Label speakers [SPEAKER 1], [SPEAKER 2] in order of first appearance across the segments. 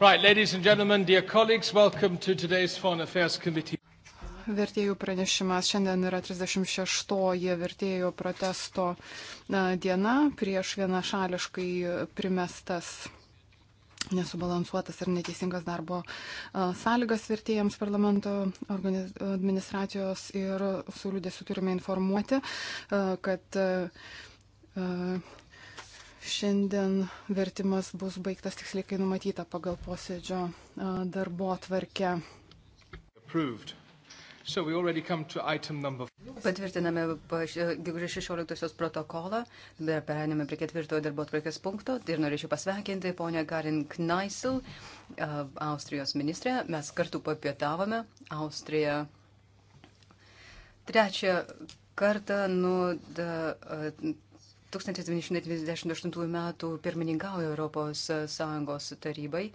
[SPEAKER 1] Right, ladies and gentlemen, dear colleagues, welcome to today's Foreign Affairs Committee.
[SPEAKER 2] Vertėjų pranešimas šiandien yra 36-oji vertėjų protesto diena prieš vienašališkai primestas nesubalansuotas ir neteisingas darbo sąlygas vertėjams parlamento administracijos ir su liūdėsiu turime informuoti, kad Šiandien vertimas bus baigtas tiksliai, kai numatyta pagal posėdžio darbo atvarkę.
[SPEAKER 1] So number... Patvirtiname
[SPEAKER 3] gegužės 16 protokolą, dar perėmėme prie ketvirtojo darbo atvarkės punkto ir norėčiau pasveikinti ponę Karin Kneisel, Austrijos ministrę. Mes kartu papietavome Austriją trečią kartą nuo 1998 metų pirmininkauja Europos Sąjungos tarybai.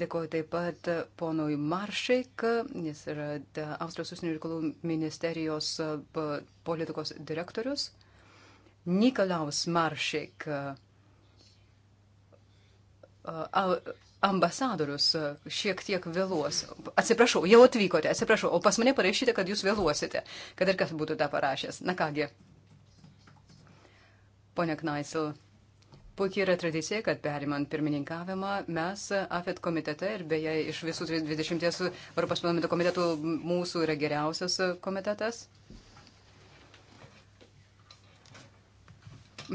[SPEAKER 3] Dėkoju taip pat ponui Maršeik, jis yra Austrijos užsienio reikalų ministerijos e, politikos direktorius. Nikolaus Maršeik, e, ambasadorius, e, šiek tiek vėluos. Atsiprašau, jau atvykote, atsiprašau, o pas mane parašyte, kad jūs vėluosite, kad ir kas būtų tą parašęs. Na kągi. Pone Knaisel, puikiai yra tradicija, kad perimant pirmininkavimą mes AFET komitete ir beje iš visų 20 Europos parlamento komitetų mūsų yra geriausias komitetas.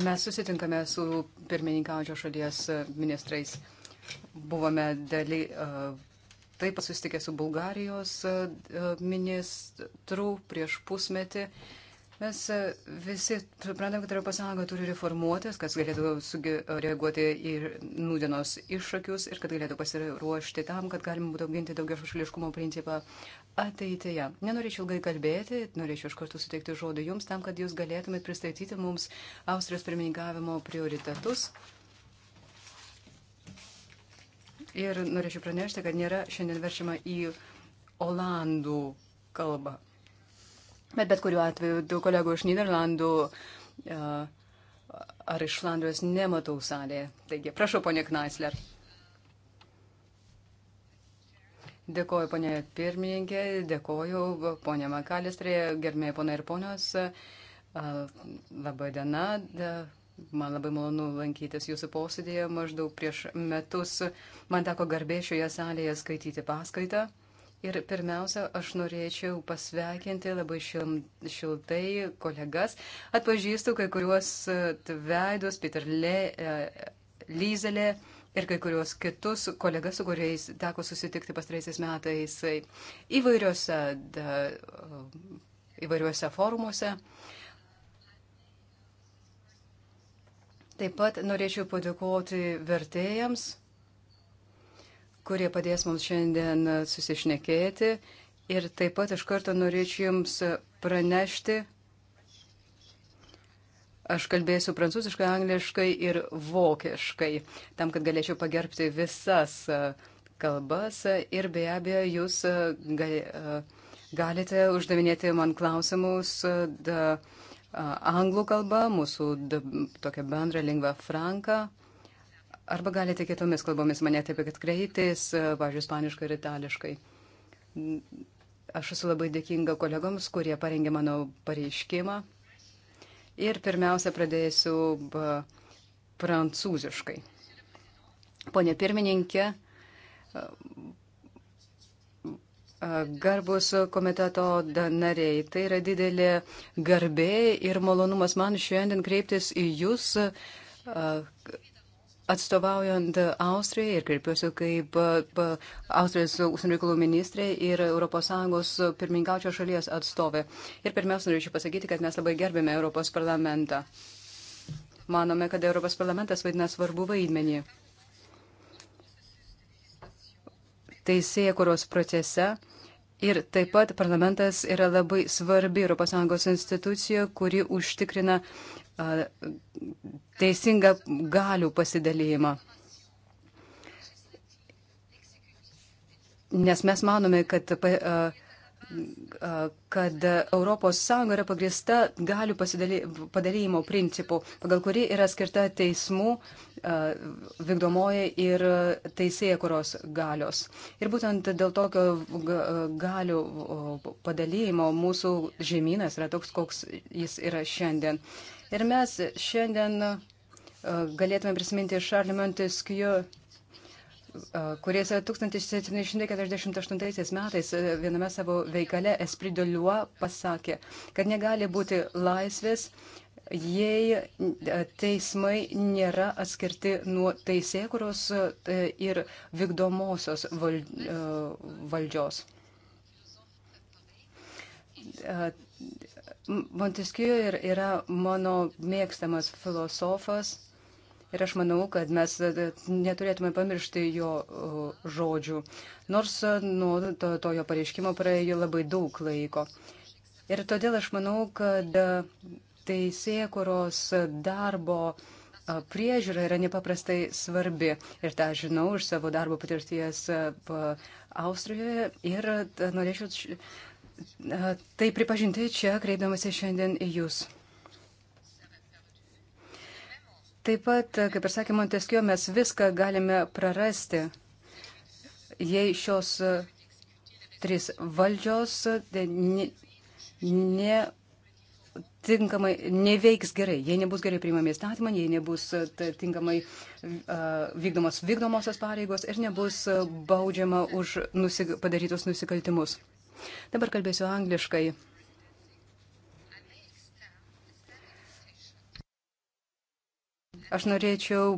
[SPEAKER 3] Mes susitinkame su pirmininkaujančio šalies ministrais. Buvome daly, taip susitikę su Bulgarijos ministru prieš pusmetį. Uh, Mes e, visi suprantam, kad Europos Sąjunga turi reformuotis, kad galėtų e, reaguoti į nūdienos iššūkius ir kad galėtų pasiruošti tam, kad galima būtų apginti daugia šališkumo principą ateityje. Nenorėčiau ilgai kalbėti, norėčiau iš karto suteikti žodį jums tam, kad jūs galėtumėt pristatyti mums Austrijos pirmininkavimo prioritetus. Ir norėčiau pranešti, kad nėra šiandien verčiama į olandų kalbą. Bet bet kuriuo atveju daug kolegų iš Niderlandų e, ar iš Flandrijos nematau salėje. Taigi, prašau, ponė Knaisler. Dėkoju, ponė pirmininkė, dėkoju, ponė Makalistrė, gerbėjai ponai ir ponios. E, labai diena, man labai malonu lankytis jūsų posėdėje. Maždaug prieš metus man teko garbė šioje salėje skaityti paskaitą Ir pirmiausia, aš norėčiau pasveikinti labai šiltai kolegas. Atpažįstu kai kuriuos e, veidus, Peter Le, e, Lyzelė ir kai kuriuos kitus kolegas, su kuriais teko susitikti pastaraisiais metais įvairiuose, da, įvairiuose forumuose. Taip pat norėčiau padėkoti vertėjams kurie padės mums šiandien susišnekėti. Ir taip pat iš karto norėčiau Jums pranešti, aš kalbėsiu prancūziškai, angliškai ir vokiškai, tam, kad galėčiau pagerbti visas e, kalbas. Ir be abejo, Jūs e, e, galite uždavinėti man klausimus. Da, anglų kalba, mūsų da, tokia bendra lingva franka. Arba galite kitomis kalbomis mane taip pat kreiptis, važiuoju, ispaniškai ir itališkai. Aš esu labai dėkinga kolegoms, kurie parengė mano pareiškimą. Ir pirmiausia, pradėsiu prancūziškai. Pone pirmininkė, garbus komiteto nariai, tai yra didelė garbė ir malonumas man šiandien kreiptis į jūs Atstovaujant Austriją ir kreipiuosi kaip e, Austrijos užsienio reikalų ministrė ir ES pirmininkaučio šalies atstovė. Ir pirmiausia, norėčiau pasakyti, kad mes labai gerbėme Europos parlamentą. Manome, kad Europos parlamentas vaidina svarbu vaidmenį teisėkuros procese Ir taip pat parlamentas yra labai svarbi ES institucija, kuri užtikrina teisingą galių pasidalėjimą. Nes mes manome, kad uh, kad ES yra pagrįsta galių padalymo principu, pagal kurį yra skirta teismų vykdomoji ir teisėja kuros galios. Ir būtent dėl tokio galių padalymo mūsų žemynas yra toks, koks jis yra šiandien. Ir mes šiandien galėtume prisiminti Šarlį Montesquieu kuris 1748 metais viename savo veikale Esprido Liua pasakė, kad negali būti laisvės, jei teismai nėra atskirti nuo teisėkuros ir vykdomosios valdžios. Montesquieu yra mano mėgstamas filosofas. Ir aš manau, kad mes e, e, neturėtume pamiršti jo žodžių, nors e, nuo to, to jo pareiškimo praėjo labai daug laiko. Ir todėl aš manau, kad teisėkuros darbo priežiūra yra nepaprastai svarbi. Ir tą žinau iš savo darbo patirties Austrijoje. Ir norėčiau tai pripažinti čia, kreipdamasi šiandien į Jūs. Taip pat, kaip ir sakė Monteskio, mes viską galime prarasti, jei šios trys valdžios netinkamai ne, neveiks gerai, jei nebus gerai priimami įstatymai, jei nebus e, tinkamai vykdomos vykdomosios pareigos ir nebus e, baudžiama už nusik, padarytus nusikaltimus. Dabar kalbėsiu angliškai. Aš norėčiau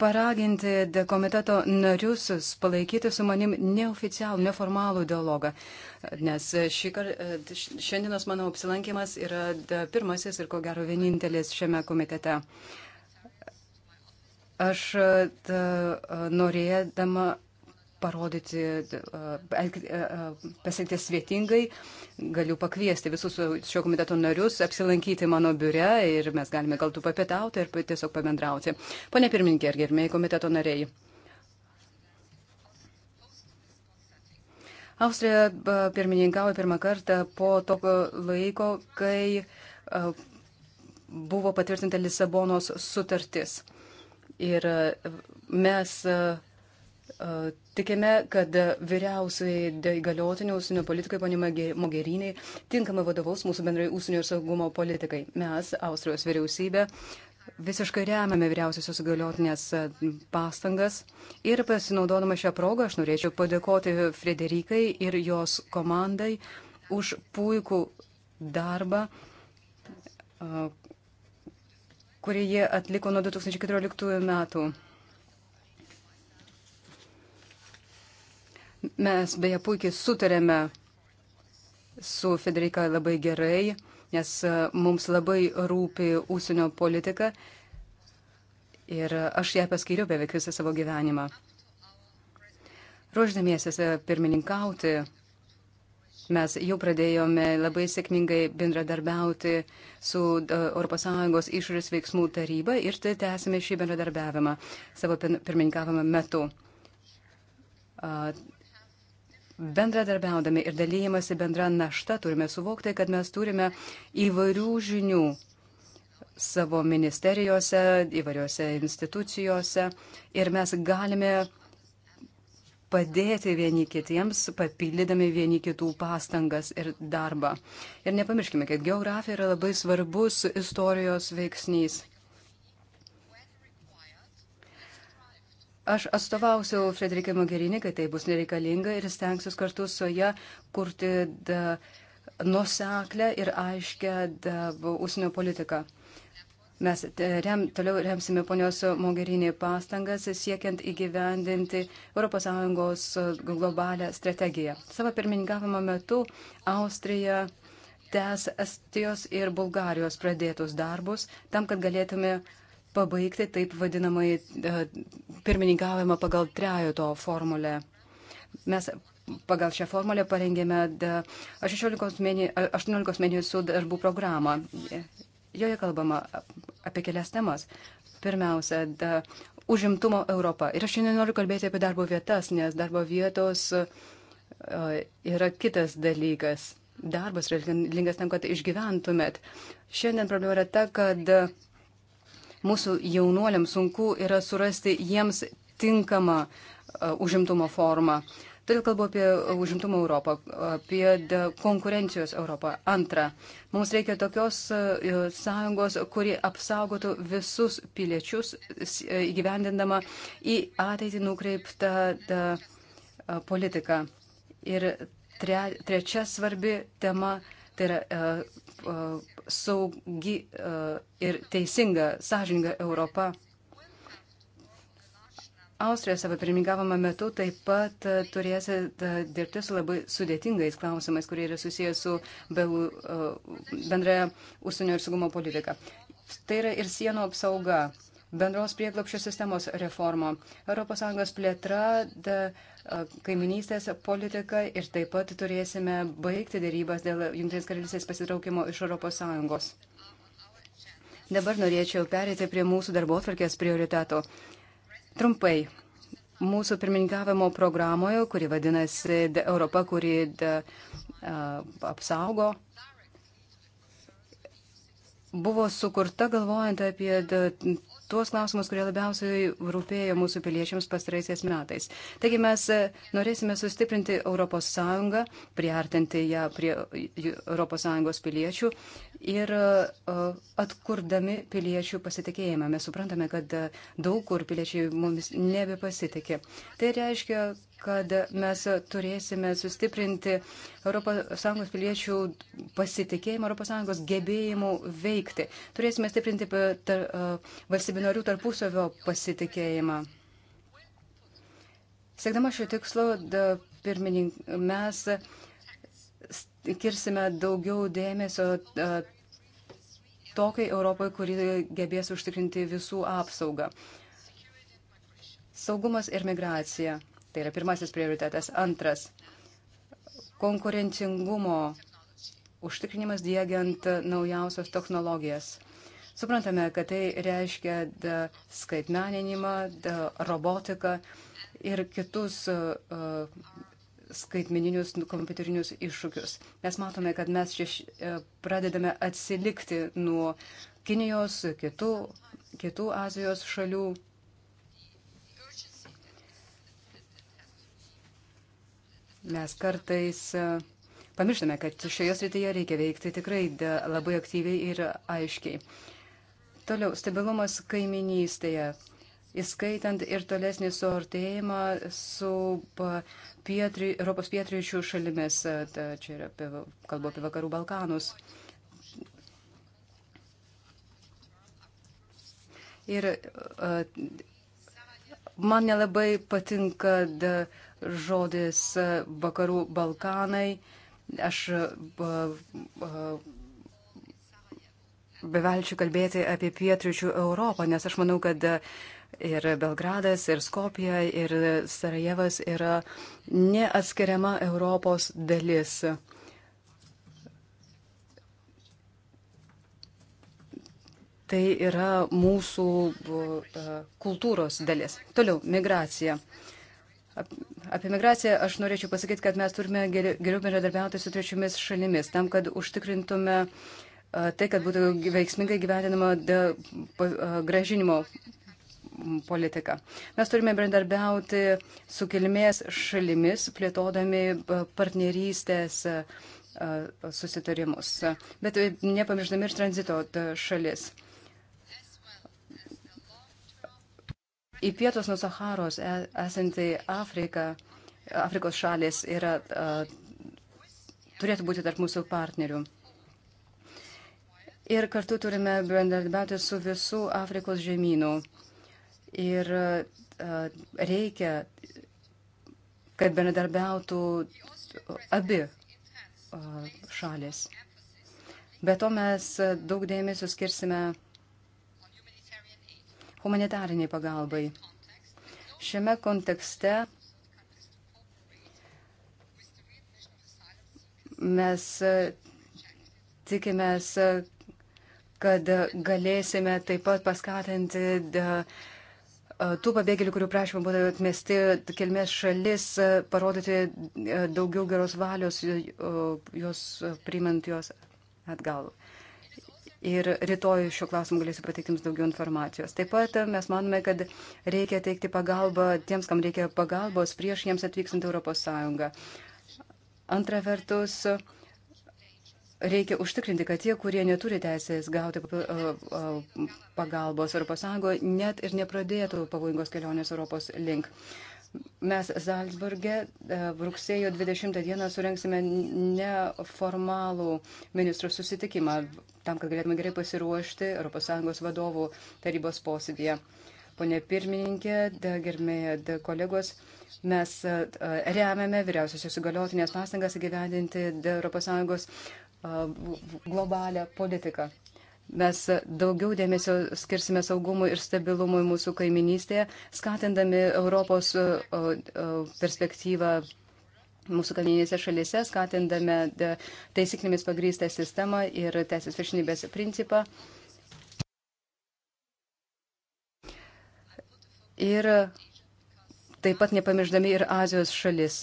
[SPEAKER 3] paraginti komiteto narius palaikyti su manim neoficialų, neformalų dialogą, nes šį, šiandienos mano apsilankimas yra pirmasis ir ko gero vienintelis šiame komitete. Aš ta, norėdama parodyti, pasielgti svetingai, galiu pakviesti visus šio komiteto narius apsilankyti mano biure ir mes galime galbūt papietauti ir tiesiog pabendrauti. Pone pirmininkė ir gerbėjai komiteto nariai. Austrija pirmininkavo pirmą kartą po tokio laiko, kai buvo patvirtinta Lisabonos sutartis. Ir mes Tikime, kad vyriausiai įgaliotinio užsienio politikai, ponė Mogerinė, tinkamai vadovaus mūsų bendrai užsienio ir saugumo politikai. Mes, Austrijos vyriausybė, visiškai remiame vyriausiosios įgaliotinės e, pastangas ir pasinaudodama šią progą aš norėčiau padėkoti Frederikai ir jos komandai už puikų darbą e, kurį jie atliko nuo 2014 metų. Mes beje puikiai sutarėme su Federika labai gerai, nes e, mums labai rūpi ūsinio politika ir aš ją paskyriau beveik visą savo gyvenimą. Ruoždamiesi e, pirmininkauti, mes jau pradėjome labai sėkmingai bendradarbiauti su ES išorės veiksmų taryba ir tai tęsime šį bendradarbiavimą savo pirmininkavimo metu bendradarbiaudami ir dalyjimasi bendra našta turime suvokti, kad mes turime įvairių žinių savo ministerijose, įvairiose institucijose ir mes galime padėti vieni kitiems, papildydami vieni kitų pastangas ir darbą. Ir nepamirškime, kad geografija yra labai svarbus istorijos veiksnys. Aš atstovausiu Frederikai Mogherini, kai tai bus nereikalinga ir stengsiu kartu su ją kurti nuseklę ir aiškę užsienio politiką. Mes rem, toliau remsime ponios Mogherini pastangas siekiant įgyvendinti ES globalią strategiją. Savo pirmininkavimo metu Austrija tęs Estijos ir Bulgarijos pradėtus darbus tam, kad galėtume pabaigti taip vadinamai e, pirmininkavimą pagal trejoto formulę. Mes pagal šią formulę parengėme 18 e, mėnesių darbų programą. Joje kalbama apie kelias temas. Pirmiausia, da, užimtumo Europa. Ir aš šiandien noriu kalbėti apie darbo vietas, nes darbo vietos e, yra kitas dalykas. Darbas reikalingas tam, kad išgyventumėt. Šiandien problema yra ta, kad mūsų jaunuoliams sunku yra surasti jiems tinkamą e, užimtumo formą. Todėl kalbu apie užimtumo Europą, apie konkurencijos Europą. Antra, mums reikia tokios e, sąjungos, kuri apsaugotų visus piliečius e, įgyvendindama į ateitį nukreiptą politiką. Ir tre, trečia svarbi tema tai yra saugi e, ir teisinga, sąžininga Europa. Austrija savo pirmingavimo metu taip pat e, turės e, dirbti su labai sudėtingais klausimais, kurie yra susijęs su bendraja užsienio ir saugumo politika. Tai yra ir sienų apsauga bendros prieglopščio sistemos reforma, ES plėtra, kaiminystės politika ir taip pat turėsime baigti dėrybas dėl Junktinės karalystės pasitraukimo iš ES. Dabar norėčiau perėti prie mūsų darbo atvarkės prioriteto. Trumpai. Mūsų pirmininkavimo programoje, kuri vadinasi Europa, kuri de, a, apsaugo, buvo sukurta galvojant apie tuos klausimus, kurie labiausiai rūpėjo mūsų piliečiams pastaraisiais metais. Taigi mes e, norėsime sustiprinti ES, priartinti ją prie ES piliečių ir e, atkurdami piliečių pasitikėjimą. Mes suprantame, kad e, daug kur piliečiai mumis nebepasitikė. Tai reiškia, kad mes turėsime sustiprinti ES piliečių pasitikėjimą, ES gebėjimų veikti. Turėsime stiprinti e, valstybių narių tarpusavio pasitikėjimą. Siekdama šio tikslo, pirmininkai, mes kirsime daugiau dėmesio tokiai Europai, kuri gebės užtikrinti visų apsaugą. Saugumas ir migracija. Tai yra pirmasis prioritetas. Antras - konkurencingumo užtikrinimas dėgiant naujausios technologijas. Suprantame, kad tai reiškia da, skaitmeninimą, da, robotiką ir kitus uh, skaitmeninius nu, kompiuterinius iššūkius. Mes matome, kad mes čia e, pradedame atsilikti nuo Kinijos, kitų, kitų Azijos šalių. Mes kartais e, pamirštame, kad šioje srityje reikia veikti tikrai labai aktyviai ir aiškiai. Toliau, stabilumas kaiminystėje. Tai įskaitant ir tolesnį suartėjimą su pietry, Europos pietryčių šalimis, Ta, čia yra apie, kalbu apie vakarų Balkanus. Ir uh, man nelabai patinka da, žodis vakarų Balkanai. Aš uh, uh, bevelčiu kalbėti apie pietryčių Europą, nes aš manau, kad Ir Belgradas, ir Skopija, ir Sarajevas yra neatskiriama Europos dalis. Tai yra mūsų e, kultūros dalis. Toliau, migracija. Apie migraciją aš norėčiau pasakyti, kad mes turime geriau bendradarbiauti su trečiomis šalimis, tam, kad užtikrintume e, tai, kad būtų veiksmingai gyventinama e, gražinimo politiką. Mes turime bendarbiauti su kilmės šalimis, plėtodami e, partnerystės e, e, susitarimus, bet nepamiršdami ir tranzito šalis. Į pietus nuo Saharos esanti Afrika, Afrikos šalis yra, turėtų būti tarp mūsų partnerių. Ir kartu turime bendradarbiauti su visų Afrikos žemynų ir reikia, kad bendradarbiautų abi šalis. Be to mes daug dėmesio skirsime humanitariniai pagalbai. Šiame kontekste mes tikimės, kad galėsime taip pat paskatinti E, tų pabėgėlių, kurių prašymą buvo atmesti kilmės šalis, e, parodyti e, daugiau geros valios, jos priimant juos atgal. Ir rytoj šiuo klausimu galėsiu pateikti jums daugiau informacijos. Taip pat mes manome, kad reikia teikti pagalbą tiems, kam reikia pagalbos prieš jiems atvykstant Europos Sąjungą. Antra vertus, uh, Reikia užtikrinti, kad tie, kurie neturi teisės gauti pagalbos Europos Sąjungoje, net ir nepradėtų pavojingos kelionės Europos link. Mes Zalzburgė rugsėjo 20 dieną surenksime neformalų ministrų susitikimą, tam, kad galėtume gerai pasiruošti ES vadovų tarybos posėdėje. Pone pirmininkė, gerbėjai kolegos, mes remiame vyriausiosios įgaliotinės pastangas įgyvendinti ES globalią politiką. Mes daugiau dėmesio skirsime saugumui ir stabilumui mūsų kaiminystėje, skatindami Europos perspektyvą mūsų kaiminėse šalyse, skatindami taisyklėmis pagrįstą sistemą ir teisės viršinybės principą. Ir taip pat nepamirždami ir Azijos šalis.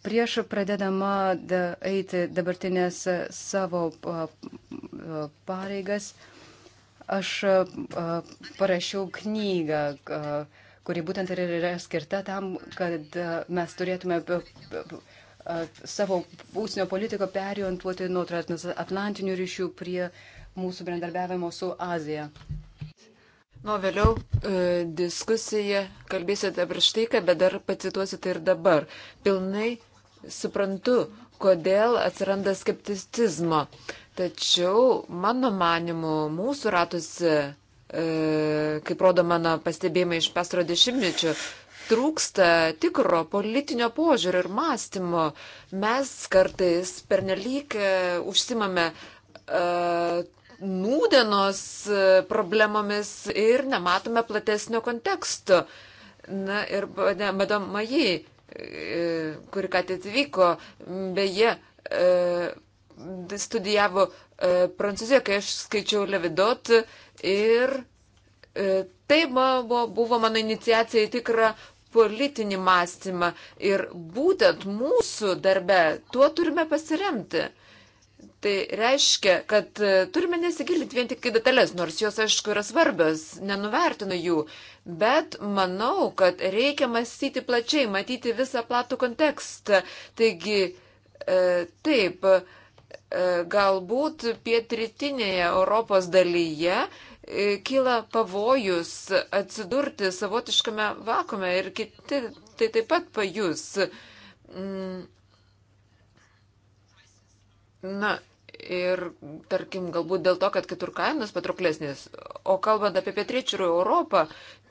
[SPEAKER 3] Prieš pradedama eiti dabartinės savo pareigas, aš parašiau knygą, kuri būtent ir yra skirta tam, kad mes turėtume savo būsinio politiko periontuoti nuo transatlantinių ryšių prie mūsų
[SPEAKER 4] bendradarbiavimo su Azija. Nu, vėliau e, diskusiją kalbėsite prieš tai, kad bet dar pacituosite ir dabar. Pilnai suprantu, kodėl atsiranda skepticizmo. Tačiau, mano manimu, mūsų ratuose, kaip rodo mano pastebėjimai iš pastro dešimtmečių, trūksta tikro politinio požiūrio ir mąstymo. Mes kartais pernelyg e, užsimame uh, e, nūdenos e, problemomis ir nematome platesnio konteksto. Na ir, ne, madam Majai kuri ką tik atvyko, beje, e, studijavo e, Prancūzijoje, kai aš skaičiau Levidot ir e, tai buvo, buvo mano iniciacija į tikrą politinį mąstymą ir būtent mūsų darbe tuo turime pasiremti. Tai reiškia, kad e, turime nesigilinti vien tik į detalės, nors jos aišku yra svarbios, nenuvertinu jų, bet manau, kad reikia mąstyti plačiai, matyti visą platų kontekstą. Taigi, e, taip, e, galbūt pietrytinėje Europos dalyje e, kyla pavojus atsidurti savotiškame vakume ir kiti tai taip pat pajus. Mm. Na, Ir tarkim, galbūt dėl to, kad kitur kainos patrauklesnės. O kalbant apie pietryčių Europą,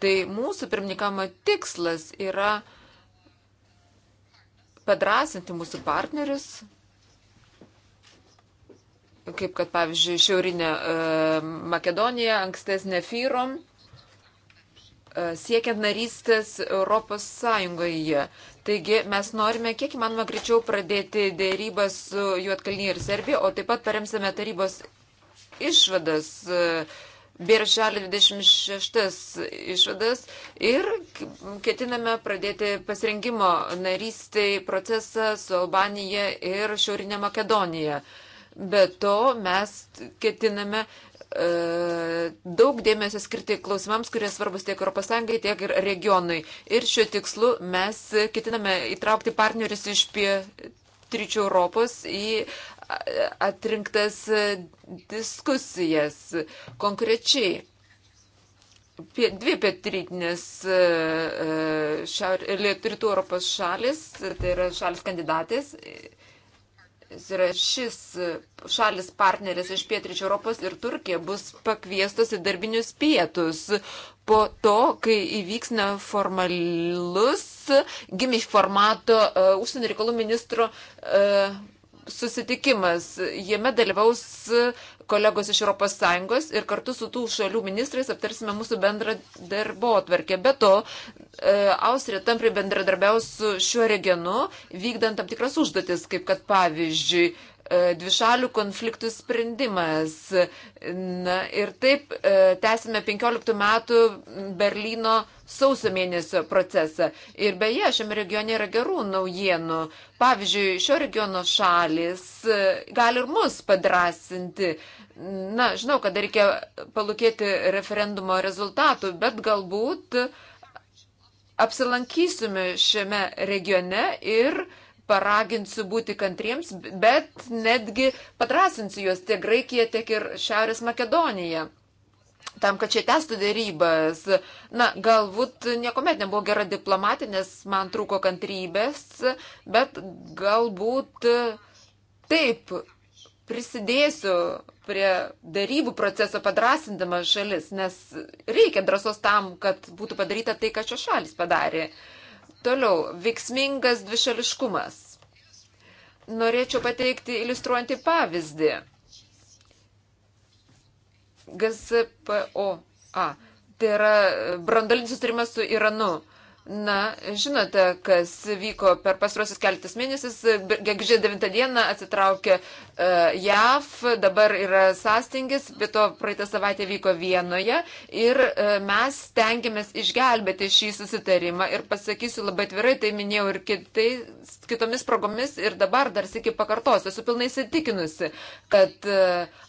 [SPEAKER 4] tai mūsų pirmininkamo tikslas yra padrasinti mūsų partnerius, kaip kad pavyzdžiui Šiaurinė e, Makedonija, ankstesnė Fyrom, e, siekiant narystės Europos Sąjungoje. Taigi mes norime kiek įmanoma greičiau pradėti dėrybas su Juotkalnyje ir Serbija, o taip pat paremsime tarybos išvadas. E, Birželio 26 išvadas ir ketiname pradėti pasirengimo narystiai procesą su Albanija ir Šiaurinė Makedonija. Be to mes ketiname uh, E, daug dėmesio skirti klausimams, kurie svarbus tiek ES, tiek ir regionui. Ir šiuo tikslu mes ketiname įtraukti partnerius iš pietryčių Europos į atrinktas diskusijas konkrečiai. Dvi pietrytinės e, e, rytų Europos šalis, tai yra šalis kandidatės yra šis šalis partneris iš Pietričio Europos ir Turkija bus pakviestos į darbinius pietus. Po to, kai įvyks neformalus gimiš formato uh, užsienio reikalų ministro uh, susitikimas. Jame dalyvaus kolegos iš ES ir kartu su tų šalių ministrais aptarsime mūsų bendrą darbo atverkę. Be to, e, Austrija tampri bendradarbiaus su šiuo regionu, vykdant tam tikras užduotis, kaip kad pavyzdžiui E, dvišalių konfliktų sprendimas. Na ir taip e, tęsime 15 metų Berlyno sausio mėnesio procesą. Ir beje, šiame regione yra gerų naujienų. Pavyzdžiui, šio regiono šalis e, gali ir mus padrasinti. Na, žinau, kad reikia palūkėti referendumo rezultatų, bet galbūt apsilankysime šiame regione ir uh, paraginsiu būti kantriems, bet netgi padrasinsiu juos tiek Graikiją, tiek ir Šiaurės Makedoniją. Tam, kad čia testų dėrybas. Na, galbūt niekuomet nebuvo gera diplomatė, nes man trūko kantrybės, bet galbūt taip prisidėsiu prie darybų proceso padrasindama šalis, nes reikia drąsos tam, kad būtų padaryta tai, ką šios šalis padarė. Uh, Toliau, veiksmingas dvišališkumas. Norėčiau pateikti iliustruojantį pavyzdį. GSPOA. Tai yra brandolinis sustarimas su Iranu. Na, žinote, kas vyko per pastruosius keltis mėnesius. Gegužė 9 dieną atsitraukė uh, e, JAV, dabar yra sąstingis, bet to praeitą savaitę vyko vienoje. Ir uh, mes tengiamės išgelbėti šį susitarimą. Ir pasakysiu labai tvirai, tai minėjau ir kitai, kitomis progomis ir dabar dar sėki pakartosiu. Esu pilnai įsitikinusi, kad uh,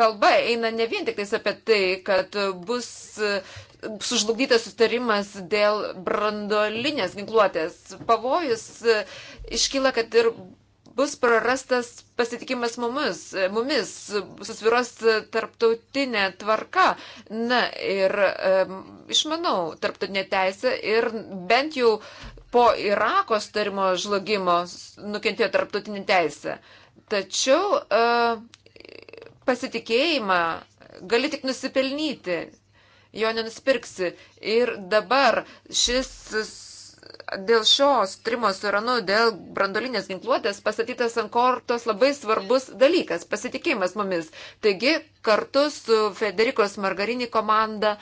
[SPEAKER 4] kalba eina ne vien tik apie tai, kad bus sužlugdytas sustarimas dėl brandolinės ginkluotės. Pavojus e, iškyla, kad ir bus prarastas pasitikimas mumis, mumis susviros tarptautinė tvarka. Na ir um, išmanau tarptautinė teisė ir bent jau po Irako starimo žlugimo nukentėjo tarptautinė teisė. Tačiau uh, pasitikėjimą gali tik nusipelnyti jo nenusipirksi. Ir dabar šis dėl šios trimos su Iranu, dėl brandolinės ginkluotės pastatytas ant kortos labai svarbus dalykas - pasitikėjimas mumis. Taigi, kartu su Federikos Margarinį komanda,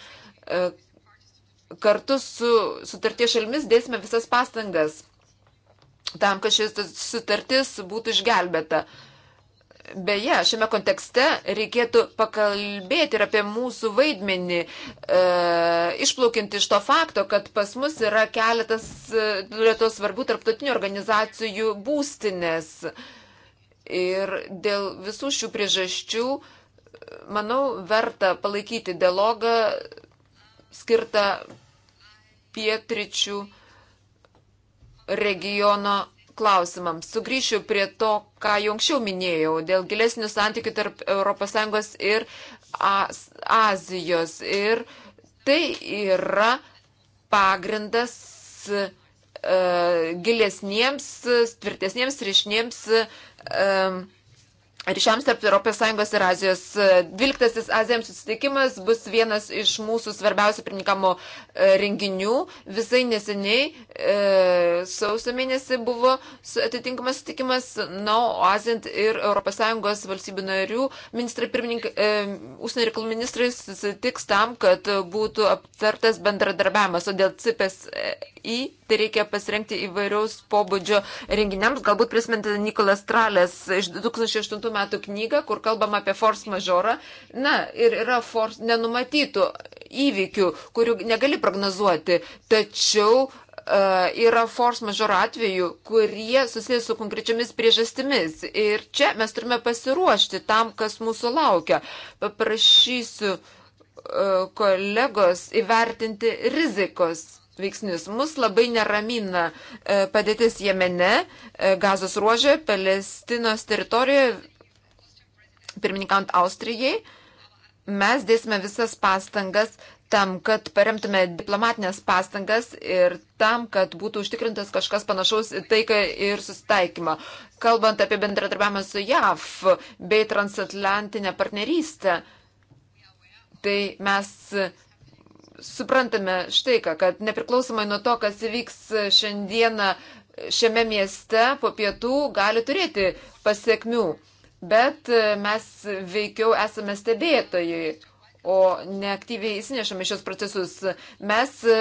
[SPEAKER 4] e, kartu su sutarties šalmis dėsime visas pastangas tam, kad šis sutartis būtų išgelbėta. Uh, Beje, šiame kontekste reikėtų pakalbėti ir apie mūsų vaidmenį, e, išplaukiant iš to fakto, kad pas mus yra keletas e, lietos svarbių tarptautinių organizacijų būstinės. Ir dėl visų šių priežasčių, e, manau, verta palaikyti dialogą skirtą pietričių regiono klausimams. Sugryšiu prie to, ką jau anksčiau minėjau, dėl gilesnių santykių tarp ES ir Azijos. Ir tai yra pagrindas e, gilesniems, tvirtesniems ryšniems e, Ryšiams tarp ES ir Azijos 12 Azijams susitikimas bus vienas iš mūsų svarbiausių pirmininkamo e, renginių. Visai neseniai e, sausio mėnesį buvo atitinkamas susitikimas, na, o Azijant ir ES valstybių narių ministrai pirmininkai, e, užsienio reikalų ministrai susitiks tam, kad būtų aptartas bendradarbiavimas. O dėl CIPES e į, tai reikia pasirengti įvairiaus pobūdžio renginiams, galbūt prisiminti Nikolas Tralės iš 2008 metų knygą, kur kalbama apie force majorą. Na, ir yra force nenumatytų įvykių, kurių negali prognozuoti, tačiau uh, yra force major atvejų, kurie susijęs su konkrečiamis priežastimis. Ir čia mes turime pasiruošti tam, kas mūsų laukia. Paprašysiu uh, kolegos įvertinti rizikos veiksnius. Mus labai neramina e, padėtis Jemene, e, gazos ruožė, Palestinos teritorijoje, pirmininkant Austrijai. Mes dėsime visas pastangas tam, kad paremtume diplomatinės pastangas ir tam, kad būtų užtikrintas kažkas panašaus į taiką ir susitaikymą. Kalbant apie bendradarbiavimą su JAV bei transatlantinę partnerystę, tai mes suprantame štai ką, kad nepriklausomai nuo to, kas įvyks šiandieną šiame mieste po pietų, gali turėti pasiekmių. Bet mes veikiau esame stebėtojai, o neaktyviai įsinešame šios procesus. Mes, e,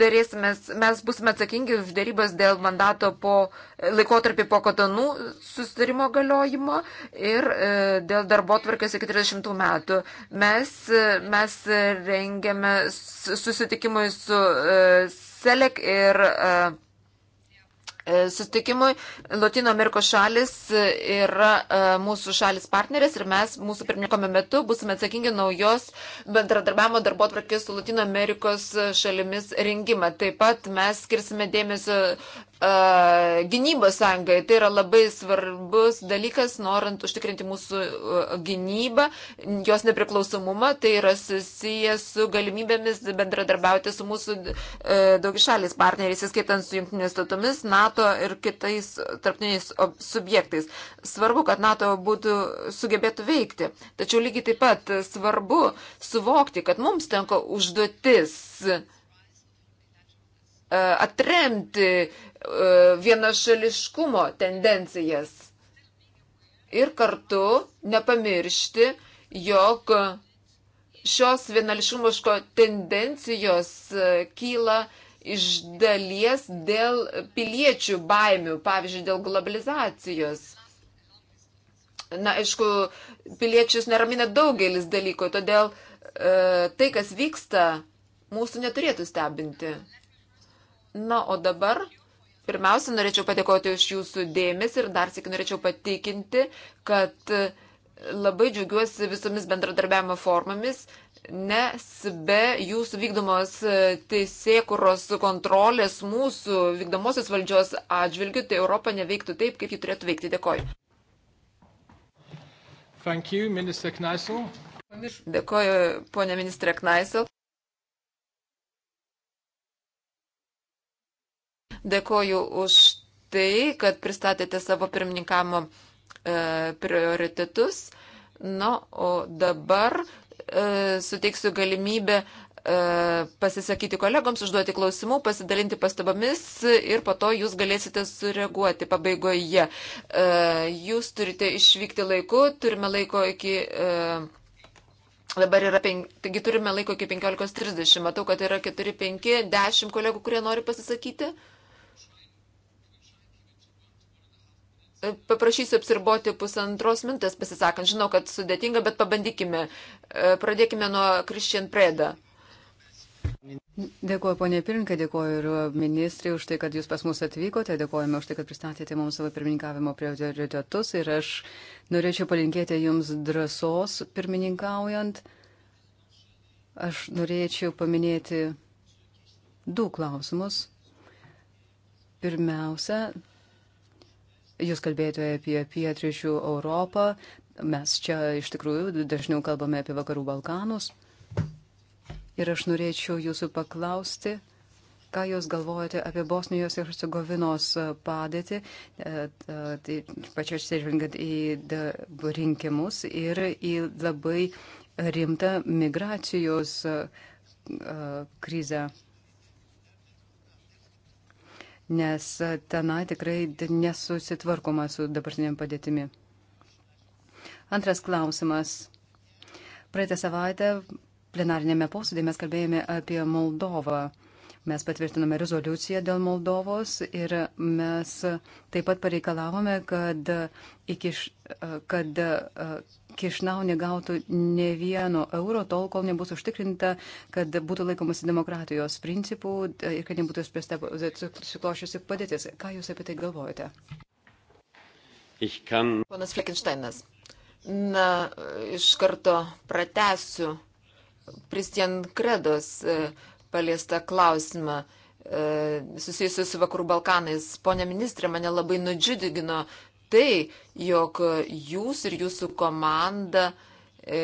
[SPEAKER 4] darėsime, mes busime atsakingi už darybas dėl mandato po laikotarpį po kotonų sustarimo galiojimo ir e, dėl darbo tvarkės iki 30 metų. Mes, e, mes rengiame susitikimui su SELEK ir uh, E, sustikimui. Latino Amerikos šalis e, yra e, mūsų šalis partneris ir mes mūsų pirmininkome metu busime atsakingi naujos bendradarbiavimo darbo atvarkės su Latino Amerikos šalimis rengimą. Taip pat mes skirsime dėmesio gynybos sąjungai. Tai yra labai svarbus dalykas, norint užtikrinti mūsų gynybą, jos nepriklausomumą. Tai yra susijęs su galimybėmis bendradarbiauti su mūsų daugišaliais partneriais, įskaitant su jungtinės tautomis, NATO ir kitais tarptiniais subjektais. Svarbu, kad NATO būtų sugebėtų veikti. Tačiau lygiai taip pat svarbu suvokti, kad mums tenka užduotis E, atremti e, vienašališkumo tendencijas ir kartu nepamiršti, jog šios vienališkumiško tendencijos e, kyla iš dalies dėl piliečių baimių, pavyzdžiui, dėl globalizacijos. Na, aišku, piliečius neramina daugelis dalykų, todėl e, tai, kas vyksta, mūsų neturėtų stebinti. Na, o dabar pirmiausia norėčiau padėkoti už jūsų dėmesį ir dar sėkiu norėčiau patikinti, kad e, labai džiaugiuosi visomis bendradarbiavimo formomis, nes be jūsų vykdomos e, teisėkuros kontrolės mūsų vykdomosios valdžios atžvilgių, tai Europa neveiktų taip, kaip ji turėtų veikti. Dėkoju.
[SPEAKER 1] You,
[SPEAKER 4] Dėkoju, ponė ministrė Knaisel. Dėkoju už tai, kad pristatėte savo pirmininkamo e, prioritetus. Na, o dabar e, suteiksiu galimybę e, pasisakyti kolegoms, užduoti klausimų, pasidalinti pastabomis ir po to jūs galėsite sureaguoti pabaigoje. E, jūs turite išvykti laiku, turime laiko iki. E, dabar yra, penk, taigi turime laiko iki 15.30. Matau, kad yra 4-5-10 kolegų, kurie nori pasisakyti. Uh, paprašysiu apsirboti pusantros mintės pasisakant. Žinau, kad sudėtinga, bet pabandykime. E, pradėkime nuo Christian Preda.
[SPEAKER 3] Dėkuoju, ponė Pirinka, dėkuoju ir ministrė už tai, kad jūs pas mus atvykote, dėkojame už tai, kad pristatėte mums savo pirmininkavimo prioritetus ir aš norėčiau palinkėti jums drąsos pirmininkaujant. Aš norėčiau paminėti du klausimus. Pirmiausia, Jūs kalbėjote apie pietričių Europą, mes čia iš tikrųjų dažniau kalbame apie vakarų Balkanus. Ir aš norėčiau jūsų paklausti, ką jūs galvojate apie Bosnijos ir Hercegovinos padėtį, e, e, tai pačios atsižvelgiant į rinkimus ir į labai rimtą migracijos e, krizę nes tenai tikrai nesusitvarkoma su dabartinėm padėtimi. Antras klausimas. Praeitą savaitę plenarinėme posėdėje mes kalbėjome apie Moldovą. Mes patvirtinome rezoliuciją dėl Moldovos ir mes taip pat pareikalavome, kad, iki, kad kišnau negautų ne vieno euro tol, kol nebus užtikrinta, kad būtų laikomasi demokratijos principų ir kad nebūtų spręsta suklošiusi padėtis. Ką Jūs apie tai galvojate?
[SPEAKER 1] Can...
[SPEAKER 4] Ponas Fleckensteinas. Na, iš karto pratesiu Kristian Kredos e, paliestą klausimą e, susijusiu su Vakarų Balkanais. Pone ministrė, mane labai nudžiudigino uh, tai, jog jūs ir jūsų komanda e,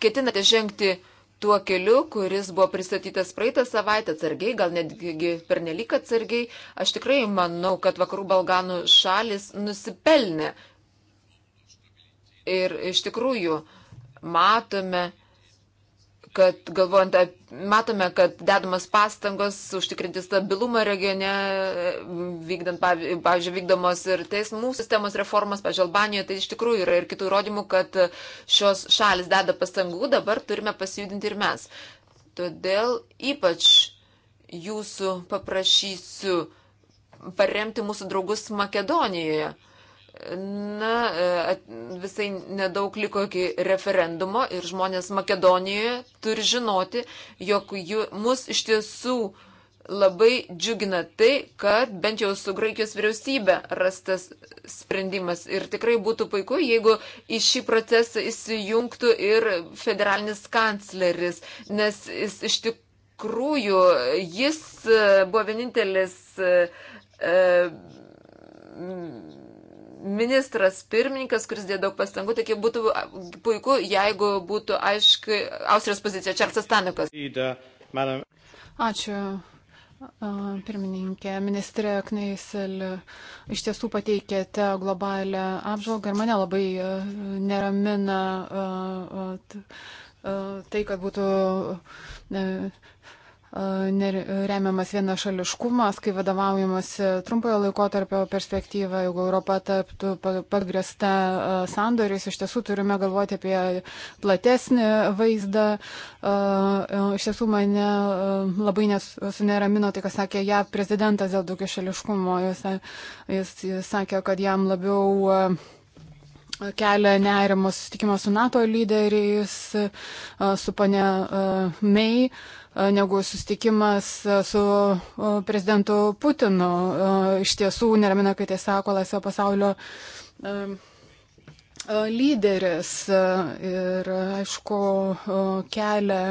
[SPEAKER 4] ketinate žengti tuo keliu, kuris buvo pristatytas praeitą savaitę atsargiai, gal netgi pernelyg atsargiai. Aš tikrai manau, kad vakarų Balganų šalis nusipelnė. Ir iš tikrųjų matome, kad galvojant, matome, kad dedamas pastangos užtikrinti stabilumą regione, vykdant, pavyzdžiui, vykdomos ir teismų sistemos reformas, pavyzdžiui, Albanijoje, tai iš tikrųjų yra ir kitų įrodymų, kad šios šalis deda pastangų, dabar turime pasijudinti ir mes. Todėl ypač jūsų paprašysiu paremti mūsų draugus Makedonijoje Na, e, visai nedaug liko iki referendumo ir žmonės Makedonijoje turi žinoti, jog jų, mus iš tiesų labai džiugina tai, kad bent jau su Graikijos vyriausybė rastas sprendimas. Ir tikrai būtų puiku, jeigu į šį procesą įsijungtų ir federalinis kancleris, nes jis iš tikrųjų, jis e, buvo vienintelis. E, e ministras pirmininkas, kuris dėjo daug pastangų, taigi būtų puiku, jeigu būtų aiški Austrijos pozicija. Čarlzas Tanukas.
[SPEAKER 2] Ačiū. Pirmininkė, ministrė Kneisel, iš tiesų pateikėte globalę apžvalgą ir mane labai neramina tai, kad būtų E, remiamas vienašališkumas, kai vadovaujamas e, trumpojo laikotarpio perspektyva, jeigu Europa taptų pagrįsta e, sandoriais, iš tiesų turime galvoti apie platesnį vaizdą. Iš tiesų mane labai suneramino tai, kas sakė ją ja, prezidentas dėl daugiašališkumo. Jis, jis, jis sakė, kad jam labiau kelia nerimo susitikimas su NATO lyderiais, su pane Mei. Uh, E, negu sustikimas e, su e, prezidentu Putinu. Iš tiesų neramina, kai tai sako laisvo pasaulio lyderis ir, aišku, kelia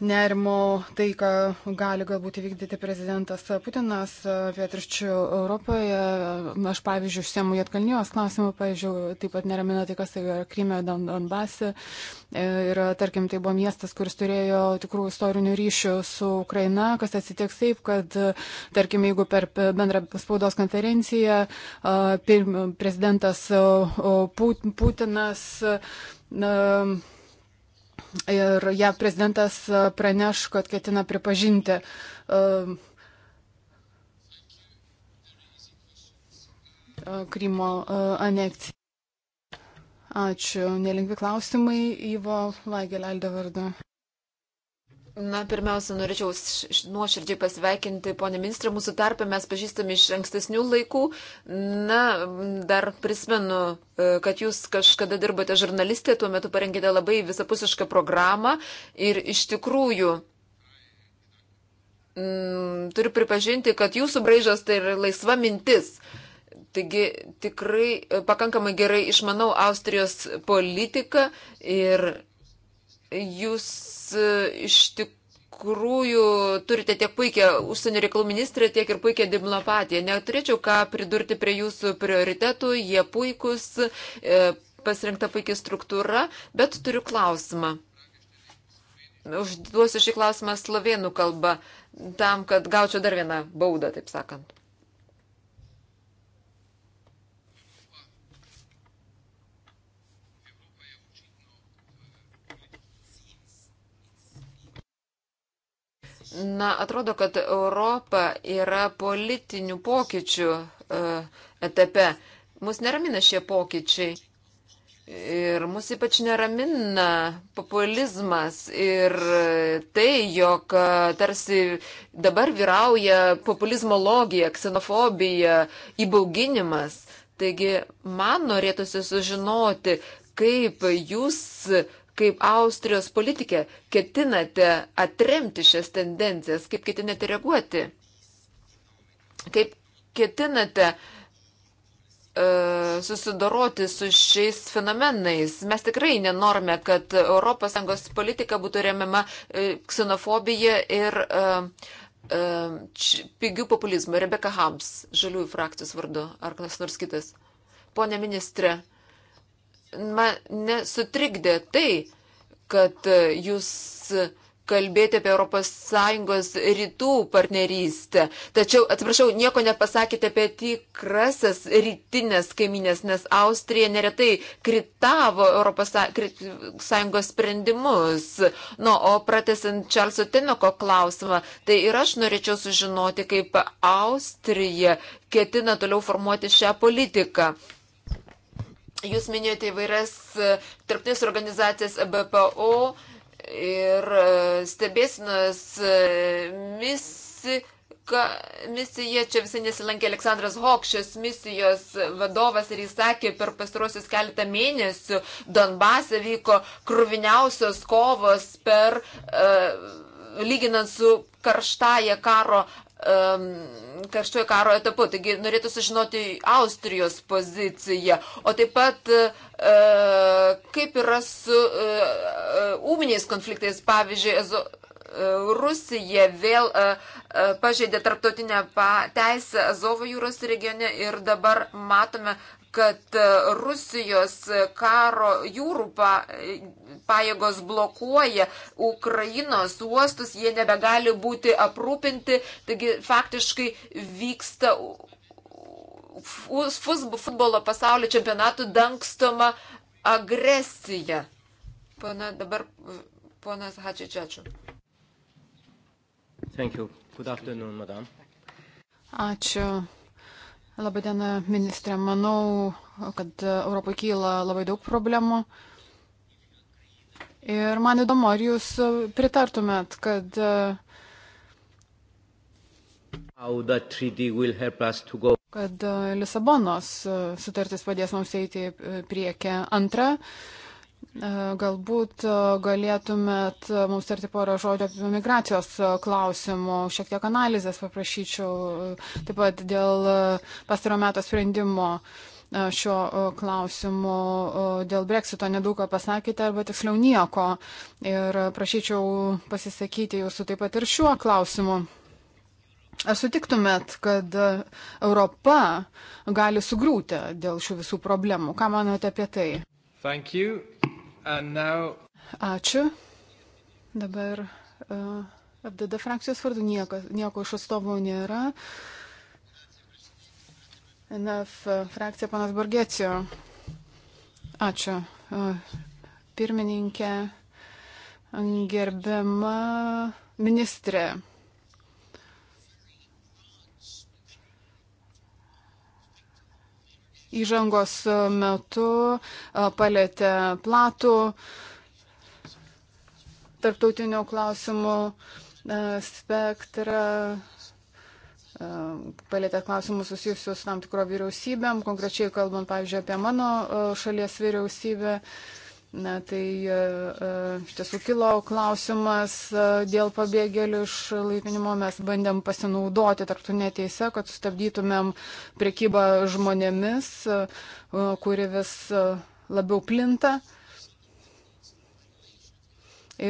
[SPEAKER 2] nerimo tai, ką gali galbūt įvykdyti prezidentas Putinas e, pietričių Europoje. Aš, pavyzdžiui, užsiemu Jatkalnijos klausimų, pavyzdžiui, taip pat neramina tai, kas yra Kryme, Donbase. Ir, e, tarkim, tai buvo miestas, kuris turėjo tikrų istorinių ryšių su Ukraina, kas atsitiks taip, kad, tarkim, jeigu per bendrą spaudos konferenciją e, prezidentas Putinas. Na, Ir ją prezidentas praneš, kad ketina pripažinti. Um, Krymo uh, aneksiją. Ačiū. Nelengvi klausimai. Ivo Vageleldo vardu.
[SPEAKER 4] Na, pirmiausia, norėčiau nuoširdžiai pasveikinti, ponė ministrė, mūsų tarpę mes pažįstami iš ankstesnių laikų. Na, dar prisimenu, e, kad jūs kažkada dirbote žurnalistė, tuo metu parengėte labai visapusišką programą ir iš tikrųjų m, mm, turiu pripažinti, kad jūsų braižas tai yra laisva mintis. Taigi tikrai e, pakankamai gerai išmanau Austrijos politiką ir jūs e, iš tikrųjų turite tiek puikią užsienio reikalų ministrę, tiek ir puikią diplomatiją. Neturėčiau ką pridurti prie jūsų prioritetų, jie puikus, e, pasirinkta puikia struktūra, bet turiu klausimą. Užduosiu šį klausimą slovenų kalba, tam, kad gaučiau dar vieną baudą, taip sakant. Na, atrodo, kad Europa yra politinių pokyčių e, etape. Mus neramina šie pokyčiai. Ir mus ypač neramina populizmas ir tai, jog e, tarsi dabar vyrauja populizmo logija, ksenofobija, įbauginimas. Taigi man norėtųsi sužinoti, kaip jūs kaip Austrijos politikė ketinate atremti šias tendencijas, kaip ketinate reaguoti, kaip ketinate uh, susidoroti su šiais fenomenais. Mes tikrai nenorime, kad ES politika būtų remiama uh, ksenofobija ir uh, pigių populizmų. Rebeka Hams, žaliųjų frakcijos vardu, ar kas nors kitas. Pone ministre, uh, mane sutrikdė tai, kad e, jūs kalbėti apie ES rytų partnerystę. Tačiau, atsiprašau, nieko nepasakėte apie tikrasias rytinės kaiminės, nes Austrija neretai kritavo ES sprendimus. Nu, o pratesant Čarlzo Tenoko klausimą, tai ir aš norėčiau sužinoti, kaip Austrija ketina toliau formuoti šią politiką. Jūs minėjote įvairias e, tarptautinės organizacijas BPO ir e, stebėsinos e, misiją ka, misija čia visai nesilankė Aleksandras Hokšės misijos vadovas ir jis sakė, per pastarosius keletą mėnesių Donbase vyko kruviniausios kovos per, e, lyginant su karštąją karo um, karštojo karo etapu. Taigi norėtų sužinoti Austrijos poziciją. O taip pat uh, kaip yra su uh, uh ūminiais konfliktais, pavyzdžiui, ezo, uh, Rusija vėl uh, uh pažeidė tarptautinę teisę Azovo jūros regione ir dabar matome, kad e, Rusijos karo jūrų e, pajėgos blokuoja Ukrainos uostus, jie nebegali būti aprūpinti, taigi faktiškai vyksta futbolo pasaulio čempionatų dangstoma agresija. Pana, dabar e, ponas Hačičiačiu.
[SPEAKER 3] Ačiū.
[SPEAKER 2] Ačiū. Labadiena, ministrė. Manau, kad Europoje kyla labai daug problemų. Ir man įdomu, ar jūs pritartumėt, kad. kad Lisabonos sutartis padės mums eiti e, priekį. Antra, E, galbūt e, galėtumėt e, mums tarti porą žodžių apie migracijos klausimų, šiek tiek analizės paprašyčiau, taip pat dėl pastaro meto sprendimo šio klausimu, dėl breksito nedaug ką pasakėte arba tiksliau nieko ir prašyčiau pasisakyti jūsų taip pat ir šiuo klausimu. Ar sutiktumėt, kad Europa gali sugrūti dėl šių visų problemų? Ką manote apie tai?
[SPEAKER 1] Thank you. Now...
[SPEAKER 2] Ačiū. Dabar uh, e, FDD frakcijos vardu nieko, nieko iš atstovų nėra. NF frakcija panas Borgecijo. Ačiū. Uh, pirmininkė, gerbiama ministrė. įžangos metu palėtė platų tarptautinių klausimų spektrą, palėtė klausimus susijusius tam tikro vyriausybėm, konkrečiai kalbant, pavyzdžiui, apie mano šalies vyriausybę. Na tai e, e, iš tiesų kilo klausimas e, dėl pabėgėlių išlaipinimo. Mes bandėm pasinaudoti tarptautinę teisę, kad sustabdytumėm priekybą žmonėmis, kuri vis labiau plinta.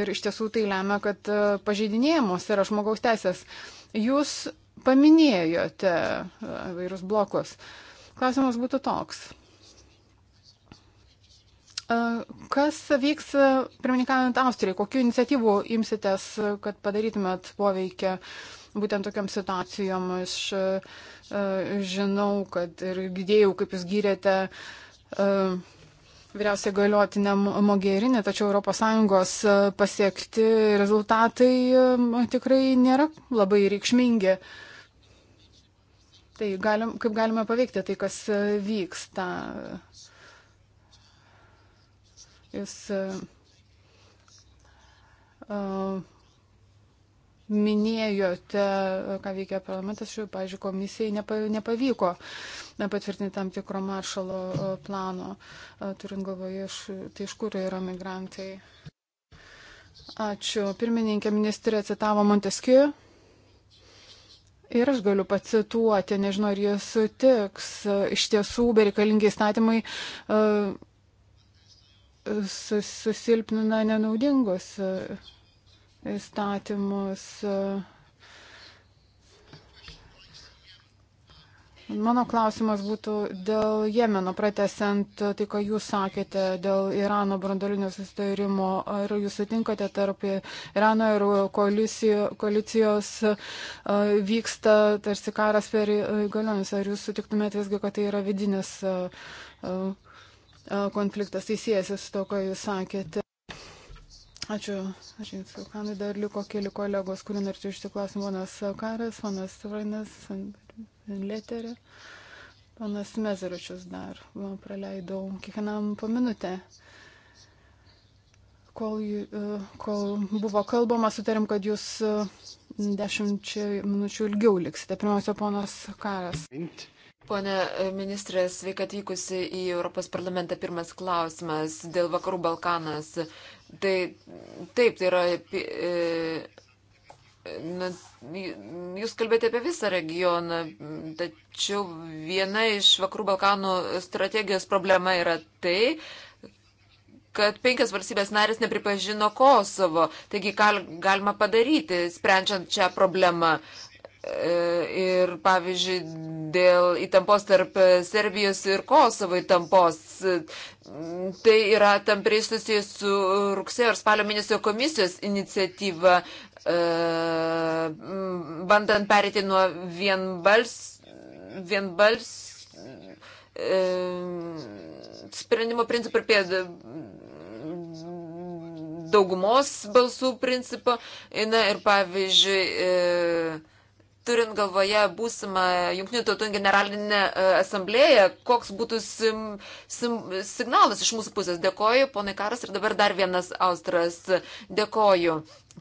[SPEAKER 2] Ir iš tiesų tai lemia, kad pažeidinėjimus yra žmogaus teisės. Jūs paminėjote vairius blokus. Klausimas būtų toks Kas vyks pirmininkaujant Austrijai? Kokiu iniciatyvu imsitės, kad padarytumėt poveikia būtent tokiam situacijom? Aš žinau, kad ir girdėjau, kaip jūs gyrėte vyriausiai galiotinę mogerinę, tačiau ES pasiekti rezultatai tikrai nėra labai reikšmingi. Tai galim, kaip galime paveikti tai, kas vyksta? Jūs uh, e, e, minėjote, ką veikia parlamentas, šiuo, pažiūrėjau, komisijai nepa, nepavyko patvirtinti tam tikro maršalo e, plano, turint galvoje, tai iš kur yra migrantai. Ačiū. Pirmininkė ministrė citavo Montesquieu. Ir aš galiu pacituoti, nežinau, ar jie sutiks. Iš tiesų, bereikalingi įstatymai uh, susilpnina nenaudingus e, įstatymus. E. Mano klausimas būtų dėl Jemeno, pratesiant tai, ką jūs sakėte dėl Irano brandolinio sustarimo. Ar jūs sutinkate tarp Irano ir koalicijos e, vyksta tarsi karas per galionius? Ar jūs sutiktumėte visgi, kad tai yra vidinis konfliktas, tai siejasi su to, ką jūs sakėte. Ačiū, ačiū Jums, Kanai, dar liko keli kolegos, kurių norėčiau išsiklausimą, ponas Karas, ponas Tvarinas, Leterė, ponas Mezeručius dar, praleidau kiekvienam po minutę. Kol, e, kol buvo kalbama, sutarėm, kad jūs e, dešimčia minučių ilgiau liksite. Pirmiausia, ponas Karas. Mint.
[SPEAKER 4] Pone ministrė, sveika atvykusi į Europos parlamentą. Pirmas klausimas dėl Vakarų Balkanas. Tai taip, tai yra. E, na, jūs kalbėte apie visą regioną, tačiau viena iš Vakarų Balkanų strategijos problema yra tai, kad penkias valstybės narės nepripažino Kosovo. Taigi gal, galima padaryti, sprendžiant šią problemą. E, ir, pavyzdžiui, dėl įtampos tarp Serbijos ir Kosovo įtampos. Tai yra tampriai susijęs su rugsėjo ir spalio mėnesio komisijos iniciatyva, e, bandant perėti nuo vienbals, vienbals e, sprendimo principų prie daugumos balsų principą. Na ir pavyzdžiui, turint galvoje būsimą Junktinių tautų generalinę e, asamblėją, koks būtų sim, sim, signalas iš mūsų pusės. Dėkoju, ponai Karas, ir dabar dar vienas Austras. Dėkoju,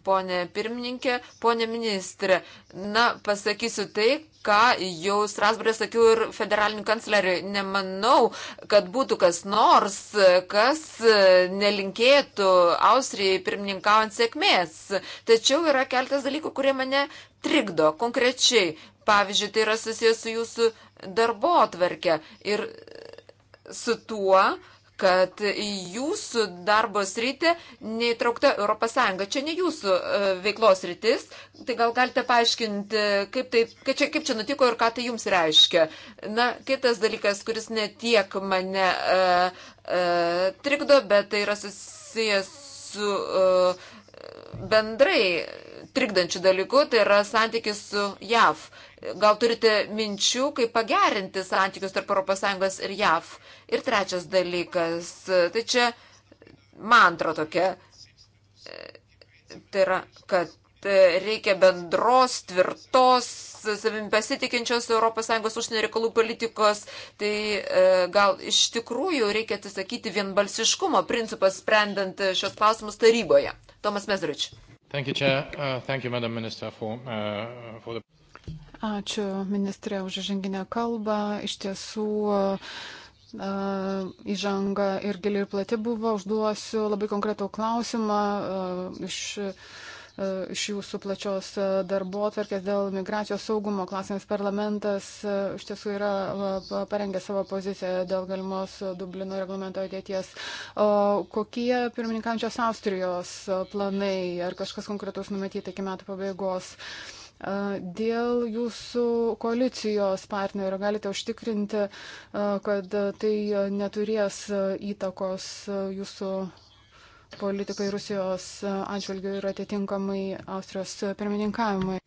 [SPEAKER 4] ponė pirmininkė, ponė ministrė. Na, pasakysiu tai, ką jau Strasbūrė sakiau ir federaliniu kancleriu. Nemanau, kad būtų kas nors, kas e, nelinkėtų Austrijai pirmininkaujant sėkmės. Tačiau yra keltas dalykų, kurie mane trikdo konkrečiai. Pavyzdžiui, tai yra susijęs su jūsų darbo atverke ir su tuo, kad jūsų darbo sritė neįtraukta ES. Čia ne jūsų e, veiklos rytis, tai gal galite paaiškinti, kaip, tai, kaip, čia, kaip čia nutiko ir ką tai jums reiškia. Na, kitas dalykas, kuris ne tiek mane uh, uh, trikdo, bet tai yra susijęs su uh, bendrai trikdančių dalykų, tai yra santykis su JAV. Gal turite minčių, kaip pagerinti santykius tarp ES ir JAV. Ir trečias dalykas, tai čia mantra tokia, tai yra, kad reikia bendros, tvirtos, savim pasitikinčios ES užsienio reikalų politikos, tai e, gal iš tikrųjų reikia atsisakyti vienbalsiškumo principas sprendant šios klausimus taryboje. Tomas Mezrič.
[SPEAKER 1] Uh, uh,
[SPEAKER 2] Ačiū ministrė už žanginę kalbą. Iš tiesų, uh, įžanga ir gili ir plati buvo. Užduosiu labai konkretų klausimą iš. Uh, E, iš jūsų plačios e, darbo atvarkės dėl migracijos saugumo klausimais. Parlamentas e, iš tiesų yra parengę savo poziciją dėl galimos Dublino reglamento ateities. Kokie pirmininkančios Austrijos planai ar kažkas konkretus numatyti iki metų pabaigos? Dėl jūsų koalicijos partnerio galite užtikrinti, kad tai neturės įtakos jūsų politikai Rusijos atžvilgių ir atitinkamai Austrijos pirmininkavimui.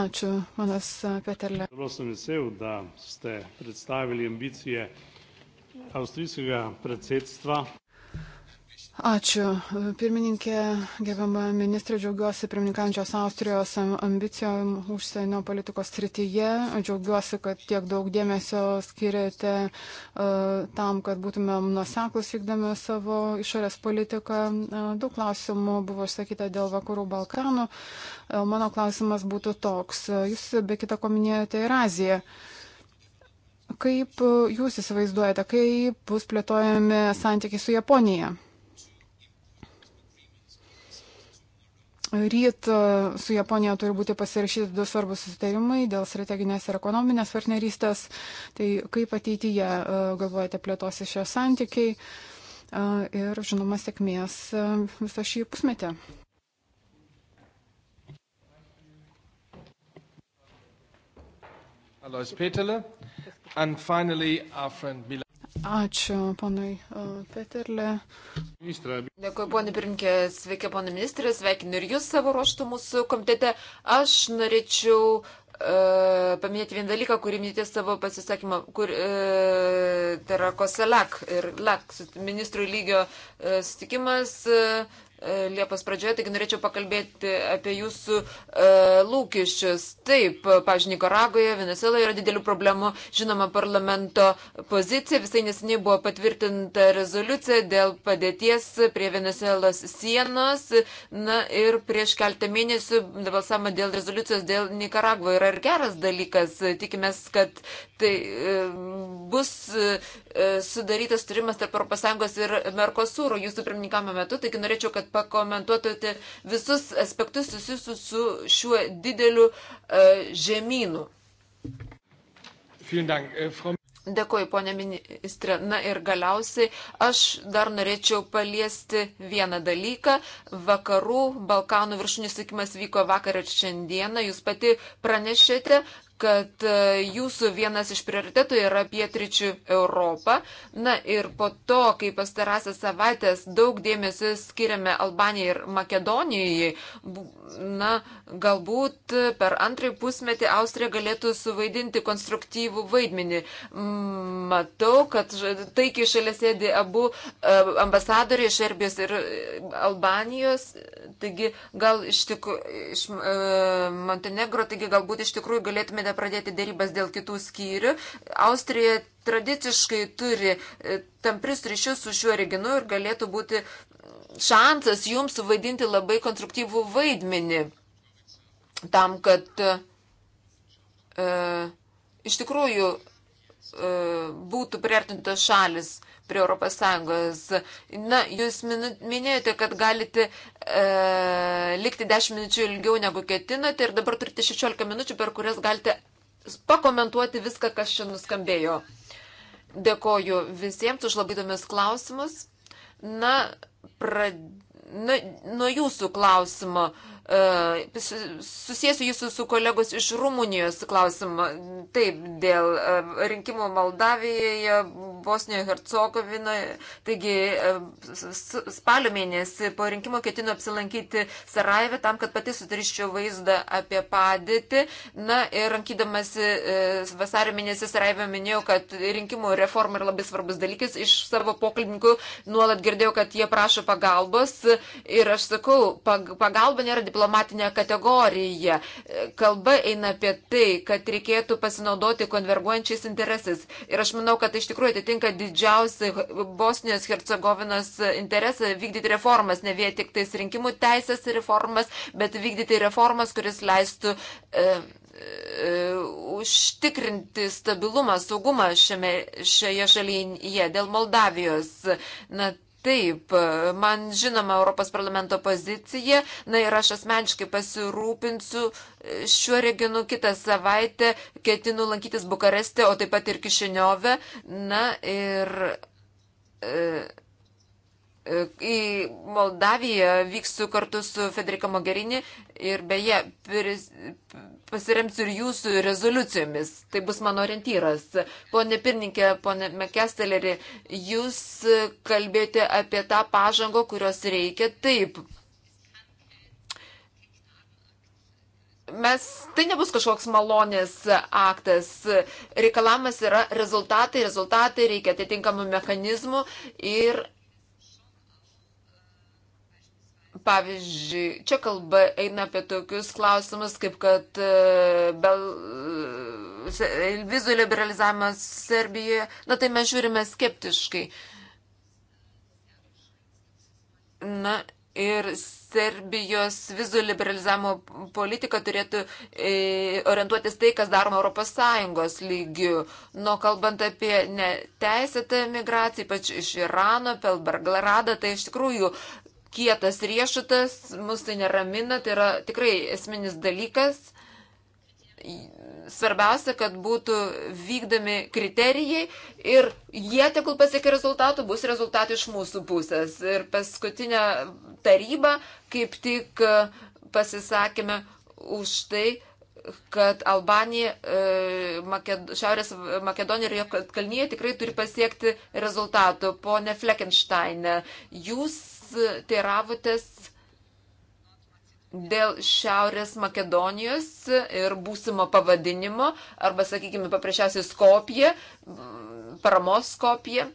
[SPEAKER 2] Ačiū, manas Peterle.
[SPEAKER 1] Prosim vesel,
[SPEAKER 2] da ste predstavili ambicije avstrijskega predsedstva. Ačiū. Pirmininkė, gerbama ministrė, džiaugiuosi pirmininkančios Austrijos ambicijom užsienio politikos srityje. Džiaugiuosi, kad tiek daug dėmesio skiriate uh, tam, kad būtumėm nuseklus vykdami savo išorės politiką. Uh, daug klausimų buvo išsakyta dėl Vakarų Balkanų. Uh, mano klausimas būtų toks. Uh, jūs be kita ko minėjote ir Aziją. Kaip jūs įsivaizduojate, kaip bus plėtojami santykiai su Japonija? Ryt e, su Japonija turi būti pasirašyti du svarbus susitarimai dėl strateginės ir ekonominės partnerystės. Tai kaip ateityje e, galvojate plėtosi šie santykiai e, ir, žinoma, sėkmės visą šį pusmetį.
[SPEAKER 1] Alois Petele. And finally, our friend Milan.
[SPEAKER 2] Ačiū, panai e, Peterle. Dėkuoju,
[SPEAKER 4] ponė Pirinkė, sveiki, ponė ministrė, sveikinu ir jūs savo ruoštų mūsų komitete. Aš norėčiau uh, paminėti vieną dalyką, kurį minėtė savo pasisakymą, kur e, tai yra Koselak ir Lak, ministrų lygio e, sutikimas, e, E, Liepos pradžioje, taigi norėčiau pakalbėti apie jūsų e, lūkesčius. Taip, pažiūrėjau, Nikaragoje, Venezueloje yra didelių problemų. Žinoma, parlamento pozicija visai nesiniai buvo patvirtinta rezoliucija dėl padėties prie Venezuelos sienos. Na ir prieš keltą mėnesių balsama dėl rezoliucijos dėl Nikarago yra ir geras dalykas. Tikimės, kad tai e, bus e, sudarytas turimas tarp ES ir Merkosūro jūsų pirmininkamo metu. Taigi norėčiau, kad pakomentuotumėte visus aspektus susijusius su šiuo dideliu uh, žemynu.
[SPEAKER 1] Äh,
[SPEAKER 4] Dėkuoju, ponė ministrė. Na ir galiausiai aš dar norėčiau paliesti vieną dalyką. Vakarų Balkanų viršūnės sakymas vyko vakar ir šiandieną. Jūs pati pranešėte, kad e, jūsų vienas iš prioritetų yra pietričių Europa. Na ir po to, kai pastarąsias savaitės daug dėmesio skiriame Albanijai ir Makedonijai, na, galbūt per antrąjį pusmetį Austrija galėtų suvaidinti konstruktyvų vaidmenį. Matau, kad taikiai šalia sėdi abu e, ambasadoriai iš Erbijos ir e, Albanijos, taigi gal iš tikrųjų iš Montenegro, taigi galbūt iš tikrųjų galėtume norite pradėti dėrybas dėl kitų skyrių, Austrija tradiciškai turi e, tamprius ryšius su šiuo regionu ir galėtų būti šansas jums suvaidinti labai konstruktyvų vaidmenį tam, kad e, iš tikrųjų e, būtų priartintos šalis prie ES. Na, jūs minėjote, kad galite e, likti 10 minučių ilgiau negu ketinote ir dabar turite 16 minučių, per kurias galite pakomentuoti viską, kas čia nuskambėjo. Dėkoju visiems už labai įdomius klausimus. Na, pradėsiu na, nuo jūsų klausimo. E, susijęsiu jūsų su kolegos iš Rumunijos klausimą. Taip, dėl e, rinkimų Moldavijoje, Bosnijoje, Hercegovinoje. Taigi e, spalio mėnesį po rinkimo ketinu apsilankyti Sarajeve tam, kad pati sutariščiau vaizdą apie padėtį. Na ir rankydamasi vasario mėnesį Sarajeve minėjau, kad rinkimų reforma yra labai svarbus dalykis. Iš savo pokalbininkų nuolat girdėjau, kad jie prašo pagalbos ir aš sakau, pagalba nėra diplomatija diplomatinę kategoriją. Kalba eina apie tai, kad reikėtų pasinaudoti konverguojančiais interesais. Ir aš manau, kad tai iš tikrųjų atitinka didžiausi Bosnijos Hercegovinos interesai vykdyti reformas, ne vien tik tais rinkimų teisės reformas, bet vykdyti reformas, kuris leistų. E, e užtikrinti stabilumą, saugumą šiame, šioje šalyje dėl Moldavijos. Na, Taip, man žinoma Europos parlamento pozicija, na ir aš asmeniškai pasirūpinsiu e, šiuo regionu kitą savaitę, ketinu lankytis Bukareste, o taip pat ir Kišiniove. Na ir. E, į Moldaviją vyksiu kartu su Federika Mogherini ir beje pasiremsiu ir jūsų rezoliucijomis. Tai bus mano orientyras. Pone Pirninkė, pone Mekesteleri, jūs kalbėjote apie tą pažangą, kurios reikia. Taip. Mes, tai nebus kažkoks malonės aktas. Reikalavimas yra rezultatai, rezultatai reikia atitinkamų mechanizmų ir Pavyzdžiui, čia kalba eina apie tokius klausimus, kaip kad e, bel, vizų liberalizavimas Serbijoje. Na tai mes žiūrime skeptiškai. Na ir Serbijos vizų liberalizavimo politika turėtų e, orientuotis tai, kas daroma ES lygių. Nuo kalbant apie neteisėtą migraciją, ypač iš Irano, Pelberglaradą, tai iš tikrųjų kietas riešutas, mus tai neramina, tai yra tikrai esminis dalykas. Svarbiausia, kad būtų vykdami kriterijai ir jie, tegul pasiekia rezultatų, bus rezultatai iš mūsų pusės. Ir paskutinę tarybą kaip tik e, pasisakėme už tai, kad Albanija, e, Maked, Šiaurės Makedonija ir jo kalnyje tikrai turi pasiekti rezultatų. Pone Fleckenstein, jūs teiravotės dėl Šiaurės Makedonijos ir būsimo pavadinimo, arba, sakykime, paprasčiausiai Skopija, paramos Skopija.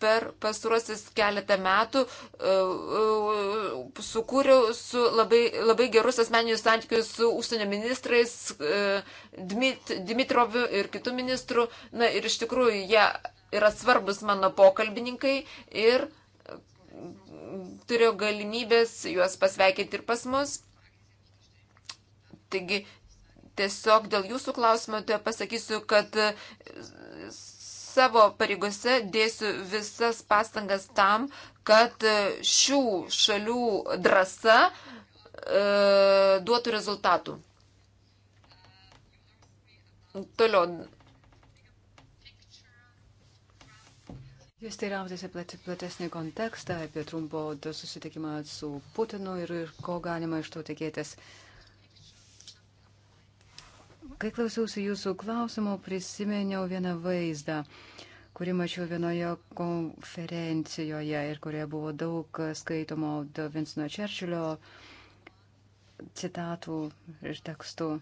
[SPEAKER 4] Per pastaruosius keletą metų uh, uh, sukūriau su labai, labai gerus asmeninius santykius su užsienio ministrais uh, Dmit, Dmitroviu ir kitų ministrų. Na ir iš tikrųjų jie yra svarbus mano pokalbininkai ir uh, turėjo galimybės juos pasveikinti ir pas mus. Taigi, tiesiog dėl jūsų klausimo, tai pasakysiu, kad savo pareigose dėsiu visas pastangas tam, kad šių šalių drąsa e, duotų rezultatų. Toliau, Jūs teirautės apie platesnį
[SPEAKER 3] kontekstą, apie trumpo susitikimą su Putinu ir, ir ko galima iš to tikėtis. Kai klausiausi jūsų klausimų, prisiminiau vieną vaizdą, kurį mačiau vienoje konferencijoje ir kurioje buvo daug skaitomo Vinstono Čerčilio citatų ir tekstų.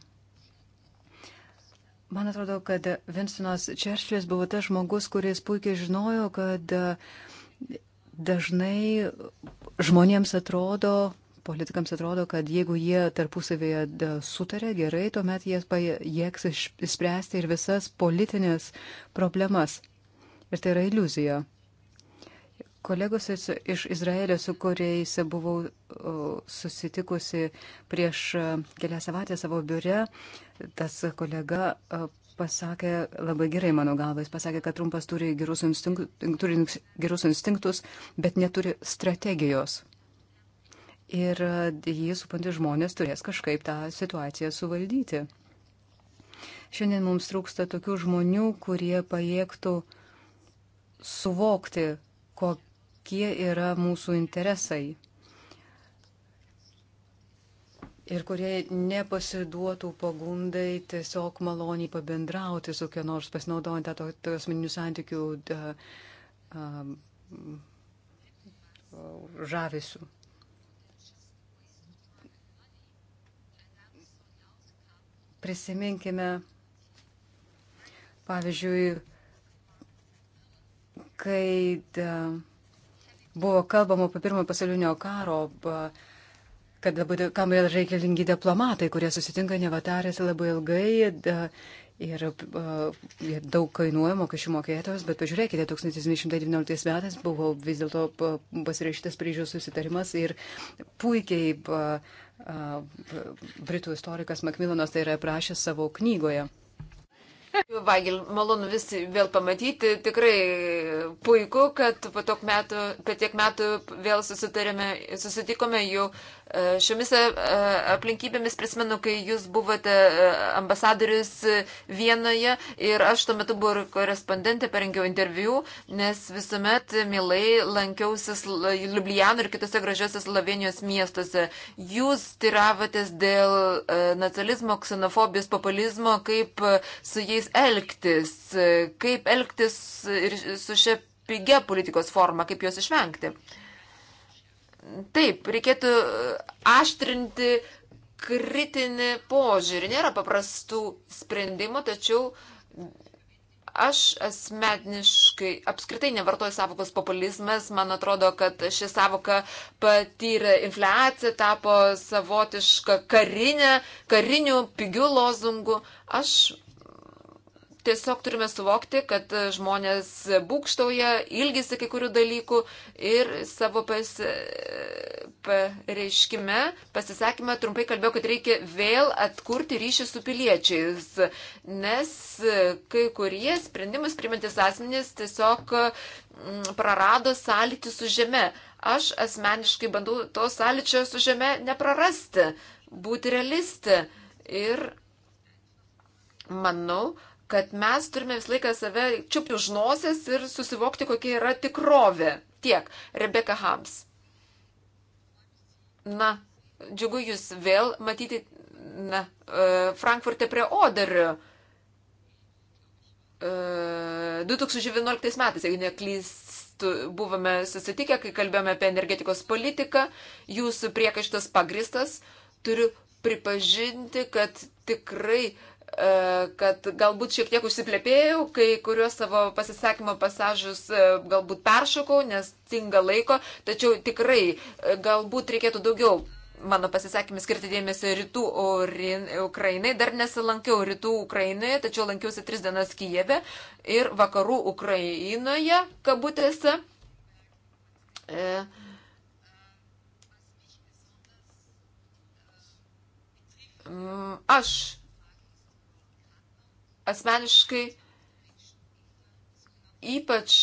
[SPEAKER 3] Man atrodo, kad Vinstonas Čerčilis buvo tas žmogus, kuris puikiai žinojo, kad e, dažnai žmonėms atrodo, politikams atrodo, kad jeigu jie tarpusavėje e, sutarė gerai, tuomet jie pajėgs išspręsti ir visas politinės problemas. Ir tai yra iliuzija. Kolegos iš Izraelio, su kuriais buvau susitikusi prieš kelias savaitę savo biure, tas kolega pasakė labai gerai, mano galva, jis pasakė, kad Trumpas turi gerus, instink, turi gerus instinktus, bet neturi strategijos. Ir jį supantys žmonės turės kažkaip tą situaciją suvaldyti. Šiandien mums trūksta tokių žmonių, kurie pajėgtų suvokti, kokia kokie yra mūsų interesai ir kurie nepasiduotų pagundai tiesiog maloniai pabendrauti su kieno nors pasinaudojant to, to asmeninių santykių da, a, žavesiu. Prisiminkime, pavyzdžiui, kai da, buvo kalbama po pirmojo pasaulinio karo, kad labai, kam yra reikalingi diplomatai, kurie susitinka nevatarėsi labai ilgai da, ir uh, daug kainuoja mokesčių mokėtojus, bet pažiūrėkite, 1919 metais buvo vis dėlto pasirašytas Paryžiaus susitarimas ir puikiai uh, uh, Britų istorikas Makmilanas tai yra aprašęs savo knygoje.
[SPEAKER 4] Vagil, malonu visi vėl pamatyti. Tikrai puiku, kad po, metų, po tiek metų vėl susitikome jau Šiomis e, aplinkybėmis prisimenu, kai jūs buvote e, ambasadorius Vienoje ir aš tuo metu buvau korespondentė, parengiau interviu, nes visuomet mielai lankiausi Ljubljano ir kitose gražiose Slovenijos miestuose. Jūs tiravotės dėl e, nacionalizmo, ksenofobijos, populizmo, kaip su jais elgtis, kaip elgtis su šia pigia politikos forma, kaip juos išvengti. Uh, Taip, reikėtų e, aštrinti kritinį požiūrį. Nėra paprastų sprendimų, tačiau aš asmeniškai apskritai nevartoju savokos populizmas. Man atrodo, kad ši savoka patyrė infliaciją, tapo savotišką karinę, karinių pigių lozungų. Aš tiesiog turime suvokti, kad e, žmonės būkštauja, ilgisi kai kurių dalykų ir savo pas, e, pareiškime, pasisakymę trumpai kalbėjau, kad reikia vėl atkurti ryšį su piliečiais, nes e, kai kurie sprendimus primantis asmenys tiesiog prarado sąlytį su žeme. Aš asmeniškai bandau to sąlyčio su žeme neprarasti, būti realisti. Ir manau, kad mes turime visą laiką save čiupti už nosies ir susivokti, kokia yra tikrovė. Tiek, Rebeka Hams. Na, džiugu jūs vėl matyti, na, e, Frankfurte prie Oderio. E, 2011 metais, jeigu neklystu, buvome susitikę, kai kalbėjome apie energetikos politiką, jūsų priekaištas pagristas, turiu pripažinti, kad tikrai uh, E, kad galbūt šiek tiek užsiplepėjau, kai kuriuos savo pasisakymo pasažus e, galbūt peršokau, nes tinga laiko, tačiau tikrai e, galbūt reikėtų daugiau mano pasisakymį skirti dėmesį rytų Orin, Ukrainai. Dar nesilankiau rytų Ukrainoje, tačiau lankiausi tris dienas Kijeve ir vakarų Ukrainoje, kabutėse. E, aš asmeniškai ypač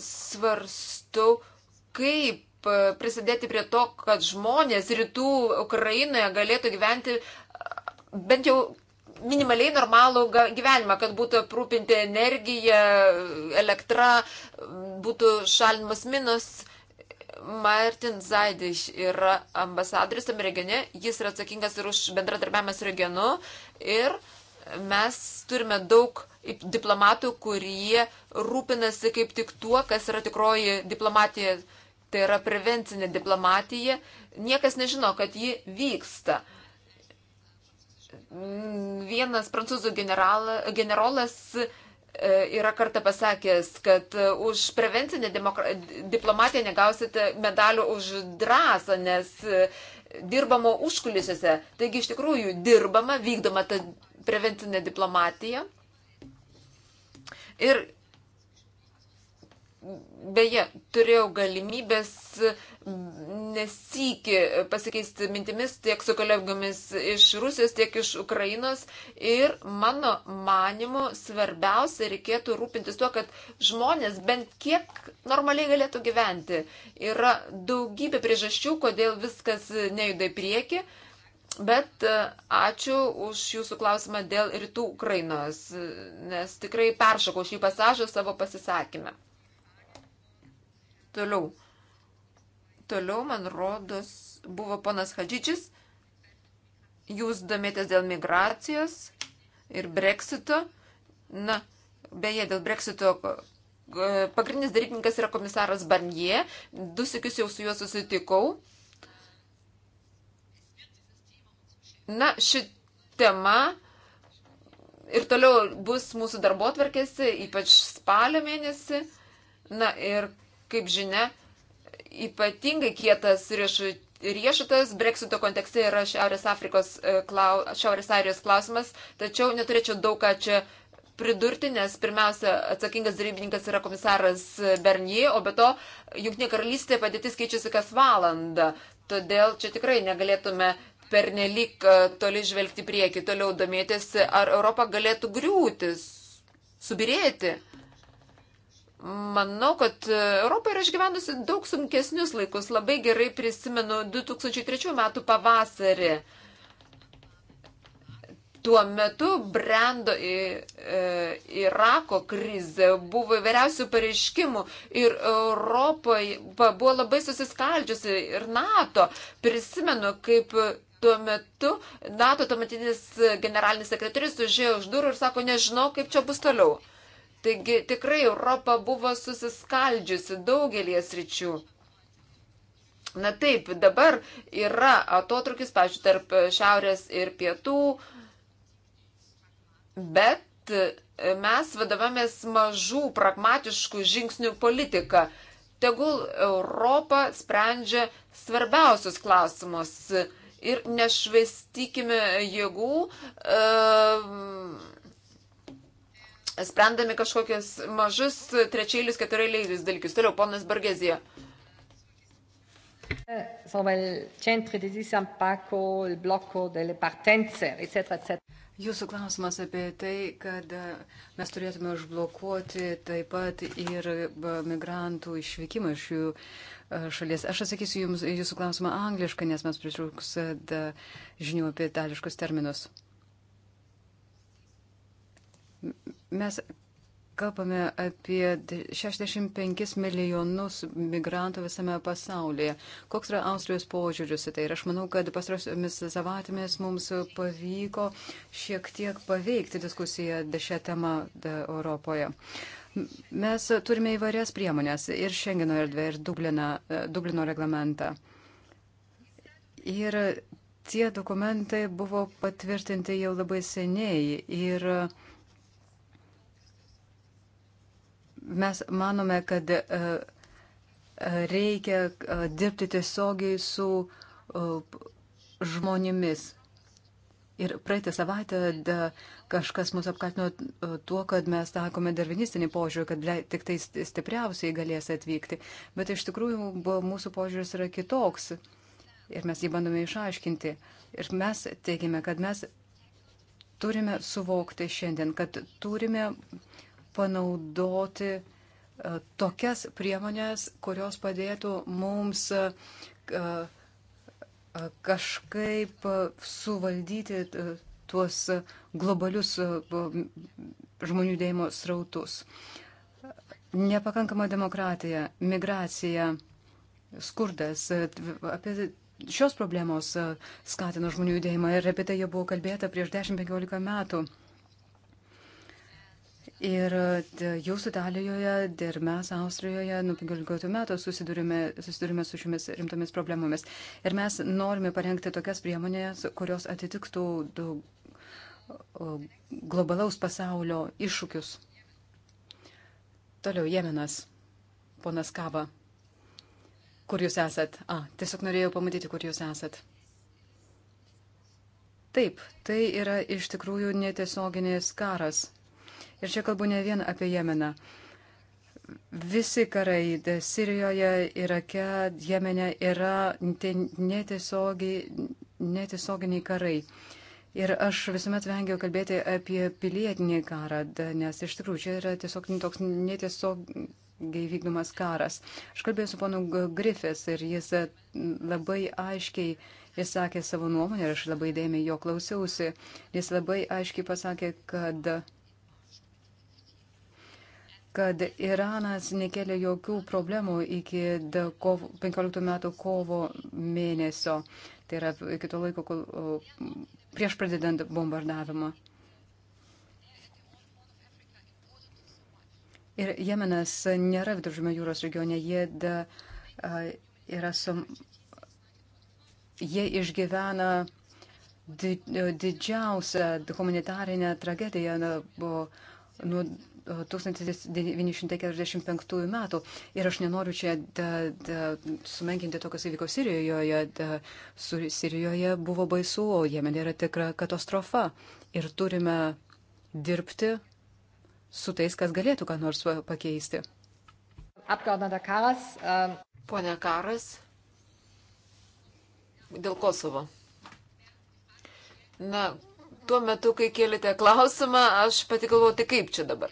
[SPEAKER 4] svarstu, kaip e, prisidėti prie to, kad žmonės rytų Ukrainoje galėtų gyventi e, bent jau minimaliai normalų gyvenimą, kad būtų aprūpinti energija, elektra, būtų šalinimas minus. Martin Zaidiš yra ambasadoris tam regione, jis yra atsakingas ir už bendradarbiavimą su regionu ir uh, mes turime daug diplomatų, kurie rūpinasi kaip tik tuo, kas yra tikroji diplomatija, tai yra prevencinė diplomatija. Niekas nežino, kad ji vyksta. Vienas prancūzų generala, generolas e, yra kartą pasakęs, kad e, už prevencinę diplomatiją negausite medalių už drąsą, nes e, dirbamo užkulisiuose. Taigi iš tikrųjų dirbama, vykdoma ta prevencinę diplomatiją. Ir beje, turėjau galimybės nesikį pasikeisti mintimis tiek su kolegomis iš Rusijos, tiek iš Ukrainos. Ir mano manimu svarbiausia reikėtų rūpintis tuo, kad žmonės bent kiek normaliai galėtų gyventi. Yra daugybė priežasčių, kodėl viskas nejuda į priekį. Bet e, ačiū už jūsų klausimą dėl rytų Ukrainos, nes tikrai peršakau šį pasažą savo pasisakymę. Toliau. Toliau, man rodos, buvo ponas Hadžičis. Jūs domėtės dėl migracijos ir breksito. Na, beje, dėl breksito pagrindinis darybininkas yra komisaras Barnie. Du sėkius jau su juo susitikau Na, ši tema ir toliau bus mūsų darbo atverkėsi, ypač spalio mėnesį. Na ir, kaip žinia, ypatingai kietas riešutas breksito kontekste yra Šiaurės, Afrikos, e, klau, Šiaurės Airijos klausimas, tačiau neturėčiau daug ką čia pridurti, nes pirmiausia, atsakingas darybininkas yra komisaras Bernie, o be to, Junktinė karalystė padėtis keičiasi kas valandą. Todėl čia tikrai negalėtume pernelik e, toli žvelgti prieki, toliau domėtėsi, ar Europa galėtų griūtis, subirėti. Manau, kad e, Europa yra išgyvenusi daug sunkesnius laikus. Labai gerai prisimenu 2003 metų pavasarį. Tuo metu brendo į, e, Irako krizę, buvo įvairiausių pareiškimų ir Europoje buvo labai susiskaldžiusi ir NATO. Prisimenu, kaip tuo metu NATO tuometinis generalinis sekretorius užėjo už durų ir sako, nežinau, kaip čia bus toliau. Taigi tikrai Europa buvo susiskaldžiusi daugelį sričių. Na taip, dabar yra atotrukis, pažiūrėjau, tarp šiaurės ir pietų, bet mes vadovamės mažų pragmatiškų žingsnių politiką. Tegul Europa sprendžia svarbiausius klausimus ir nešvaistykime jėgų, e, sprendami kažkokias mažus trečiailis, keturailis dalykus. Toliau, ponas Bargezija.
[SPEAKER 3] Jūsų klausimas apie tai, kad e, mes turėtume užblokuoti taip pat ir e, migrantų išvykimą iš jų šalies. Aš atsakysiu jums, jūsų klausimą angliškai, nes mes pritrūks žinių apie itališkus terminus. Mes kalbame apie 65 milijonus migrantų visame pasaulyje. Koks yra Austrijos požiūris į tai? Ir aš manau, kad pastarosiomis savaitėmis mums pavyko šiek tiek paveikti diskusiją šią temą Europoje. Uh, Mes turime įvairias priemonės ir Schengeno erdvę, ir Dublina, e, Dublino reglamentą. Ir tie dokumentai buvo patvirtinti jau labai seniai. Ir mes manome, kad e, e, reikia dirbti tiesiogiai su žmonėmis. Ir praeitą savaitę da, kažkas mus apkaltino e, tuo, kad mes taikome darvinistinį požiūrį, kad le, tik tai stipriausiai galės atvykti. Bet iš tikrųjų buvo, mūsų požiūris yra kitoks. Ir mes jį bandome išaiškinti. Ir mes teigiame, kad mes turime suvokti šiandien, kad turime panaudoti e, tokias priemonės, kurios padėtų mums. Uh, kažkaip e, suvaldyti e, tuos e, globalius žmonių dėjimo srautus. Nepakankama demokratija, migracija, skurdas, apie šios problemos skatino žmonių judėjimą ir apie tai jau buvo kalbėta prieš 10-15 metų. Ir e, jau su Italijoje ir mes Austrijoje nuo 15 metų susidurime, susidurime su šiomis rimtomis problemomis. Ir mes norime parengti tokias priemonės, kurios atitiktų globalaus pasaulio iššūkius. Toliau Jemenas, ponas Kava. Kur jūs esat? A, tiesiog norėjau pamatyti, kur jūs esat. Taip, tai yra iš tikrųjų netiesioginis karas Ir čia kalbu ne vien apie Jemeną. Visi karai Sirijoje, Irake, Jemene yra netiesioginiai karai. Ir aš visuomet vengiau kalbėti apie pilietinį karą, nes iš tikrųjų čia yra tiesiog toks netiesiogiai vykdomas karas. Aš kalbėjau su ponu Griffiths ir jis e, labai aiškiai išsakė savo nuomonę ir aš labai dėmiai jo klausiausi. Jis labai aiškiai pasakė, kad kad Iranas nekelia jokių problemų iki 15 metų kovo mėnesio. Tai yra iki to laiko, kol, prieš pradedant bombardavimą. Ir Jemenas nėra viduržymio jūros regione, jie da, yra sum, jie išgyvena didžiausią humanitarinę tragediją nuo 1945 metų. Ir aš nenoriu čia da, da, sumenkinti to, kas įvyko Sirijoje. Da, su, Sirijoje buvo baisu, o Jemenė yra tikra katastrofa. Ir turime dirbti su tais, kas galėtų ką nors pakeisti.
[SPEAKER 4] Apgaunada karas. Um... Pone Karas, dėl Kosovo. Na, tuo metu, kai kėlėte klausimą, aš pati galvojau, tai kaip čia dabar.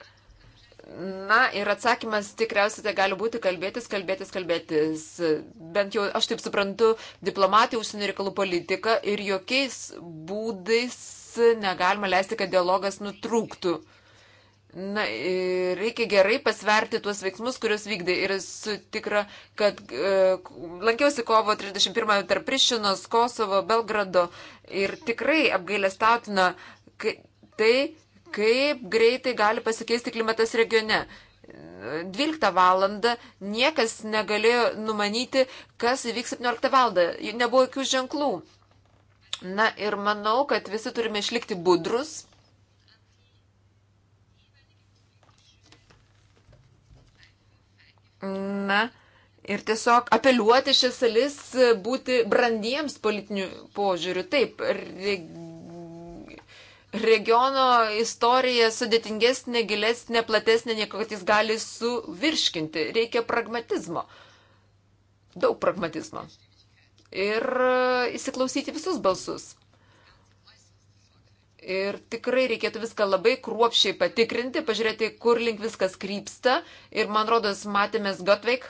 [SPEAKER 4] Na ir atsakymas tikriausiai tai gali būti kalbėtis, kalbėtis, kalbėtis. Bent jau aš taip suprantu diplomatiją, užsienio reikalų politiką ir jokiais būdais negalima leisti, kad dialogas nutrūktų. Na, reikia gerai pasverti tuos veiksmus, kuriuos vykdė. Ir esu tikra, kad e, lankiausi kovo 31 tarp Prišinos, Kosovo, Belgrado ir tikrai apgailestautina tai, kaip greitai gali pasikeisti klimatas regione. 12 val. niekas negalėjo numanyti, kas įvyks 17 val. Nebuvo jokių ženklų. Na ir manau, kad visi turime išlikti budrus. Na ir tiesiog apeliuoti šias salis būti brandiems politinių požiūrių. Taip, regi regiono istorija sudėtingesnė, gilesnė, platesnė, negu kad jis gali suvirškinti. Reikia pragmatizmo. Daug pragmatizmo. Ir įsiklausyti visus balsus. Ir tikrai reikėtų viską labai kruopšiai patikrinti, pažiūrėti, kur link viskas krypsta. Ir man rodos, matėmės Gotveik,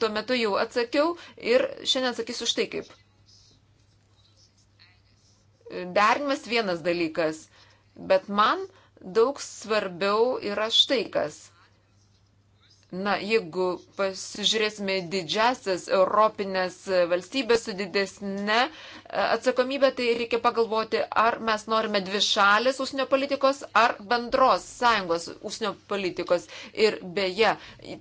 [SPEAKER 4] tuo metu jau atsakiau ir šiandien sakysiu štai kaip. Derinimas vienas dalykas, bet man daug svarbiau yra štai kas. Na, jeigu pasižiūrėsime didžiasias europinės valstybės su didesne e, atsakomybė, tai reikia pagalvoti, ar mes norime dvi šalės užsienio politikos, ar bendros sąjungos užsienio politikos. Ir beje,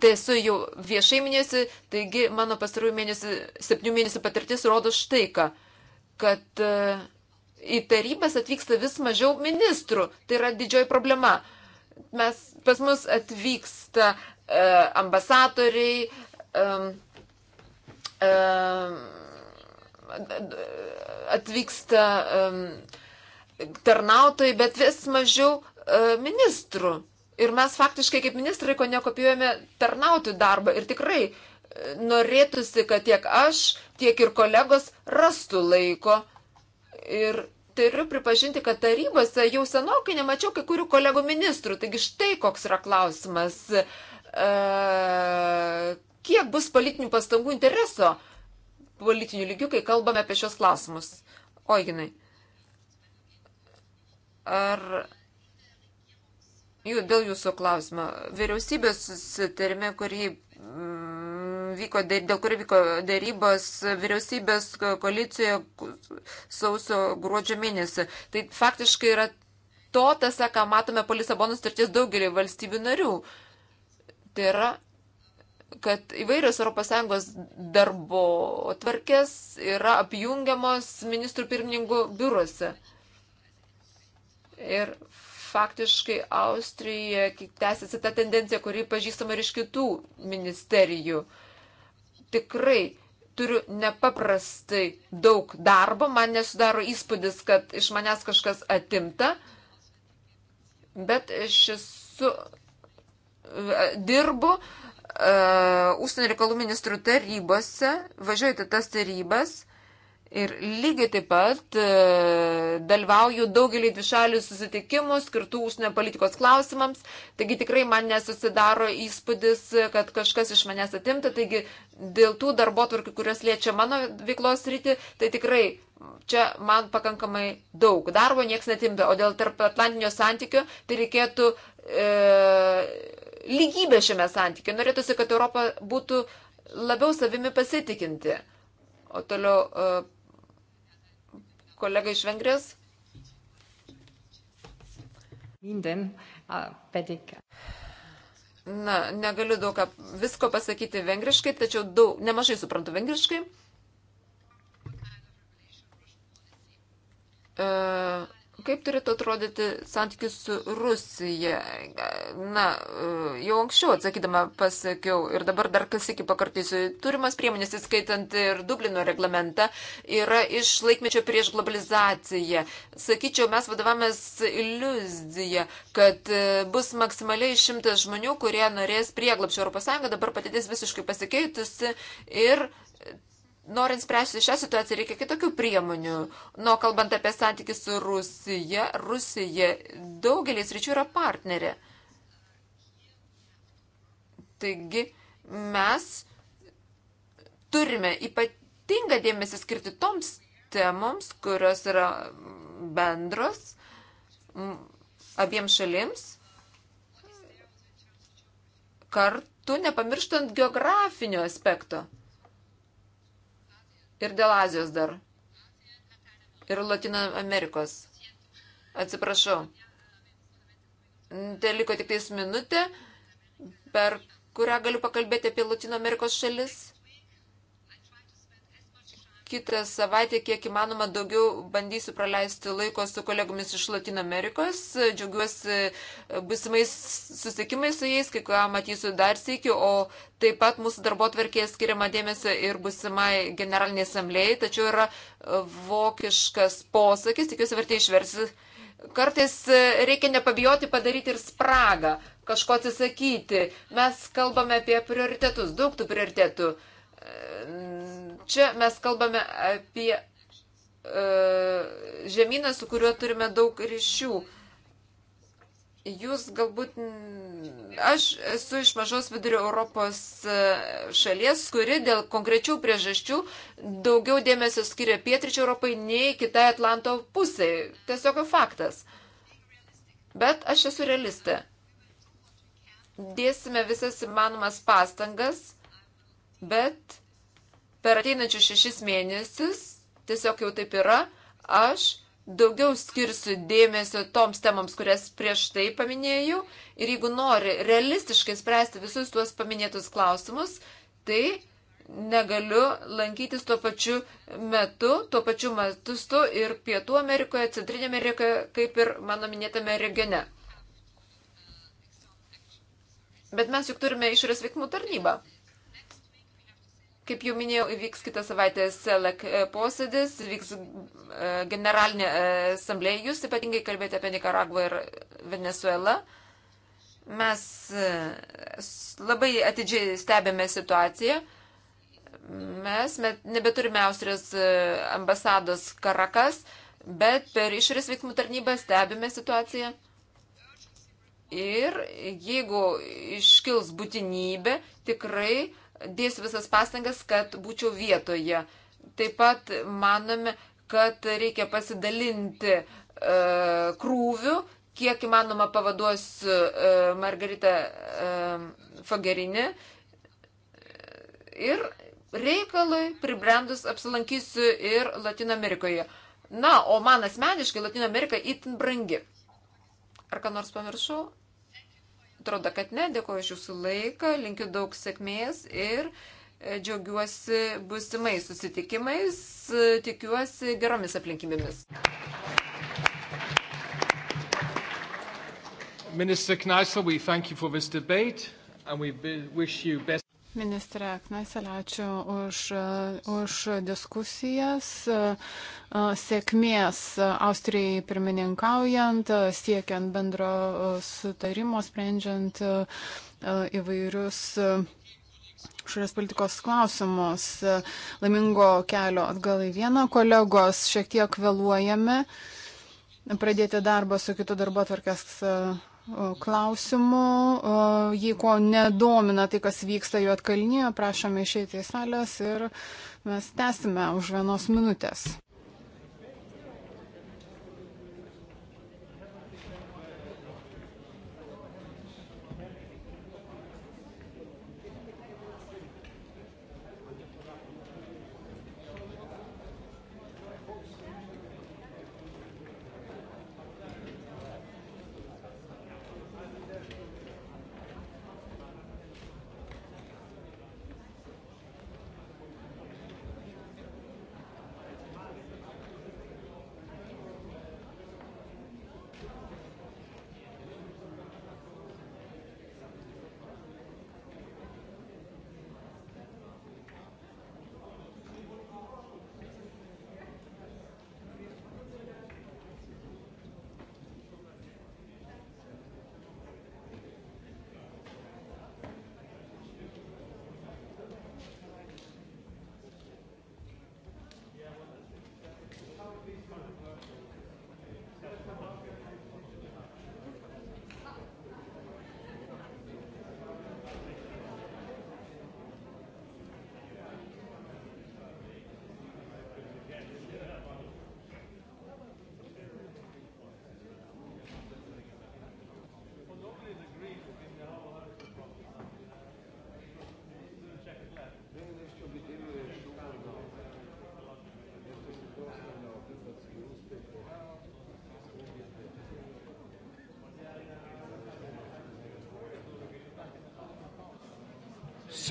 [SPEAKER 4] tai esu jau viešai minėjusi, taigi mano pastarųjų mėnesių, septynių mėnesių patirtis rodo štai ką, kad uh, į tarybas atvyksta vis mažiau ministrų. Tai yra didžioji problema. Mes, pas mus atvyksta e, ambasadoriai, e, e, atvyksta e, tarnautojai, bet vis mažiau e, ministrų. Ir mes faktiškai kaip ministrai, ko nekopijuojame, tarnauti darbą. Ir tikrai e, norėtųsi, kad tiek aš, tiek ir kolegos rastų laiko Ir turiu pripažinti, kad tarybose jau senokai nemačiau kai kurių kolegų ministrų. Taigi štai koks yra klausimas. E, kiek bus politinių pastangų intereso politinių lygių, kai kalbame apie šios klausimus? Oiginai. Ar jų, dėl jūsų klausimo. Vyriausybės susitarime, kurį mm, vyko, dėl kurio vyko dėrybos vyriausybės koalicijoje sausio gruodžio mėnesį. Tai faktiškai yra to tasa, ką matome po Lisabonos starties daugelį valstybių narių. Tai yra, kad įvairios ES darbo tvarkės yra apjungiamos ministrų pirmininkų biuruose. Ir faktiškai Austrija tęsiasi tą tendenciją, kurį pažįstama ir iš kitų ministerijų. Uh, tikrai turiu nepaprastai daug darbo, man nesudaro įspūdis, kad iš manęs kažkas atimta, bet aš esu, e, dirbu uh, užsienio reikalų ministrų tarybose, važiuoju į tas tarybas Ir lygiai taip pat e, dalyvauju daugelį dvišalių susitikimų skirtų užsienio politikos klausimams, taigi tikrai man nesusidaro įspūdis, kad kažkas iš manęs atimta, taigi dėl tų darbo tvarkių, kurios liečia mano veiklos rytį, tai tikrai čia man pakankamai daug darbo nieks netimta, o dėl tarp Atlantinio santykio tai reikėtų e, lygybę šiame santykiu. Norėtųsi, kad Europa būtų labiau savimi pasitikinti. O toliau. E, kolega iš Vengrijos. Minden, pedika. Na, negaliu daug ką, visko pasakyti vengriškai, tačiau daug, nemažai suprantu vengriškai. Uh, kaip turėtų atrodyti santykius su Rusija? Na, jau anksčiau atsakydama pasakiau ir dabar dar kas iki pakartysiu. Turimas priemonės, įskaitant ir Dublino reglamentą, yra iš laikmečio prieš globalizaciją. Sakyčiau, mes vadovavomės iliuziją, kad e, bus maksimaliai šimtas žmonių, kurie norės prieglapšio Europos Sąjungą, dabar patėtis visiškai pasikeitusi ir norint spręsti šią situaciją, reikia kitokių priemonių. Nuo kalbant apie santykių su Rusija, Rusija daugelis ryčių yra partnerė. Taigi mes turime ypatingą dėmesį skirti toms temoms, kurios yra bendros abiems šalims, kartu nepamirštant geografinio aspekto. Ir dėl Azijos dar. Ir Latino Amerikos. Atsiprašau. Tai liko tik tais minutė, per kurią galiu pakalbėti apie Latino Amerikos šalis kitą savaitę, kiek įmanoma, daugiau bandysiu praleisti laiko su kolegomis iš Latino Amerikos. Džiaugiuosi e, būsimais susitikimais su jais, kai ką matysiu dar sėkiu, o taip pat mūsų darbo tvarkėje skiriama dėmesio ir būsimai generaliniai asamblėjai, tačiau yra vokiškas posakis, tikiuosi vertai išversi. Kartais e, reikia nepabijoti padaryti ir spragą, kažko atsisakyti. Mes kalbame apie prioritetus, daug tų prioritetų. Čia mes kalbame apie e, žemyną, su kuriuo turime daug ryšių. Jūs galbūt, aš esu iš mažos vidurio Europos e, šalies, kuri dėl konkrečių priežasčių daugiau dėmesio skiria pietričio Europai nei kitai Atlanto pusiai. Tiesiog faktas. Bet aš esu realistė. Dėsime visas įmanomas pastangas bet per ateinančius šešis mėnesius, tiesiog jau taip yra, aš daugiau skirsiu dėmesio toms temams, kurias prieš tai paminėjau. Ir jeigu nori realistiškai spręsti visus tuos paminėtus klausimus, tai negaliu lankytis tuo pačiu metu, tuo pačiu metu ir Pietų Amerikoje, Centrinė Amerikoje, kaip ir mano minėtame regione. Bet mes juk turime išorės veikimų tarnybą. Kaip jau minėjau, įvyks kitą savaitę SELEC e, posėdis, vyks e, generalinė e, asamblėja, jūs ypatingai kalbėjote apie Nikaragvą ir Venezuelą. Mes labai atidžiai stebėme situaciją. Mes nebeturime Austrijos ambasados Karakas, bet per išorės veiksmų tarnybą stebime situaciją. Ir jeigu iškils būtinybė, tikrai uh, dėsiu visas pastangas, kad būčiau vietoje. Taip pat manome, kad reikia pasidalinti e, krūvių, kiek įmanoma pavaduos e, Margarita e, Fagerinė. Ir reikalui pribrendus apsilankysiu ir Latino Amerikoje. Na, o man asmeniškai Latino Amerika itin brangi. Ar ką nors pamiršau? atrodo, kad ne. Dėkuoju iš jūsų laiką, linkiu daug sėkmės ir e, džiaugiuosi būsimais susitikimais, e, tikiuosi geromis aplinkybėmis.
[SPEAKER 1] Minister Kneisel, we thank you for this debate and we wish you best.
[SPEAKER 2] Ministre Knesel, ačiū už, už diskusijas. Sėkmės Austrijai pirmininkaujant, siekiant bendro sutarimo, sprendžiant įvairius šalies politikos klausimus. Laimingo kelio atgal į vieną. Kolegos, šiek tiek vėluojame pradėti darbą su kitu darbo atvarkės klausimų. Jei ko nedomina tai, kas vyksta juo atkalnyje, prašome išeiti į salės ir mes tęsime už vienos minutės.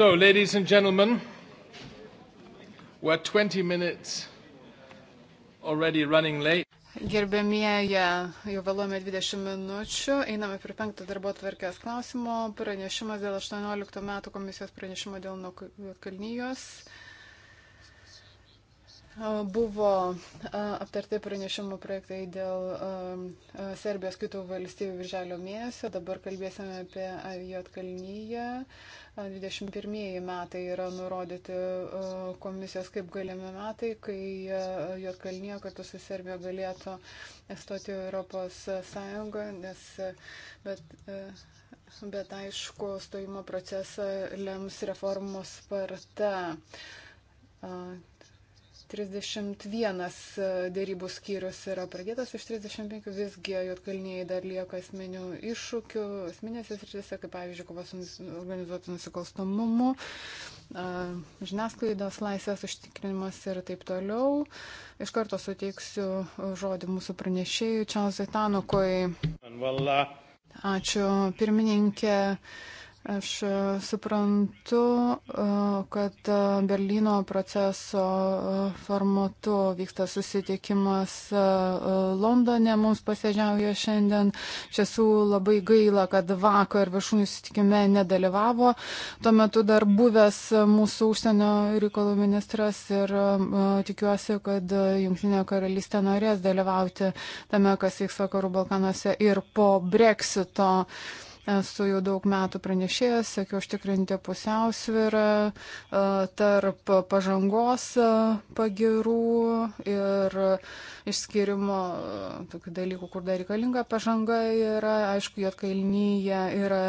[SPEAKER 1] So, ladies and gentlemen, we're 20 minutes already running late.
[SPEAKER 2] Gerbėmieji, jau vėluojame 20 minučių, einame prie penktą darbo tvarkės klausimo, pranešimas dėl 18 metų komisijos pranešimo dėl Kalnyjos buvo aptarti pranešimų projektai dėl Serbijos kitų valstybių virželio mėnesio. Dabar kalbėsime apie Jotkalnyje. 21 metai yra nurodyti komisijos kaip galimi metai, kai Jotkalnyje kartu su Serbija galėtų stoti Europos Sąjungą, nes bet bet aišku, stojimo procesą lems reformos sparta. 31 e, dėrybų skyrius yra pradėtas iš 35, visgi Jotkalniai dar lieka asmenių iššūkių, asmenėse srityse, kaip pavyzdžiui, kovos organizuotų nusikalstamumu, žiniasklaidos laisvės užtikrinimas ir taip toliau. Iš karto suteiksiu žodį mūsų pranešėjui Čalzai Tanukui. Ačiū, pirmininkė. Aš e, suprantu, e, kad e, Berlyno proceso formatu vyksta susitikimas Londone, mums pasėdžiauja šiandien. Iš tiesų labai gaila, kad vakar viršūnių susitikime nedalyvavo. Tuo metu dar buvęs mūsų užsienio reikalų ministras ir tikiuosi, kad Junktinė karalystė norės dalyvauti tame, kas vyks vakarų Balkanuose ir po Brexito. Uh, Esu jau daug metų pranešėjęs, sėkiu užtikrinti pusiausvyrą e, tarp pažangos e, pagirų ir išskirimo e, tokių dalykų, kur dar reikalinga pažanga yra. Aišku, Jotkalnyje yra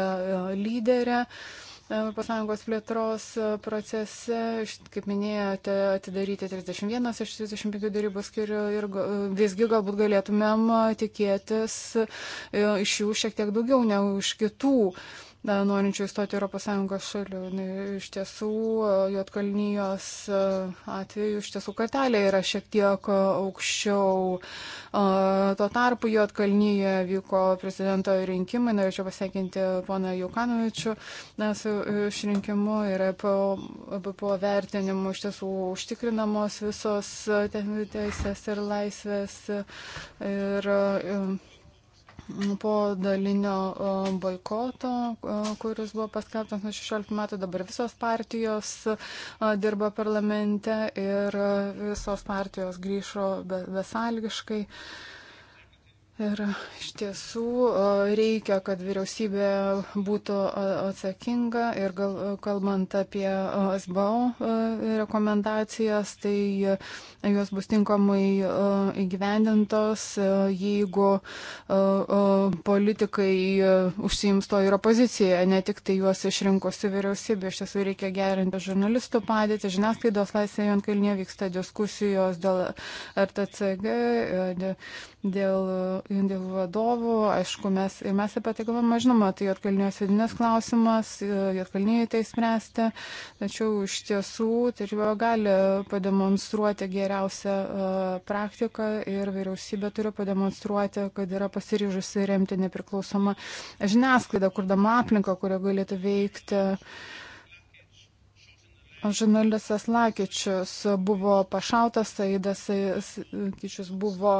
[SPEAKER 2] lyderė. Uh, ES plėtros procese, kaip minėjote, atidaryti 31 iš 35 darybų skirių ir visgi galbūt galėtumėm tikėtis e, iš jų šiek tiek daugiau negu iš kitų. Uh, da, norinčių įstoti Europos Sąjungos šalių. Na, iš tiesų, Jotkalnyjos e, atveju iš tiesų kartelė yra šiek tiek aukščiau. E, tuo tarpu Jotkalnyje vyko prezidento rinkimai, norėčiau pasveikinti poną Jukanovičių su išrinkimu e, ir po vertinimu iš tiesų užtikrinamos visos teisės ir laisvės. Ir, ir po dalinio boikoto, kuris buvo paskelbtas nuo 16 metų, dabar visos partijos dirba parlamente ir visos partijos grįžo besalgiškai. Be Ir iš tiesų e, reikia, kad vyriausybė būtų e, atsakinga ir gal, kalbant apie e, SBO rekomendacijas, tai jos bus tinkamai įgyvendintos, jeigu politikai užsiims to ir opozicija, ne tik tai juos išrinkusi vyriausybė. Iš tiesų reikia gerinti žurnalistų padėtį, žiniasklaidos laisvėje ant kalnie vyksta diskusijos dėl RTCG dėl, e, dėl vadovų. Aišku, mes ir mes apie tai galvojame, žinoma, tai atkalnio sėdinės klausimas, atkalniai e, tai spręsti, tačiau iš tiesų taryba gali pademonstruoti geriausią e, praktiką ir vyriausybė turi pademonstruoti, kad yra pasiryžusi remti nepriklausomą žiniasklaidą, kurdama aplinką, kurioje galėtų veikti. Žurnalistas Lakičius buvo pašautas, Saidas Saidas Kičius buvo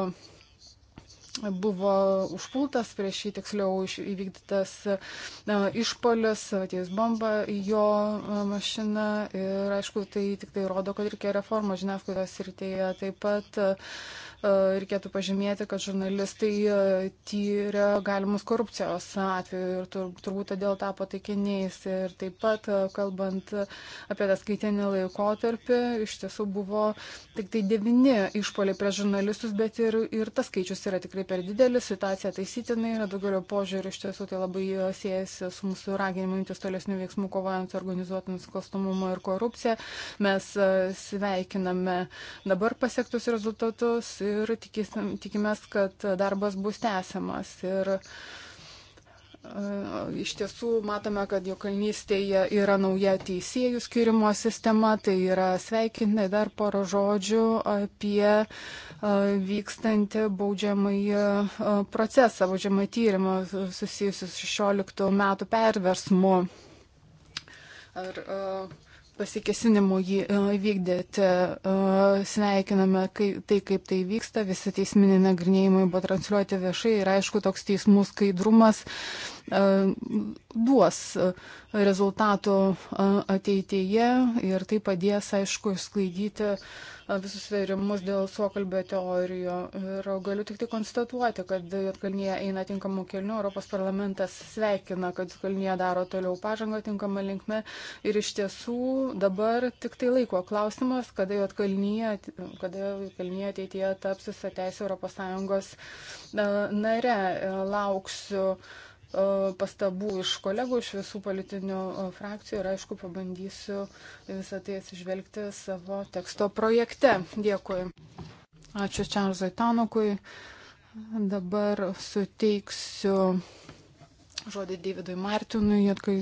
[SPEAKER 2] buvo užpultas prieš jį tiksliau įvykdytas išpolis, atėjus bomba jo mašina ir aišku tai tik tai rodo, kad reikia reformos žiniasklaidos rytėje. Taip pat E, reikėtų pažymėti, kad žurnalistai e, tyrė galimus korupcijos atveju ir turbūt todėl tapo taikiniais. Ir taip pat, e, kalbant apie tą skaitinį laikotarpį, iš tiesų buvo tik tai devini išpoliai prie žurnalistus, bet ir, ir tas skaičius yra tikrai per didelis, situacija taisytinai yra daugelio požiūrį, iš tiesų tai labai siejasi su mūsų raginimu imtis tolesnių veiksmų kovojant su organizuotų nusikalstamumą ir korupciją. Mes sveikiname dabar pasiektus rezultatus ir tikisim, tikimės, kad darbas bus tęsiamas. Ir e, iš tiesų matome, kad jo kalnystėje yra nauja teisėjų skirimo sistema, tai yra sveikinti dar poro žodžių apie e, vykstantį baudžiamąjį e, procesą, baudžiamą tyrimą susijusius 16 metų perversmu. Ar, uh, pasikesinimų jį e, vykdyti. E, sveikiname kai, tai, kaip tai vyksta, visi teisminiai nagrinėjimai buvo transliuoti viešai ir aišku, toks teismų skaidrumas e, duos rezultatų ateityje ir tai padės, aišku, išsklaidyti visus sverimus dėl suokalbio teorijų. Ir galiu tik tai konstatuoti, kad Jotkalnyje eina tinkamų kelnių. Europos parlamentas sveikina, kad Jotkalnyje daro toliau pažangą tinkamą linkme. Ir iš tiesų dabar tik tai laiko klausimas, kada Jotkalnyje, kada Jotkalnyje ateityje taps visą teisę Europos Sąjungos nare. Lauksiu E, pastabų iš kolegų, iš visų politinių e, frakcijų ir aišku pabandysiu visą tai atsižvelgti savo teksto projekte. Dėkui. Ačiū Čarzai Tanukui. Dabar suteiksiu žodį Davidui Martinui, jatkai,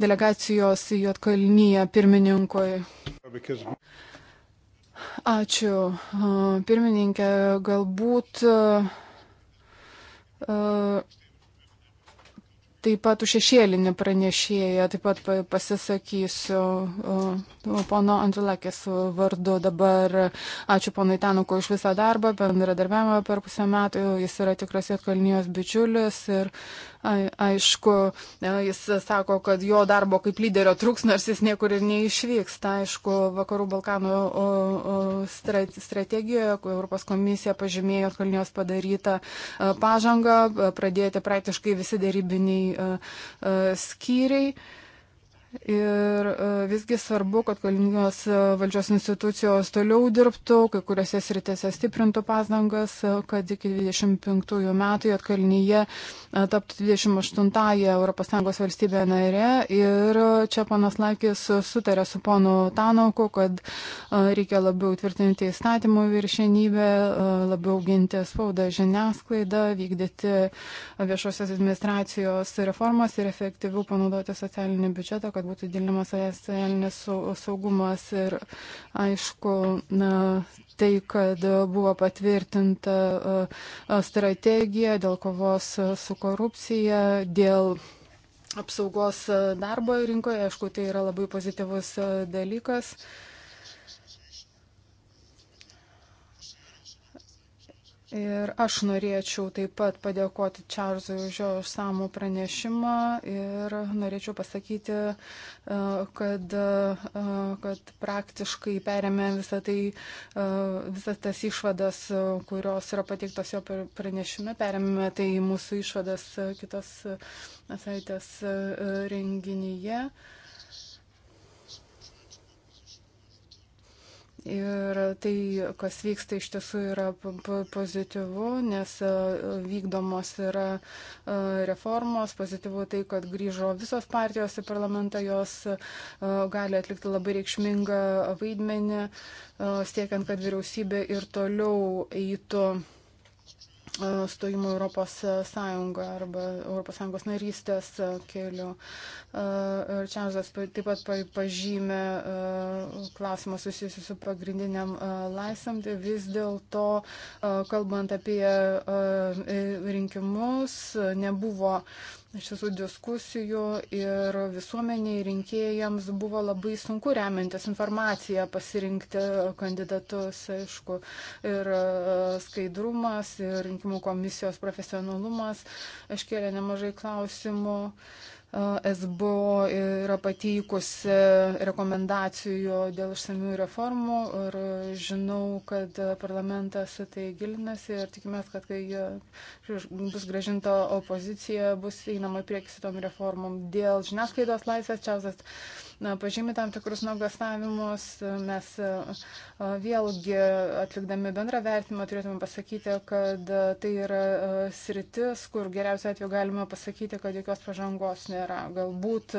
[SPEAKER 2] delegacijos į Jotkalnyje pirmininkoj. Ačiū, e, pirmininkė. Galbūt. Uh, taip pat už šešėlinį pranešėją, taip pat pasisakysiu uh, uh, pono Andrulakės vardu. Dabar ačiū ponui Tanuko už visą darbą, bendradarbiavimą per pusę metų, jis yra tikras Jotkalnijos bičiulis ir Aišku, jis sako, kad jo darbo kaip lyderio trūks, nors jis niekur ir neišvyksta. Aišku, Vakarų Balkanų strategijoje Europos komisija pažymėjo Kalnijos padarytą pažangą, pradėti praktiškai visi darybiniai skyriai. Ir e, visgi svarbu, kad Kaliningrados e, valdžios institucijos toliau dirbtų, kai kuriuose sritėse stiprintų pastangas, e, kad iki 25 metų Jotkalnyje taptų 28-ąją ES valstybę narę. Ir čia panas Lakis sutarė su ponu Tanoku, kad reikia labiau tvirtinti įstatymų viršenybę, labiau ginti spaudą žiniasklaidą, vykdyti viešosios administracijos reformas ir efektyviau panaudoti socialinį biudžetą, kad būtų didinamas es nesaugumas ir aišku na, tai, kad buvo patvirtinta strategija dėl kovos su korupcija, dėl apsaugos darbo rinkoje, aišku, tai yra labai pozityvus dalykas. Uh, Ir aš norėčiau taip pat padėkoti Čarzui už jo išsamų pranešimą ir norėčiau pasakyti, e, kad, e, kad praktiškai perėmė visą tai, e, visas tas išvadas, kurios yra pateiktos jo pranešime, perėmėme tai mūsų išvadas kitos savaitės renginyje. Uh, Ir tai, kas vyksta, iš tiesų yra pozityvu, nes e, vykdomos yra e, reformos, pozityvu tai, kad grįžo visos partijos į parlamentą, jos e, gali atlikti labai reikšmingą vaidmenį, siekiant, kad vyriausybė ir toliau eitų E, stojimo Europos e, Sąjungą arba Europos Sąjungos narystės e, keliu. Čarzas taip pat pažymė klausimą susijusiu su pagrindiniam laisvėm. Tai vis dėlto, kalbant apie rinkimus, nebuvo Iš tiesų diskusijų ir visuomeniai rinkėjams buvo labai sunku remiantis informaciją pasirinkti kandidatus, aišku, ir e, skaidrumas, ir rinkimų komisijos profesionalumas iškėlė nemažai klausimų. Uh, SBO yra pateikusi rekomendacijų dėl išsamių reformų ir žinau, kad parlamentas tai gilinasi ir tikimės, kad kai bus gražinta opozicija, bus einama prieki su tom reformom. Dėl žiniasklaidos laisvės Čiausas na, pažymė tam tikrus nuogastavimus. Mes e, e, vėlgi atlikdami bendrą vertimą turėtume pasakyti, kad e, tai yra sritis, kur geriausiu atveju galima pasakyti, kad jokios pažangos nėra. Galbūt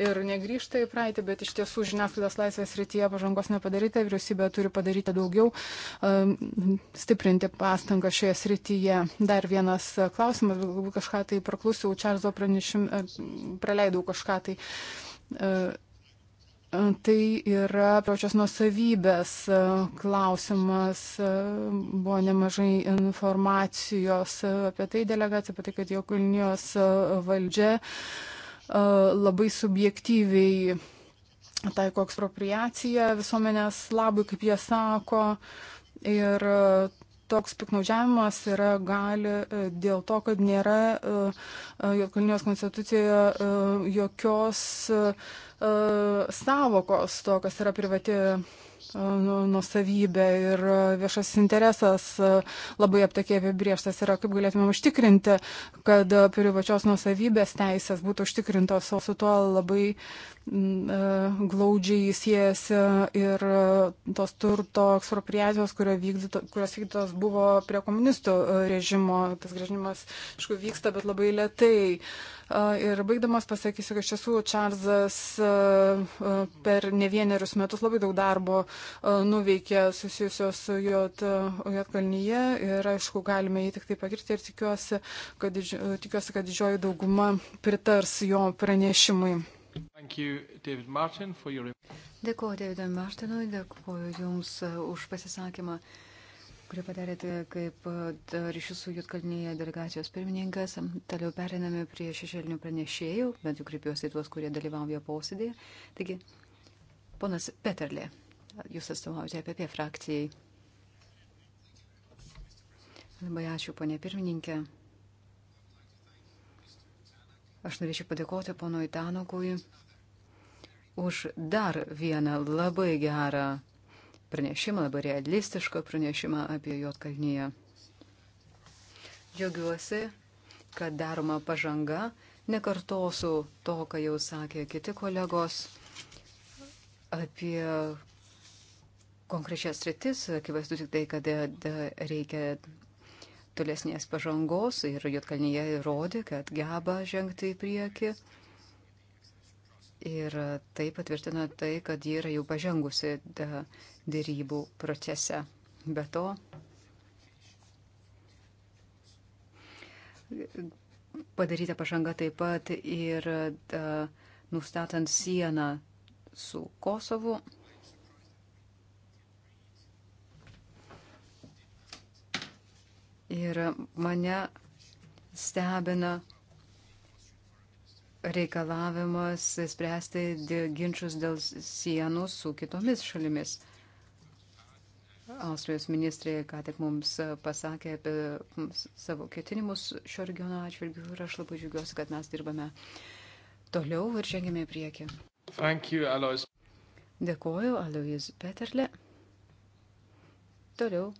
[SPEAKER 2] ir negrįžta į praeitį, bet iš tiesų žiniasklaidos laisvės srityje pažangos nepadaryta, vyriausybė turi padaryti daugiau, stiprinti pastangą šioje srityje. Dar vienas klausimas, galbūt kažką tai praklausiau, Čarzo pranešim, praleidau kažką tai. Uh, Tai yra pačios nusavybės e, klausimas. E, buvo nemažai informacijos apie tai delegacija, apie tai, kad jo Kulnijos e, valdžia labai subjektyviai taiko ekspropriaciją visuomenės labui, kaip jie sako. Ir toks piknaudžiavimas yra gali e, dėl to, kad nėra e, e, Jotkalnijos konstitucijoje jokios savokos to, kas yra privati E, nusavybė ir e, viešas interesas e, labai aptakiai apibrieštas yra, kaip galėtume užtikrinti, kad privačios nusavybės teisės būtų užtikrintos, o su tuo labai glaudžiai siejasi ir tos turto ekspropriacijos, kurios vykdytos buvo prie komunistų režimo. Tas grėžinimas, aišku, vyksta, bet labai lietai. Uh, Ir baigdamas pasakysiu, kad iš tiesų Čarlzas per ne vienerius metus labai daug darbo nuveikė susijusios su Jotkalnyje ir aišku, galime jį tik tai pagirti ir tikiuosi, kad, tikiuosi, kad didžioji dauguma pritars jo pranešimui.
[SPEAKER 1] You, David Martin, your...
[SPEAKER 2] Dėkuoju Davidui Martinui,
[SPEAKER 3] dėkuoju Jums už pasisakymą kurį padarėte tai kaip e, ryšių su Jutkalnyje delegacijos pirmininkas. Toliau periname prie šešėlinių pranešėjų, bent jau kreipiuosi tuos, kurie dalyvauja posėdėje. Taigi, ponas Peterlė, jūs atstovaujate apie frakcijai. Labai ačiū, ponė pirmininkė. Aš norėčiau padėkoti ponui Tanokui už dar vieną labai gerą pranešimą, labai realistišką pranešimą apie Jotkalnyje. Džiaugiuosi, kad daroma pažanga. Nekartosiu to, ką jau sakė kiti kolegos apie konkrečias rytis. Akivaizdu tik tai, kad e, e, reikia tolesnės pažangos ir Jotkalnyje įrodė, kad geba žengti į priekį. Ir tai patvirtina tai, kad ji yra jau pažengusi dėrybų procese. Be to, padaryta pažanga taip pat ir uh, nustatant sieną su Kosovu. Ir mane stebina reikalavimas spręsti ginčius dėl sienų su kitomis šalimis. Austrijos ministrė ką tik mums e, pasakė apie savo ketinimus šio regiono atžvilgių ir aš labai džiugiuosi, kad mes dirbame toliau ir žengėme į priekį. You, Alois. Dėkoju, Alois Peterle. Toliau.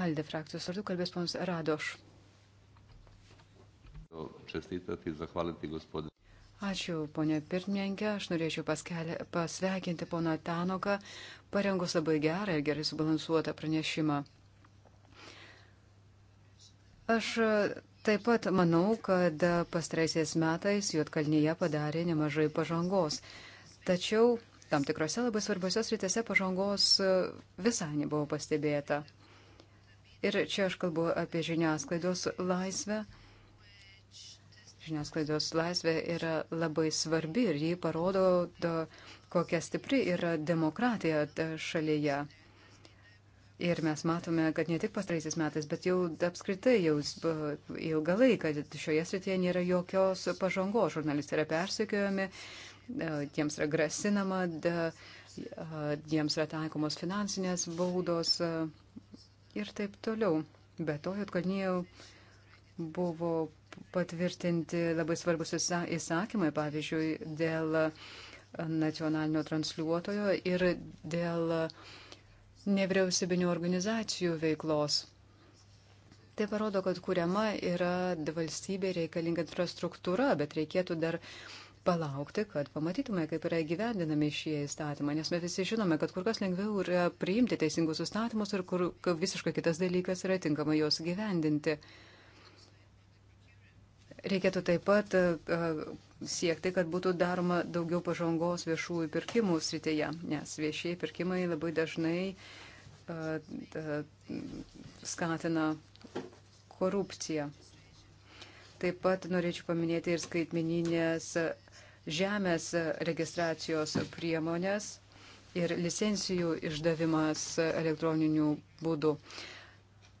[SPEAKER 3] Alde frakcijos vardu kalbės ponas Radoš. Ačiū, ponė pirmininkė. Aš norėčiau paskelė, pasveikinti poną Tanoką, parengus labai gerą ir gerai subalansuotą pranešimą. Aš e, Taip pat manau, kad e, pastraisiais metais Juotkalnyje padarė nemažai pažangos. Tačiau tam tikrose labai svarbiose sritėse pažangos e, visai nebuvo pastebėta. Ir čia aš kalbu apie žiniasklaidos laisvę Žiniasklaidos laisvė yra labai svarbi ir jį parodo, kokia stipri yra demokratija šalyje. Ir mes matome, kad ne tik pastraisiais metais, bet jau apskritai jau ilgą laiką šioje srityje nėra jokios pažangos. Žurnalistai yra persekiojami, jiems yra grasinama, jiems yra taikomos finansinės baudos ir taip toliau. Be to, Jotkalnyje buvo patvirtinti labai svarbus įsakymai, pavyzdžiui, dėl nacionalinio transliuotojo ir dėl nevyriausybinių organizacijų veiklos. Tai parodo, kad kuriama yra valstybė reikalinga infrastruktūra, bet reikėtų dar palaukti, kad pamatytume, kaip yra įgyvendinami šie įstatymai, nes mes visi žinome, kad kur kas lengviau yra priimti teisingus įstatymus ir kur visiškai kitas dalykas yra tinkamai juos gyvendinti. Uh, Reikėtų taip pat e, e, siekti, kad būtų daroma daugiau pažangos viešųjų pirkimų srityje, nes viešieji pirkimai labai dažnai e, skatina korupciją. Taip pat norėčiau paminėti ir skaitmeninės žemės registracijos priemonės ir licencijų išdavimas elektroniniu būdu. Uh,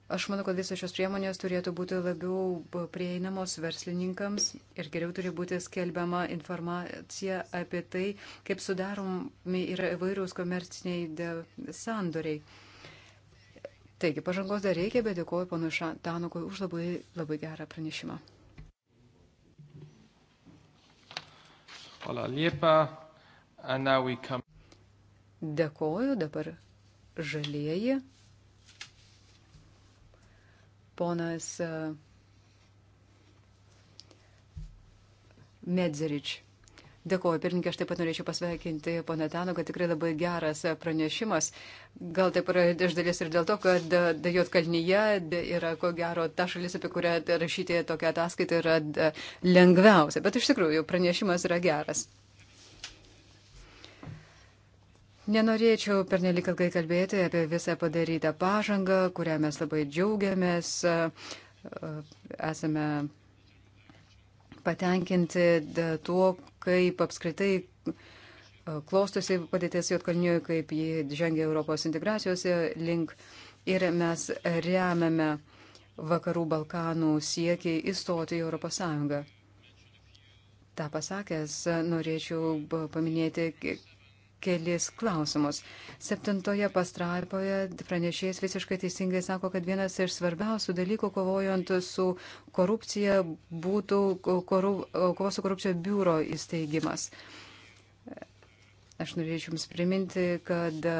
[SPEAKER 3] Aš manau, kad visos šios priemonės turėtų būti labiau prieinamos verslininkams ir geriau turi būti skelbiama informacija apie tai, kaip sudaromi yra įvairūs komerciniai sandoriai. Taigi, pažangos dar reikia, bet dėkoju ponui Šantanukui už labai, labai gerą pranešimą. Dėkoju dabar žalieji ponas e, Medzerič. Dėkuoju, pirmininkė, aš taip pat norėčiau pasveikinti poną Tano, kad tikrai labai geras pranešimas. Gal taip yra iš dalies ir dėl to, kad e, Jotkalnyje yra, ko gero, ta šalis, apie kurią rašyti tokią ataskaitą yra e, lengviausia. Bet iš tikrųjų, pranešimas yra geras. Nenorėčiau pernelik ilgai kalbėti apie visą padarytą pažangą, kurią mes labai džiaugiamės, esame patenkinti tuo, kaip apskritai e, klostosi padėties Jotkalnijoje, kaip jį žengia Europos integracijos e, link ir mes remiame vakarų Balkanų siekį įstoti į Europos Sąjungą. Ta pasakęs, norėčiau e, paminėti kelis klausimus. Septintoje pastraipoje pranešėjas visiškai teisingai sako, kad vienas iš svarbiausių dalykų kovojant su korupcija būtų koru, kovos su korupcija biuro įsteigimas. Aš norėčiau Jums priminti, kad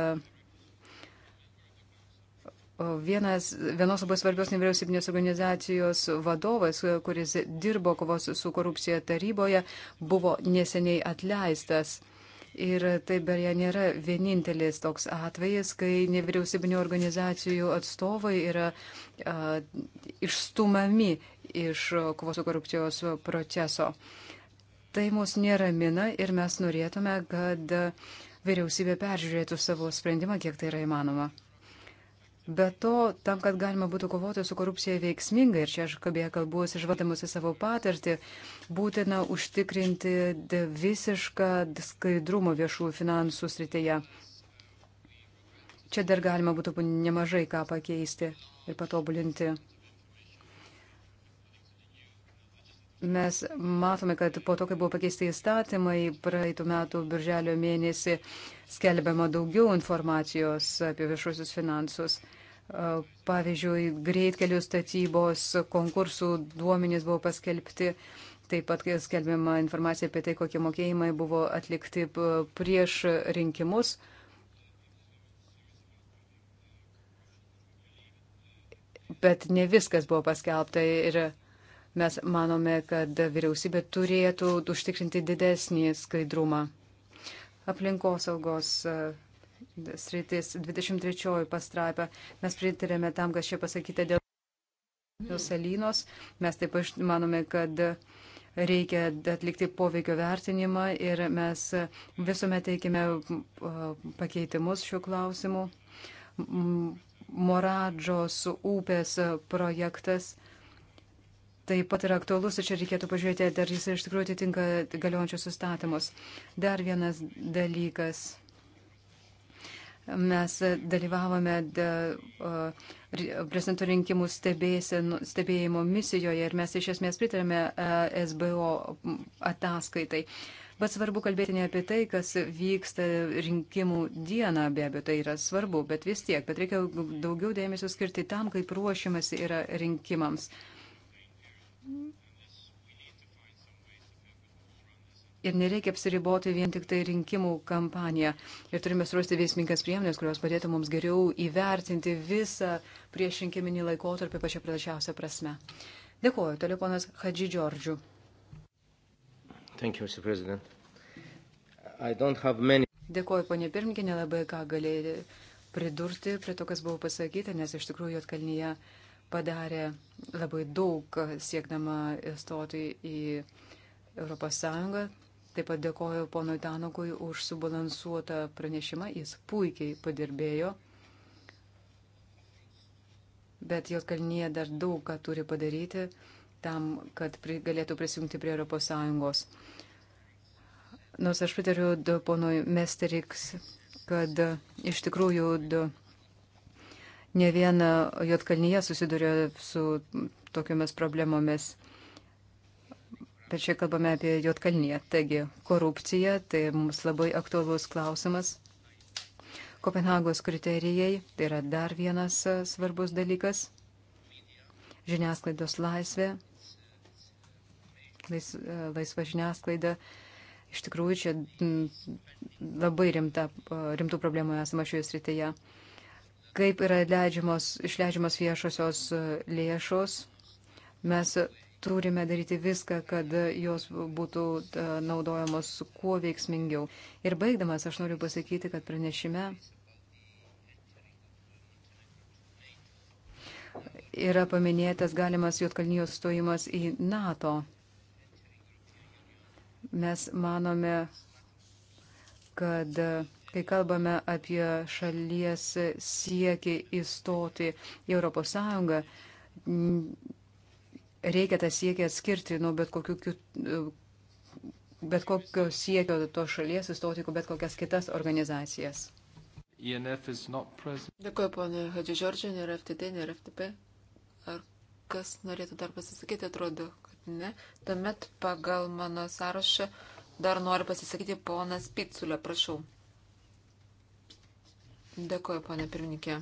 [SPEAKER 3] Vienas, vienos labai svarbios nevyriausybinės organizacijos vadovas, kuris dirbo kovos su korupcija taryboje, buvo neseniai atleistas. Ir tai beje nėra vienintelis toks atvejis, kai nevyriausybinio organizacijų atstovai yra a, išstumami iš kovos su korupcijos proceso. Tai mus neramina ir mes norėtume, kad vyriausybė peržiūrėtų savo sprendimą, kiek tai yra įmanoma. Be to, tam, kad galima būtų kovoti su korupcija veiksmingai, ir čia aš kabėje kalbu, išvadamas į savo patirtį, būtina užtikrinti visišką skaidrumą viešųjų finansų srityje. Čia dar galima būtų nemažai ką pakeisti ir patobulinti. Mes matome, kad po to, kai buvo pakeisti įstatymai, praeitų metų birželio mėnesį skelbiama daugiau informacijos apie viešuosius finansus. Pavyzdžiui, greitkelių statybos konkursų duomenys buvo paskelbti. Taip pat skelbiama informacija apie tai, kokie mokėjimai buvo atlikti prieš rinkimus. Bet ne viskas buvo paskelbta ir Mes manome, kad vyriausybė turėtų užtikrinti didesnį skaidrumą. Aplinkosaugos e, sritis 23 pastraipą. Mes pritarėme tam, kas čia pasakyta
[SPEAKER 1] dėl
[SPEAKER 3] salynos. Mes taip pat manome, kad reikia atlikti poveikio vertinimą ir mes visuomet teikime e, pakeitimus šiuo klausimu. Moradžos upės projektas taip pat yra aktualus ir čia reikėtų pažiūrėti, ar jis iš tikrųjų atitinka galiojančius įstatymus. Dar vienas dalykas. Mes dalyvavome de, uh, prezidento rinkimų nu, stebėjimo misijoje ir mes iš esmės pritarėme uh, SBO ataskaitai. Bet svarbu kalbėti ne apie tai, kas vyksta rinkimų dieną, be abejo, tai yra svarbu, bet vis tiek, bet reikia daugiau dėmesio skirti tam, kaip ruošiamasi yra rinkimams. Uh, Ir nereikia apsiriboti vien tik tai rinkimų kampaniją. Ir turime surasti veiksmingas priemonės, kurios padėtų mums geriau įvertinti visą priešrinkiminį laikotarpį pačią plačiausią prasme. Dėkuoju. Toliau ponas Hadži Džordžiu. Many... Dėkuoju, ponė pirmininkė, nelabai ką galėjai pridurti prie to, kas buvo pasakyta, nes iš tikrųjų Jotkalnyje. Uh, padarė labai daug siekdama stoti į ES. Taip pat dėkoju ponui Tanukui už subalansuotą pranešimą, jis puikiai padirbėjo. Bet Jotkalnyje dar daug ką turi padaryti tam, kad pri, galėtų prisijungti prie ES. Nors aš pritariu ponui Mesteriks, kad iš tikrųjų Ne viena e, Jotkalnyje susiduria su tokiamis problemomis. Bet čia kalbame apie Jotkalnyje. Taigi, korupcija tai mums labai aktualus klausimas. Kopenhagos kriterijai tai yra dar vienas e, svarbus dalykas. Žiniasklaidos laisvė, lais, e, laisva žiniasklaida. Iš tikrųjų, čia labai rimta, rimtų problemų esame šioje srityje kaip yra išleidžiamos viešosios e, lėšos. Mes turime daryti viską, kad jos būtų e, naudojamos kuo veiksmingiau. Ir baigdamas aš noriu pasakyti, kad pranešime yra paminėtas galimas Jotkalnijos stojimas į NATO. Mes manome, kad kai kalbame apie šalies siekį įstoti į ES, reikia tą siekį atskirti nuo bet, kokių, bet kokio siekio to šalies įstoti į bet kokias kitas organizacijas.
[SPEAKER 1] E Dėkuoju,
[SPEAKER 4] ponė Hadži Žorčiai, nėra FTD, nėra FTP. Ar kas norėtų dar pasisakyti, atrodo, kad ne. Tuomet pagal mano sąrašą dar noriu pasisakyti ponas Pitsulio, prašau. Dėkuoju, ponė pirmininkė.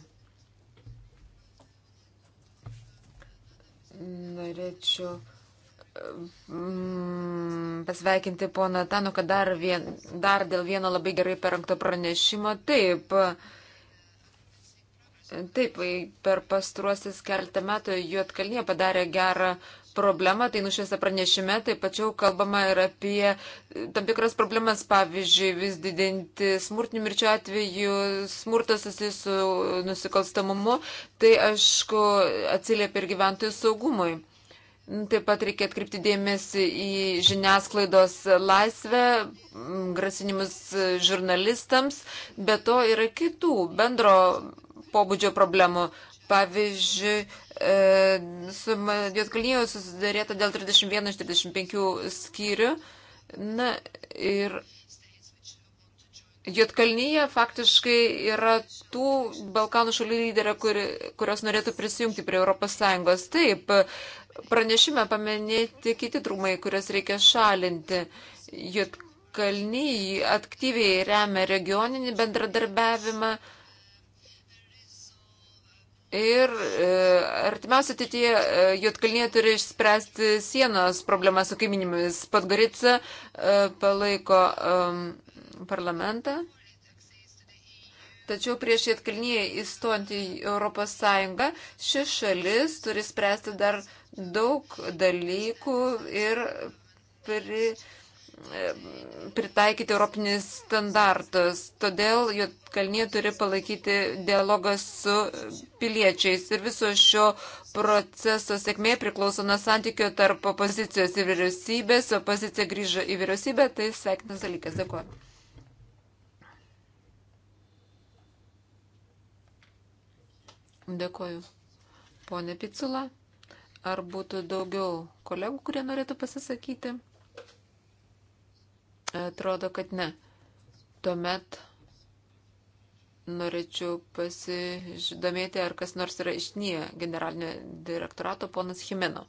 [SPEAKER 4] Norėčiau mm, pasveikinti poną Tanu, kad dar, vien, dar dėl vieno labai gerai perinkto pranešimo. Taip. Uh, Taip, per pastruosius keletą metų Juotkalnie padarė gerą problemą, tai nušviesta pranešime, taip pačiau kalbama ir apie tam tikras problemas, pavyzdžiui, vis didinti smurtinių mirčių atveju, smurtas susijęs su nusikalstamumu, tai aišku atsiliepia ir gyventojų saugumui. Taip pat reikia atkreipti dėmesį į žiniasklaidos laisvę, grasinimus žurnalistams, bet to yra kitų bendro pobūdžio problemų. Pavyzdžiui, e, su Jotkalnyje susidarėta dėl 31 iš 35 skyrių. Na ir Jotkalnyje faktiškai yra tų Balkanų šalių lyderė, kur, kurios norėtų prisijungti prie ES. Taip, pranešime paminėti kiti trūmai, kurias reikia šalinti. Jotkalnyje aktyviai remia regioninį bendradarbiavimą. Ir e, artimiausia ateityje e, Jotkalnie turi išspręsti sienos problemą su kaiminimis. Podgorica e, palaiko e, parlamentą. Tačiau prieš Jotkalnie įstojant į Europos Sąjungą, ši šalis turi spręsti dar daug dalykų ir pri, e, pritaikyti europinius standartus. Todėl Jotkalnie turi palaikyti dialogą su piliečiais. Ir viso šio proceso sėkmė priklauso nuo santykio tarp opozicijos ir vyriausybės. Opozicija grįžo į vyriausybę, tai sveikinas dalykas. Dėkuoju. Dėkuoju. Pone Picula, ar būtų daugiau kolegų, kurie norėtų pasisakyti? Atrodo, kad ne. Tuomet norėčiau pasidomėti, ar kas nors yra iš NIE generalinio direktorato ponas Jimeno.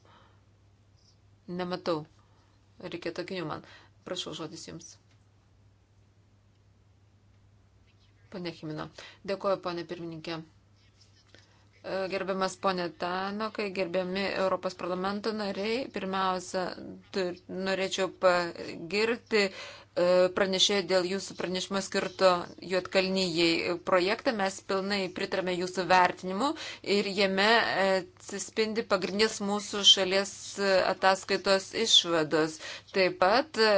[SPEAKER 4] Nematau. Reikia tokinių man. Prašau žodis jums. Pane Jimeno. Dėkuoju, pane pirmininkė. Gerbiamas ponė Tanokai, gerbiami Europos parlamento nariai, pirmiausia, norėčiau pagirti E, pranešėjo dėl jūsų pranešimo skirto Juotkalnyjei projektą. Mes pilnai pritarame jūsų vertinimu ir jame atsispindi pagrindinės mūsų šalies ataskaitos išvados. Taip pat e,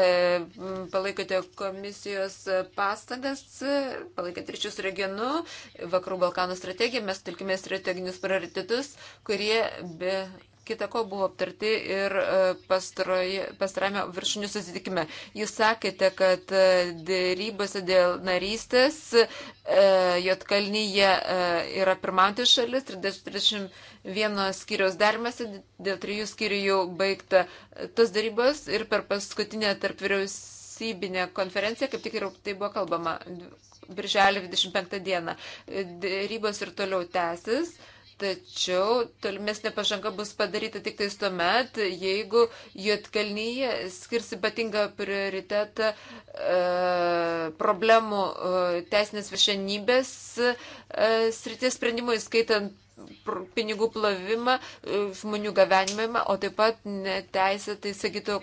[SPEAKER 4] palaikote komisijos pastangas, palaikote ryšius regionu, Vakarų Balkanų strategiją, mes telkime strateginius prioritetus, kurie be kita ko buvo aptarti ir e, pastarame viršinių susitikime. Jūs sakėte, kad e, dėrybose dėl narystės e, Jotkalnyje yra pirmantis šalis, 31 skyriaus dermasi, dėl trijų skyrių jau baigta tas darybos ir per paskutinę tarp vyriausybės vyriausybinė konferencija, kaip tik ir tai buvo kalbama, birželio 25 dieną. Rybos ir toliau tęsis. Uh, Tačiau tolimesnė pažanga bus padaryta tik tais tuo met, jeigu Jotkalnyje skirs ypatingą prioritetą e, problemų e, teisinės viršenybės e, srities sprendimui, skaitant pinigų plovimą, e, žmonių gavenimą, o taip pat neteisėtai sakyto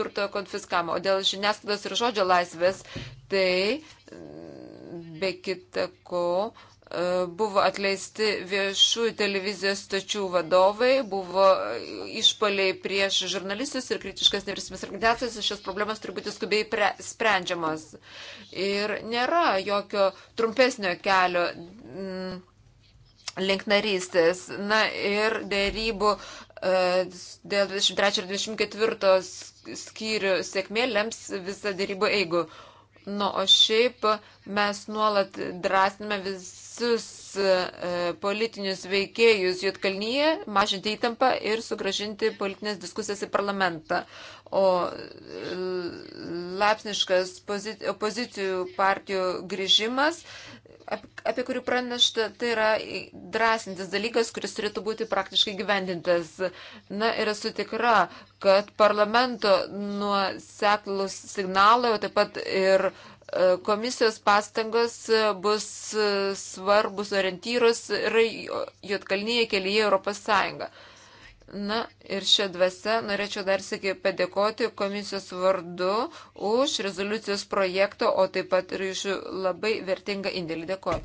[SPEAKER 4] turto konfiskamą. O dėl žiniasklaidos ir žodžio laisvės, tai be kita ko. E, E, buvo atleisti viešųjų televizijos stočių vadovai, buvo išpaliai prieš žurnalistus ir kritiškas nevyriausybės organizacijas, šios problemas turi būti skubiai pre, sprendžiamas. Ir nėra jokio trumpesnio kelio. M, mm, link narystės. Na ir dėrybų e, dėl 23 ir 24 skyrių sėkmė lems visą dėrybų eigų. Nu, o šiaip mes nuolat drąsiname vis visus e, politinius veikėjus Jotkalnyje, mažinti įtampą ir sugražinti politinės diskusijas į parlamentą. O e, lapsniškas opozicijų partijų grįžimas, apie kurį pranešta, tai yra drąsintis dalykas, kuris turėtų būti praktiškai gyvendintas. Na ir esu tikra, kad parlamento nuoseklus signalai, o taip pat ir uh, Komisijos pastangos bus svarbus orientyrus ir juotkalnyje kelyje Europos Sąjunga. Na ir šią dvasę norėčiau dar sėkiai padėkoti komisijos vardu už rezoliucijos projektą, o taip pat ir už labai vertingą indėlį. Dėkoju.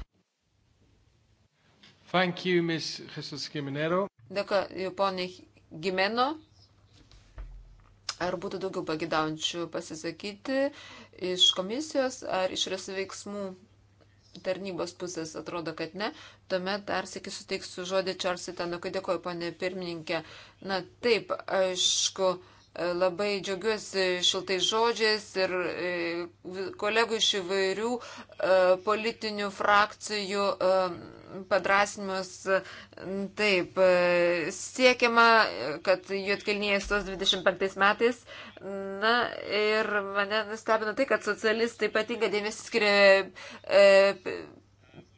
[SPEAKER 1] Thank you, Ms. Jesus Gimenero.
[SPEAKER 4] Dėkoju, ponė Gimeno. Ar būtų daugiau pagidaujančių pasisakyti? iš komisijos ar išrės veiksmų tarnybos pusės atrodo, kad ne. Tuomet dar sėki suteiksiu žodį Čarsui Tanukui. Dėkuoju, ponė pirmininkė. Na taip, aišku, labai džiaugiuosi šiltai žodžiais ir e, kolegų iš įvairių e, politinių frakcijų e, padrasinimus. Taip, siekiama, kad Jotkelnyje stos 25 metais. Na ir mane nustebino tai, kad socialistai ypatinga dėmesį skiria. E,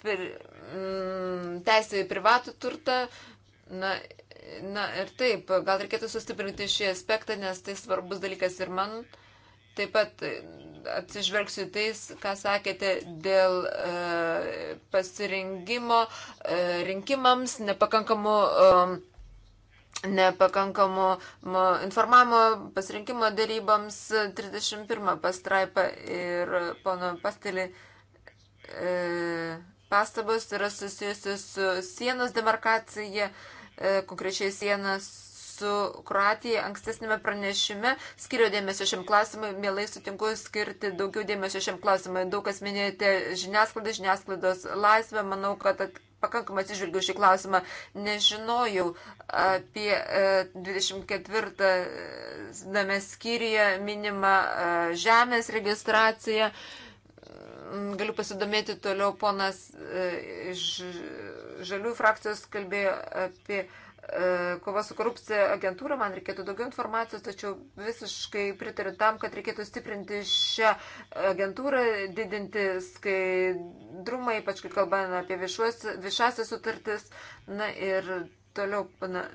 [SPEAKER 4] pir, m, mm, teisė į privatų turtą. Na, na ir taip, gal reikėtų sustiprinti šį aspektą, nes tai svarbus dalykas ir man. Uh, Taip pat e, atsižvelgsiu tais, ką sakėte dėl e, pasirengimo e, rinkimams, nepakankamų, e, nepakankamų informavimo pasirinkimo darybams 31 e, pastraipą ir pono pastelį. E, Pastabos yra susijusios su sienos demarkacija, e, konkrečiai sienas su Kroatija ankstesnėme pranešime skiriau dėmesio šiam klausimui, mielai sutinku skirti daugiau dėmesio šiam klausimui. Daug kas minėjote žiniasklaidą, žiniasklaidos laisvę, manau, kad at, pakankamai atsižvelgiu šį klausimą. Nežinojau apie 24 e, skyriuje minimą e, žemės registraciją mm, galiu pasidomėti toliau, ponas e, iš žalių frakcijos kalbėjo apie kovos su korupcija agentūra, man reikėtų daugiau informacijos, tačiau visiškai pritariu tam, kad reikėtų stiprinti šią agentūrą, didinti skaidrumą, ypač kai kalbame apie viešasias sutartis. Na ir toliau, na,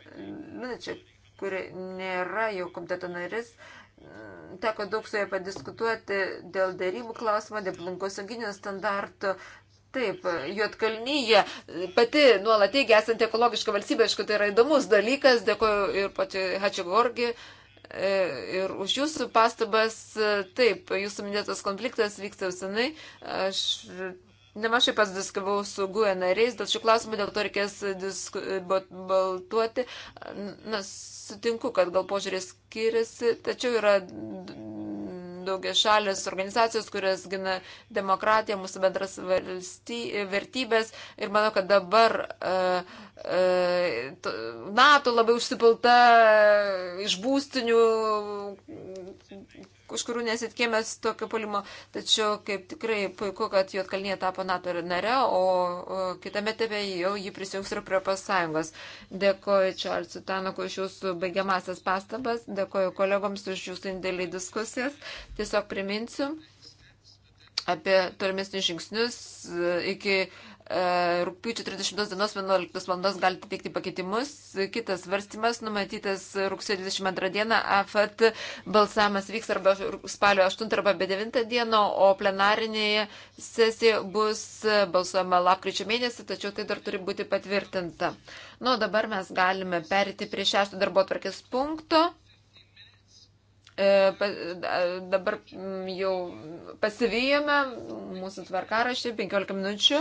[SPEAKER 4] na čia, kuri nėra jau komiteto naris, teko daug su ja padiskutuoti dėl dėrybų klausimo, dėl aplinkosauginio standarto, Taip, Juotkalnyje e, pati nuolat teigia esanti ekologiška valstybė, aišku, tai yra įdomus dalykas, dėkoju ir pačiai Hačiagorgi e, ir už jūsų pastabas. E, taip, jūsų minėtas konfliktas vyksta jau senai. Aš nemažai pats diskavau su GUE nariais, dėl šių klausimų, dėl to reikės disku, baltuoti. Na, sutinku, kad gal požiūrės skiriasi, tačiau yra daugia šalės organizacijos, kurios gina demokratiją, mūsų bendras valsty, vertybės. Ir manau, kad dabar uh, uh, NATO labai užsipilta e, iš būstinių iš kurių nesitikėjomės tokio palimo. Tačiau kaip tikrai puiku, kad Jotkalnie tapo NATO nare, o, o kitame tebe jau jį prisijungs ir prie pasąjungos. Dėkoju Čarlzu Tanaku už jūsų baigiamasias pastabas, dėkoju kolegoms už jūsų indėlį diskusijas. Tiesiog priminsiu apie tolimesnius žingsnius e, iki uh, E, rūpiučio 30 dienos 11 val. galite teikti pakeitimus. Kitas varstymas numatytas rugsėjo 22 dieną. AFAT balsavimas vyks arba spalio 8 arba 9 dieną, o plenarinėje sesija bus balsuojama lapkričio mėnesį, tačiau tai dar turi būti patvirtinta. Na, nu, dabar mes galime perėti prie šešto darbo tvarkės punkto. E, pa, dabar jau pasivijome mūsų tvarkaraštį 15 minučių.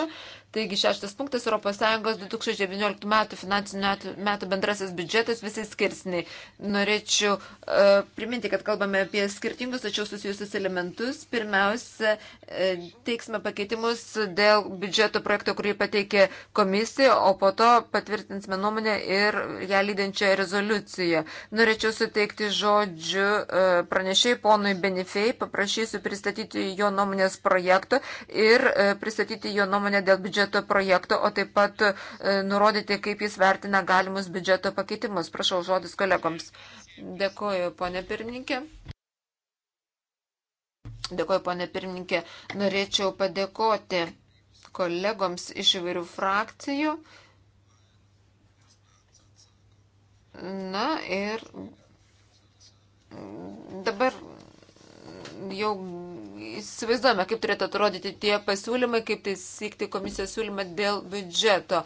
[SPEAKER 4] Taigi šeštas punktas Europos Sąjungos 2019 metų finansinių metų bendrasis biudžetas visai skirsniai. Norėčiau uh, priminti, kad kalbame apie skirtingus, tačiau susijusius elementus. Pirmiausia, uh, teiksime pakeitimus dėl biudžeto projekto, kurį pateikė komisija, o po to patvirtinsime nuomonę ir ją lydinčią rezoliuciją. Norėčiau suteikti žodžių uh, e, pranešiai ponui Benifei, paprašysiu pristatyti jo nuomonės projektą ir uh, pristatyti jo nuomonę dėl biudžeto biudžeto projekto, o taip pat e, nurodyti, kaip jis vertina galimus biudžeto pakeitimus. Prašau žodis kolegoms. Dėkuoju, ponė pirmininkė. Dėkuoju, ponė pirmininkė. Norėčiau padėkoti kolegoms iš įvairių frakcijų. Na ir dabar jau įsivaizduojame, kaip turėtų atrodyti tie pasiūlymai, kaip tai sėkti komisijos siūlymą dėl biudžeto.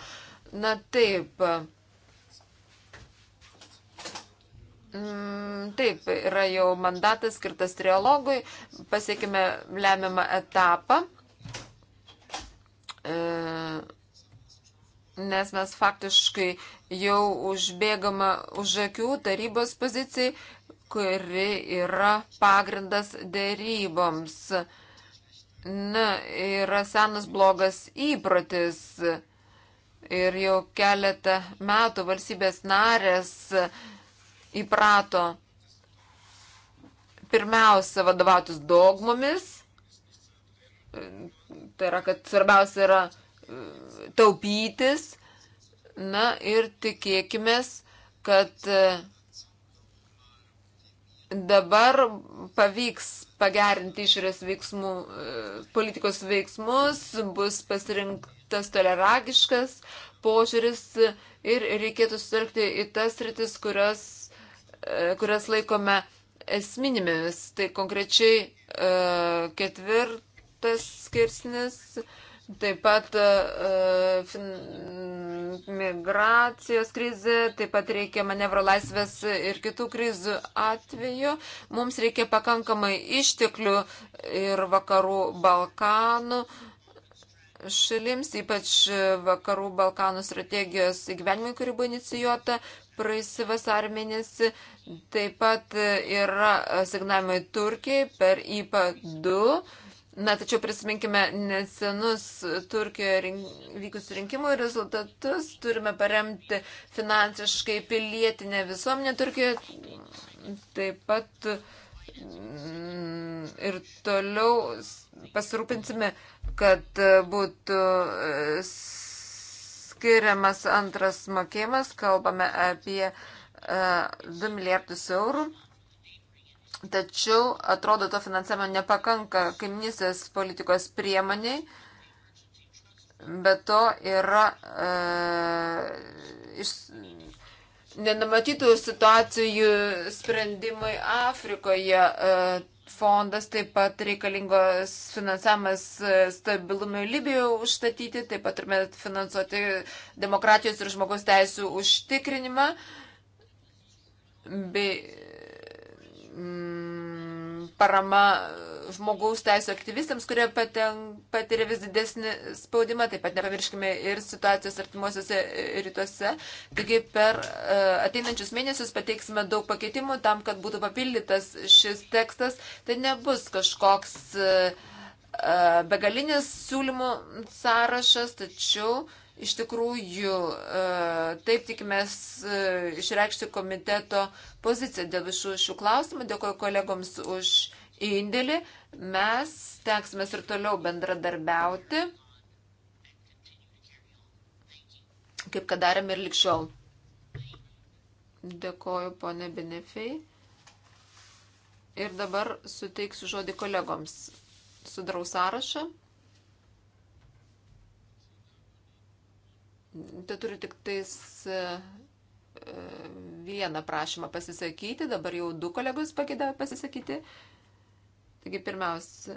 [SPEAKER 4] Na taip. Mm, taip, yra jau mandatas skirtas triologui, pasiekime lemiamą etapą, e, nes mes faktiškai jau užbėgama už akių tarybos pozicijai kuri yra pagrindas dėryboms. Na, yra senas blogas įprotis. Ir jau keletą metų valstybės narės įprato pirmiausia vadovautis dogmomis. Tai yra, kad svarbiausia yra e, taupytis. Na ir tikėkime, kad e, dabar pavyks pagerinti išorės veiksmų, e, politikos veiksmus, bus pasirinktas toleragiškas požiūris ir reikėtų sutelkti į tas rytis, kurios, e, kurias laikome esminėmis. Tai konkrečiai e, ketvirtas skirsnis Taip pat uh, migracijos krizė, taip pat reikia manevro laisvės ir kitų krizių atveju. Mums reikia pakankamai išteklių ir vakarų Balkanų šalims, ypač vakarų Balkanų strategijos gyvenimui, kuri buvo inicijuota praeisį vasarį mėnesį. Taip pat yra signavimai Turkijai per IPA 2 Na, tačiau prisiminkime nesenus Turkijoje rink, vykusių rinkimų rezultatus. Turime paremti finansiškai pilietinę visuomenę Turkijoje. Taip pat mm, ir toliau pasirūpinsime, kad būtų skiriamas antras mokėjimas. Kalbame apie 2 e, milijardus eurų. Tačiau atrodo to finansavimo nepakanka kaiminysės politikos priemoniai, bet to yra e, iš, nenumatytų situacijų sprendimai Afrikoje. E, fondas taip pat reikalingos finansavimas e, stabilumui Libijoje užstatyti, taip pat turime finansuoti demokratijos ir žmogaus teisų užtikrinimą. Bei, mm, parama žmogaus teisų aktyvistams, kurie patiria vis didesnį spaudimą, taip pat nepamirškime ir situacijos artimuosiuose rytuose. Taigi per e, ateinančius mėnesius pateiksime daug pakeitimų tam, kad būtų papildytas šis tekstas. Tai nebus kažkoks e, e, begalinis siūlymų sąrašas, tačiau Iš tikrųjų, e, taip tikimės e, išreikšti komiteto poziciją dėl visų šių klausimų. Dėkoju kolegoms už indėlį. Mes tenksimės ir toliau bendradarbiauti, kaip kad darėm ir likščiol. Dėkoju, ponė Benefei. Ir dabar suteiksiu žodį kolegoms. Sudrau sąrašą. Tai turiu tik tais e, vieną prašymą pasisakyti, dabar jau du kolegos pakėdavo pasisakyti. Taigi pirmiausia,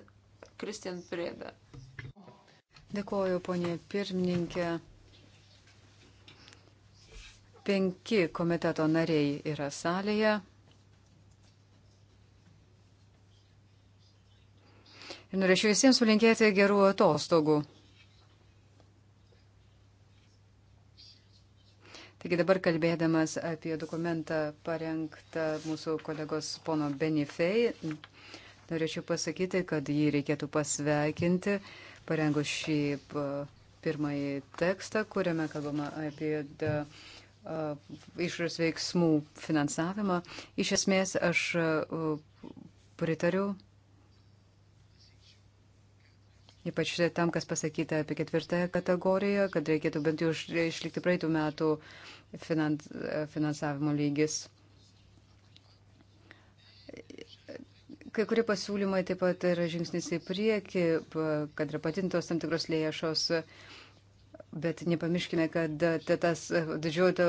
[SPEAKER 4] Kristian Prėda.
[SPEAKER 3] Dėkuoju, ponė pirmininkė. Penki komiteto nariai yra salėje. Ir norėčiau visiems sulinkėti gerų atostogų. Taigi dabar kalbėdamas apie dokumentą parengtą mūsų kolegos pono Benifei, norėčiau pasakyti, kad jį reikėtų pasveikinti, parengus šį pirmąjį tekstą, kuriame kalbama apie da, uh, išras veiksmų finansavimą. Iš esmės aš uh, pritariu Ypač tam, kas pasakyta apie ketvirtąją kategoriją, kad reikėtų bent jau išlikti praeitų metų finans, finansavimo lygis. Kai kurie pasiūlymai taip pat yra žingsnis į priekį, kad yra patintos tam tikros lėšos. Bet nepamirškime, kad tas didžioji to,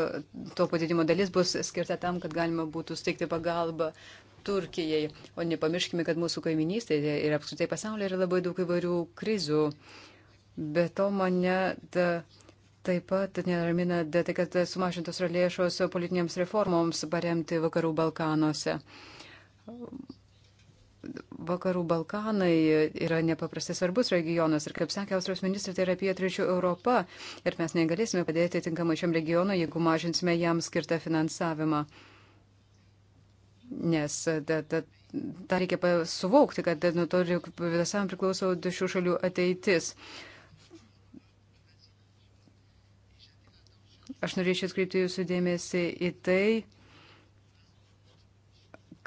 [SPEAKER 3] to padidimo dalis bus skirta tam, kad galima būtų steigti pagalbą Turkijai. O nepamirškime, kad mūsų kaiminystėje ir apskritai pasaulyje yra labai daug įvairių krizių. Be to mane da, taip pat neramina da, tai, kad sumažintos yra lėšos politinėms reformoms paremti Vakarų Balkanuose. Vakarų Balkanai yra nepaprastai svarbus regionas ir, kaip sakė Austrijos ministrė, tai yra pietryčių Europa ir mes negalėsime padėti tinkamai šiam regionui, jeigu mažinsime jam skirtą finansavimą nes e, ta, ta, tą reikia suvokti, kad e, nuo to visam priklauso šių šalių ateitis. Aš norėčiau atkreipti jūsų dėmesį į tai,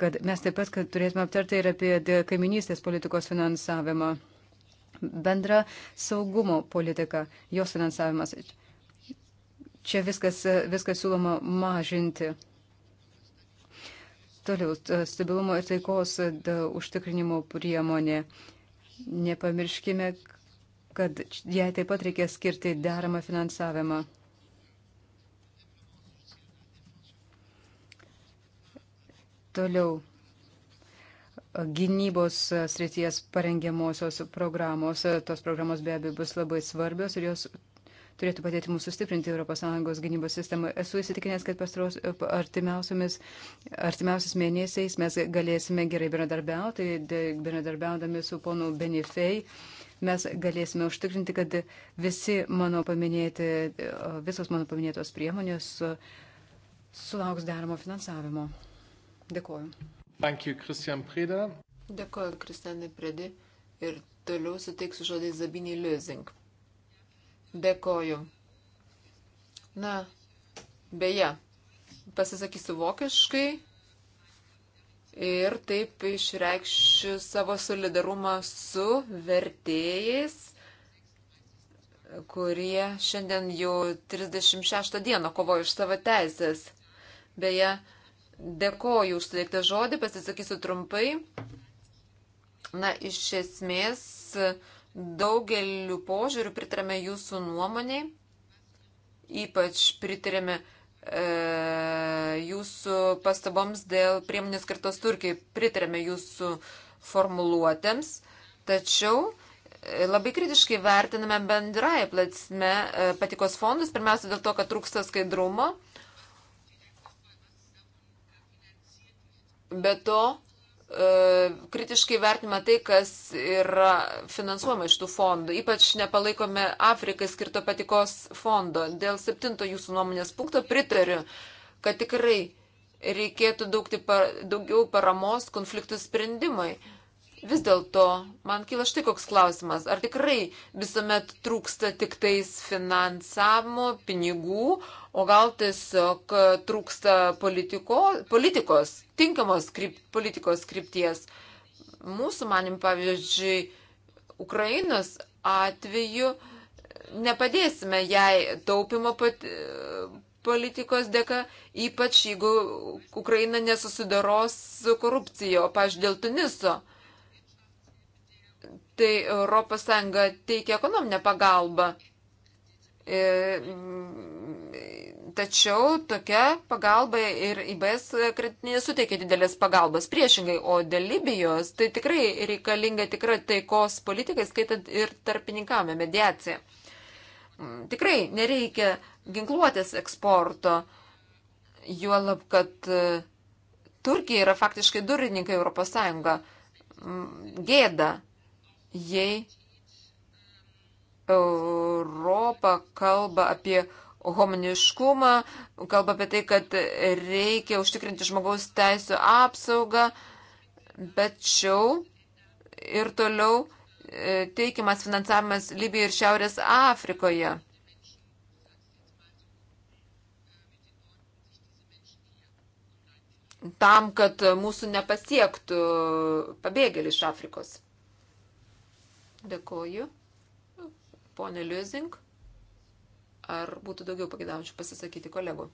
[SPEAKER 3] kad mes taip pat turėtume aptarti ir apie e, kaiminystės politikos finansavimą, bendrą saugumo politiką, jos finansavimas. Čia viskas, viskas siūloma mažinti. Toliau, e, stabilumo ir taikos e, užtikrinimo priemonė. Nepamirškime, kad jai taip pat reikia skirti deramą finansavimą. Toliau, e, gynybos srities parengiamosios programos. Tos programos be abejo bus labai svarbios ir jos turėtų padėti mums sustiprinti ES gynybos sistemą. Esu įsitikinęs, kad pastaros e, artimiausiais mėnesiais mes galėsime gerai bendradarbiauti, bendradarbiaudami su ponu Benifei. Mes galėsime užtikrinti, kad visi mano paminėti, e, visos mano paminėtos priemonės e, sulauks deramo
[SPEAKER 4] finansavimo. Dėkuoju.
[SPEAKER 1] Dėkuoju, Kristian Prida.
[SPEAKER 4] Dėkuoju, Kristianai Pridi. Ir toliau suteiksiu žodį Zabiniai Liuzink. Dėkoju. Na, beje, pasisakysiu vokiškai ir taip išreikščiu savo solidarumą su vertėjais, kurie šiandien jau 36 dieną kovoja už savo teisės. Beje, dėkoju už sudėktą žodį, pasisakysiu trumpai. Na, iš esmės, uh, daugeliu požiūrių pritarėme jūsų nuomoniai, ypač pritarėme e, jūsų pastaboms dėl priemonės skirtos Turkijai, pritarėme jūsų formuluotėms, tačiau e, labai kritiškai vertiname bendrąją platsme e, patikos fondus, pirmiausia dėl to, kad trūksta skaidrumo. Be to, E, kritiškai vertiname tai, kas yra finansuojama iš tų fondų. Ypač nepalaikome Afrikai skirto patikos fondo. Dėl septinto jūsų nuomonės punkto pritariu, kad tikrai reikėtų par, daugiau paramos konfliktų sprendimai. Vis dėlto, man kyla štai koks klausimas, ar tikrai visuomet trūksta tik tais finansavimo, pinigų, o gal tiesiog e, trūksta politiko, politikos, tinkamos kryp, politikos krypties. Mūsų manim, pavyzdžiui, Ukrainos atveju nepadėsime jai taupimo pat, e, politikos dėka, ypač jeigu Ukraina nesusidaros su korupcija, o, pažiūrėjau, dėl Tuniso. Tai ES teikia ekonominę pagalbą. E, Tačiau tokia pagalba ir IBS nesuteikia didelės pagalbos. Priešingai, o dėl Libijos tai tikrai reikalinga tikra taikos politika, skaitant ir tarpininkavimą, mediaciją. Mm, tikrai nereikia ginkluotės eksporto, juolab, kad e, Turkija yra faktiškai durininkai Europos Sąjunga. Mm, gėda, jei Europa kalba apie homoniškumą, kalba apie tai, kad reikia užtikrinti žmogaus teisų apsaugą, bet šiau ir toliau e, teikiamas finansavimas Libijoje ir Šiaurės Afrikoje. Tam, kad mūsų nepasiektų pabėgėliai iš Afrikos. Dėkoju. Pone Liuzink. Ar būtų daugiau pagėdaujančių pasisakyti kolegų?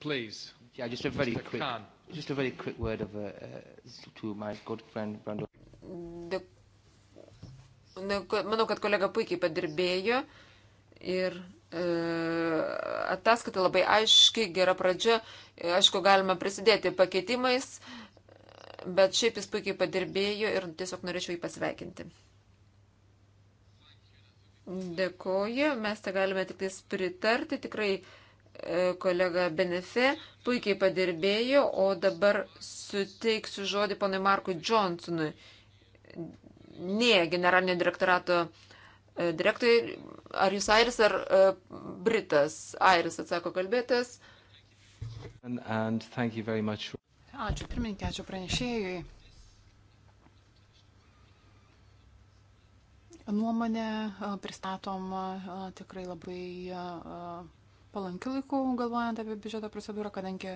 [SPEAKER 4] Please. Yeah,
[SPEAKER 1] just a very quick, just a very quick word of, uh, uh to my good friend Brando.
[SPEAKER 4] De, ne, manau, kad kolega puikiai padirbėjo ir e, ataskaita labai aiškiai, gera pradžia. Aišku, galima prisidėti pakeitimais, bet šiaip jis puikiai padirbėjo ir tiesiog norėčiau jį pasveikinti. Dėkoju, mes tą galime tik tais pritarti, tikrai e, kolega Benefe puikiai padirbėjo, o dabar suteiksiu žodį ponai Markui Johnsonui, ne generalinio direktorato e, direktoriai, ar jūs airis ar e, britas? Airis atsako kalbėtas.
[SPEAKER 1] And, and
[SPEAKER 2] Ačiū pirmininkė, ačiū pranešėjui. nuomonę pristatom tikrai labai palankiu laiku, galvojant apie biudžeto procedūrą, kadangi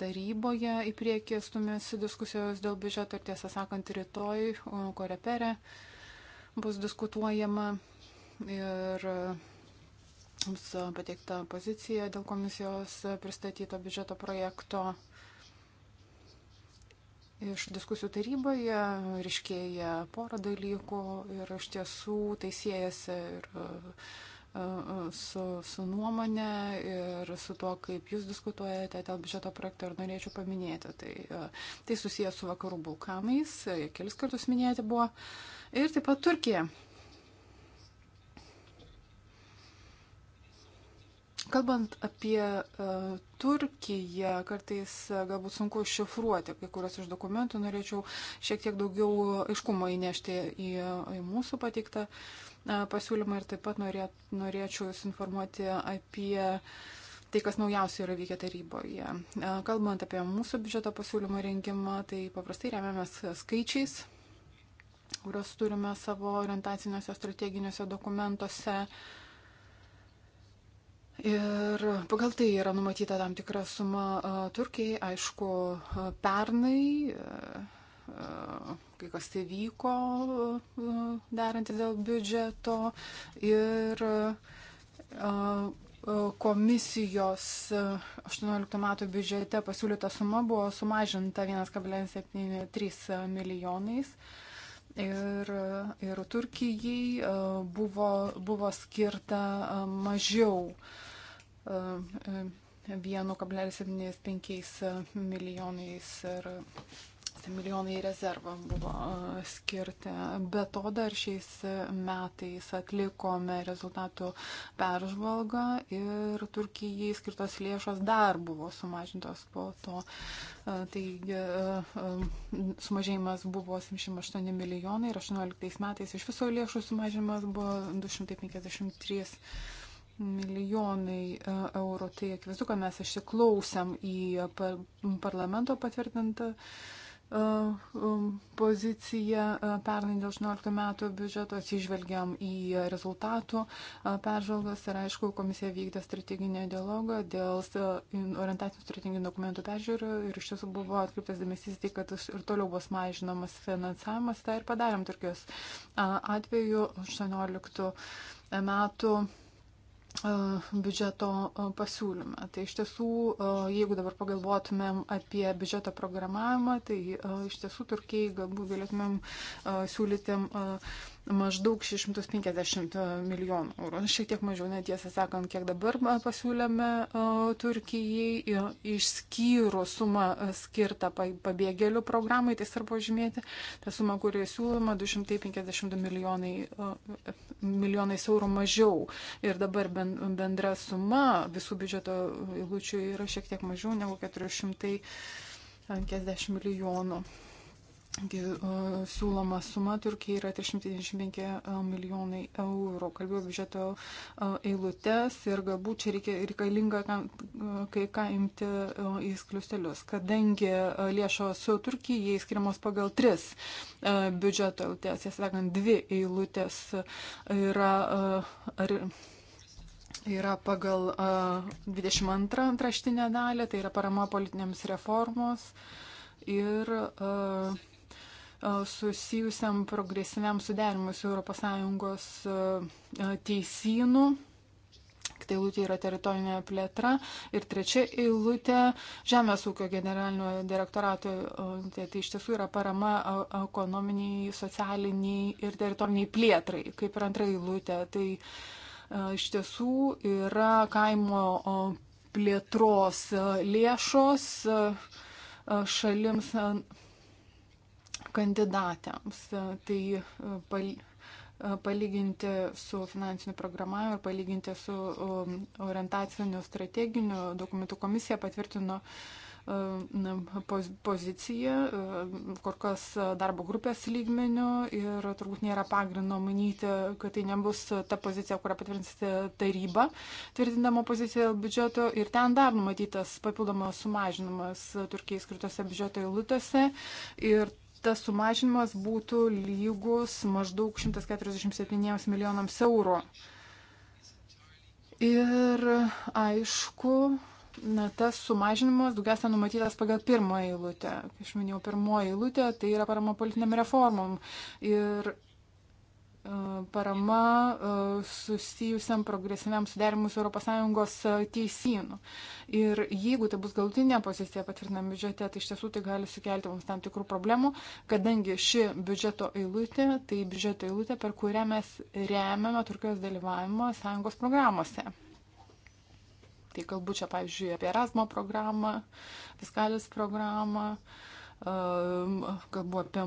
[SPEAKER 2] taryboje į priekį stumėsi diskusijos dėl biudžeto ir tiesą sakant, rytoj korepere bus diskutuojama ir bus pateikta pozicija dėl komisijos pristatyto biudžeto projekto. Iš diskusijų taryboje ryškėja pora dalykų ir iš tiesų tai siejasi ir e, e, su, su nuomonė ir su to, kaip jūs diskutuojate dėl biudžeto projekto ir norėčiau paminėti. Tai, e, tai susijęs su vakarų Balkanais, kelis kartus minėti buvo. Ir taip pat Turkija. Kalbant apie uh, Turkiją, kartais uh, galbūt sunku šifruoti kai kurias iš dokumentų, norėčiau šiek tiek daugiau aiškumo įnešti į, į mūsų pateiktą uh, pasiūlymą ir taip pat norė, norėčiau jūs informuoti apie uh, tai, kas naujausia yra vykę taryboje. Kalbant apie mūsų biudžeto pasiūlymo rengimą, tai paprastai remiamės skaičiais, kuriuos turime savo orientaciniuose strateginiuose dokumentuose. Uh, Ir pagal tai yra numatyta tam tikra suma Turkijai, aišku, pernai kai kas įvyko tai derantis dėl biudžeto ir komisijos 18 metų biudžete pasiūlyta suma buvo sumažinta 1,73 milijonais ir, ir Turkijai e, buvo, buvo skirta e, mažiau 1,75 e, milijonais ir 5 milijonai rezervą buvo skirti. Be to dar šiais metais atlikome rezultatų peržvalgą ir Turkijai skirtos lėšos dar buvo sumažintos po to. Taigi sumažėjimas buvo 78 milijonai ir 18 metais iš viso lėšų sumažinimas buvo 253 milijonai eurų. Tai akivaizdu, kad mes išsiklausėm į parlamento patvirtintą Um, poziciją pernai dėl 18 metų biudžeto, atsižvelgiam į rezultatų peržvalgas ir aišku, komisija vykdė strateginę dialogą dėl orientacinių strateginių dokumentų peržiūrų ir iš tiesų buvo atkreiptas dėmesys tai, kad ir toliau bus mažinamas finansavimas, tai ir padarėm Turkijos atveju 18 metų E, biudžeto e, pasiūlyme. Tai iš tiesų, e, jeigu dabar pagalvotumėm apie biudžeto programavimą, tai iš tiesų Turkijai galbūt galėtumėm siūlyti maždaug 650 milijonų eurų. Šiek tiek mažiau, netiesą sakant, kiek dabar pasiūlėme Turkijai, išskyrus sumą skirtą pabėgėlių programai, tai svarbu žymėti, ta suma, kuri siūloma, 252 milijonai, milijonai eurų mažiau. Ir dabar bendra suma visų biudžeto eilučių yra šiek tiek mažiau negu 450 milijonų. E, siūloma suma Turkijai yra 395 e, milijonai eurų. Kalbėjau biudžeto e, eilutes ir galbūt čia reikia, reikalinga kai ką imti į skliustelius, kadangi lėšos su Turkijai skiriamos pagal tris biudžeto eilutes, jas vegant dvi eilutės yra. Ar, yra pagal uh, 22 antraštinę dalį, tai yra parama politinėms reformos ir uh, susijusiam progresyviam suderinimui su ES e, e, teisynu. Kita eilutė yra teritorinė plėtra. Ir trečia eilutė - Žemės ūkio generalinio direktorato. Tai, tai iš tiesų yra parama e, ekonominiai, socialiniai ir teritoriniai plėtrai, kaip ir antra eilutė. Tai iš tiesų yra kaimo plėtros lėšos šalims kandidatėms. Tai e, pal, e, palyginti su finansiniu programavimu ir palyginti su orientaciniu strateginiu dokumentu komisija patvirtino e, poziciją, kur kas darbo grupės lygmenių ir turbūt nėra pagrindo manyti, kad tai nebus ta pozicija, kurią patvirtins taryba, tvirtindama poziciją dėl biudžeto ir ten dar numatytas papildomas sumažinimas Turkijai skirtose biudžeto eilutėse ir tas sumažinimas būtų lygus maždaug 147 milijonams eurų. Ir aišku, na, tas sumažinimas daugiausia numatytas pagal pirmą eilutę. Aš minėjau, pirmoji eilutė tai yra parama politiniam reformom. Ir parama e, susijusiam progresyviam suderimui su ES e, teisynu. Ir jeigu tai bus galutinė pozicija patvirtinam biudžete, tai iš tiesų tai gali sukelti mums tam tikrų problemų, kadangi ši biudžeto eilutė, tai biudžeto eilutė, per kurią mes remiame Turkijos dalyvavimą sąjungos programuose. Tai kalbu čia, pavyzdžiui, apie Erasmo programą, fiskalės programą. Uh, kalbu apie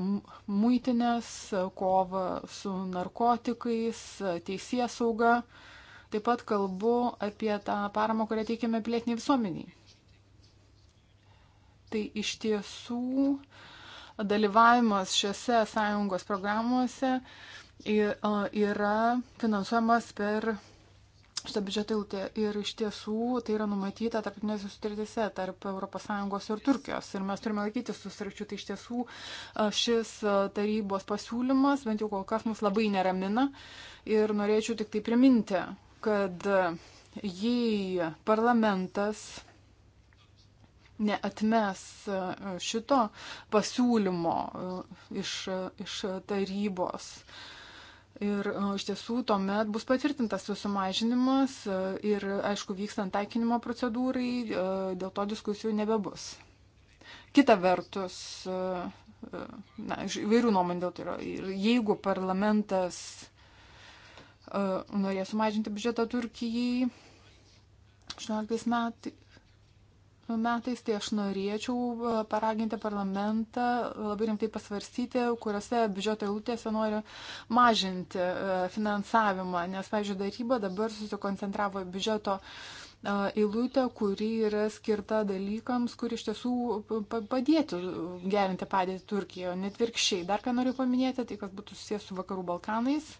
[SPEAKER 2] muitinės, kovą su narkotikais, teisės saugą. Taip pat kalbu apie tą paramą, kurią teikiame pilietiniai visuomeniai. Tai iš tiesų dalyvavimas šiuose sąjungos programuose yra finansuojamas per šitą biudžeto eilutę. Ir iš tiesų tai yra numatyta tarptautinėse sutartyse tarp ES ir Turkijos. Ir mes turime laikytis tų sutarčių. Tai iš tiesų šis tarybos pasiūlymas bent jau kol kas mus labai neramina. Ir norėčiau tik tai priminti, kad jei parlamentas neatmes šito pasiūlymo iš, iš tarybos, uh, Ir e, iš tiesų tuomet bus patvirtintas sumažinimas e, ir, aišku, vykstant taikinimo procedūrai, e, dėl to diskusijų nebebus. Kita vertus, na, iš įvairių nuomonių dėl to yra, ir jeigu parlamentas norės sumažinti biudžetą Turkijai 18 metais, metais, tai aš norėčiau e, paraginti parlamentą labai rimtai pasvarstyti, kuriuose biudžeto eilutėse nori mažinti e, finansavimą, nes, pavyzdžiui, daryba dabar susikoncentravo biudžeto e, eilutę, kuri yra skirta dalykams, kur iš tiesų padėtų gerinti padėtį Turkijoje, net virkščiai. Dar ką noriu paminėti, tai kas būtų susijęs su Vakarų Balkanais.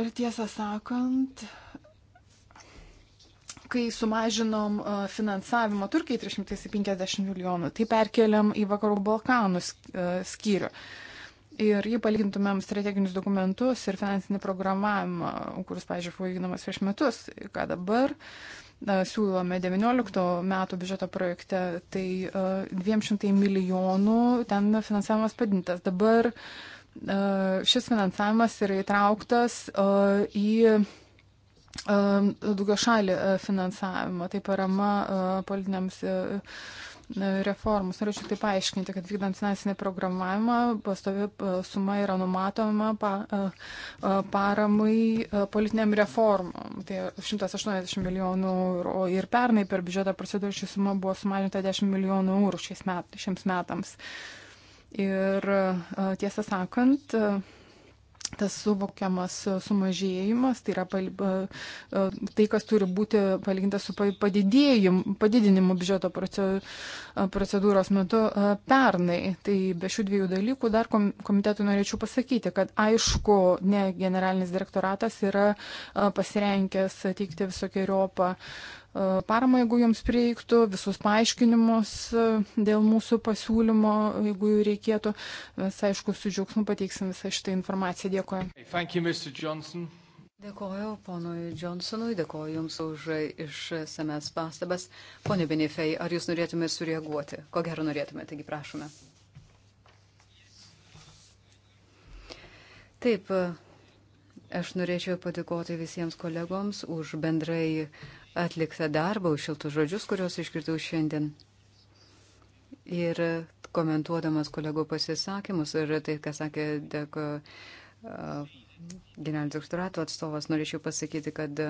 [SPEAKER 2] Ir tiesą sakant, kai sumažinom finansavimą Turkiai 350 milijonų, tai perkeliam į Vakarų Balkanų skyrių. Ir jei palygintumėm strateginius dokumentus ir finansinį programavimą, kuris, pavyzdžiui, buvo vykdomas prieš metus, ką dabar siūlome 19 metų biudžeto projekte, tai 200 milijonų ten finansavimas padintas. Dabar šis finansavimas yra įtrauktas į E, daugia šalį e, finansavimą, tai parama e, politiniams reformus. Norėčiau tai paaiškinti, kad vykdant finansinį programavimą, pastovi suma yra numatoma pa, paramai politiniam reformom. Tai 180 milijonų eurų. Ir pernai per biudžetą procedūrą ši suma buvo sumažinta 10 milijonų eurų met, šiems metams. Ir tiesą sakant, tas suvokiamas sumažėjimas, tai yra tai, kas turi būti palyginta su padidinimu biudžeto procedūros metu pernai. Tai be šių dviejų dalykų dar komitetui norėčiau pasakyti, kad aišku, ne generalinis direktoratas yra pasirenkęs teikti visokiojopą E, paramą, jeigu jums prireiktų, visus paaiškinimus e, dėl mūsų pasiūlymo, jeigu jų reikėtų. Mes, aišku, su džiaugsmu pateiksim visą šitą informaciją.
[SPEAKER 1] Dėkuoju.
[SPEAKER 3] Dėkoju ponui Johnsonui, dėkoju Jums už išsames pastabas. Pone Benefei, ar Jūs norėtumėte sureaguoti? Ko gero norėtumėte, taigi prašome. Taip, e, aš norėčiau padėkoti visiems kolegoms už bendrai atliktą darbą, už šiltus žodžius, kuriuos išgirdau šiandien. Ir komentuodamas kolegų pasisakymus ir tai, ką sakė deko, generalinio doktorato atstovas, norėčiau pasakyti, kad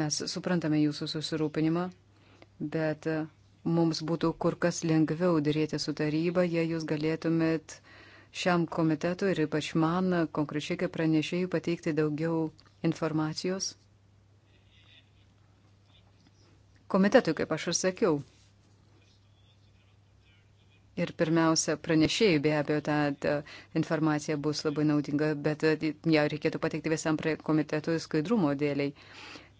[SPEAKER 3] mes suprantame jūsų susirūpinimą, bet mums būtų kur kas lengviau dėrėti su taryba, jei jūs galėtumėt šiam komitetui ir ypač man konkrečiai kaip pranešėjai pateikti daugiau informacijos komitetui, kaip aš ir sakiau. Ir pirmiausia, pranešėjai be abejo, ta, ta informacija bus labai naudinga, bet e, ją reikėtų pateikti visam komitetui skaidrumo dėliai.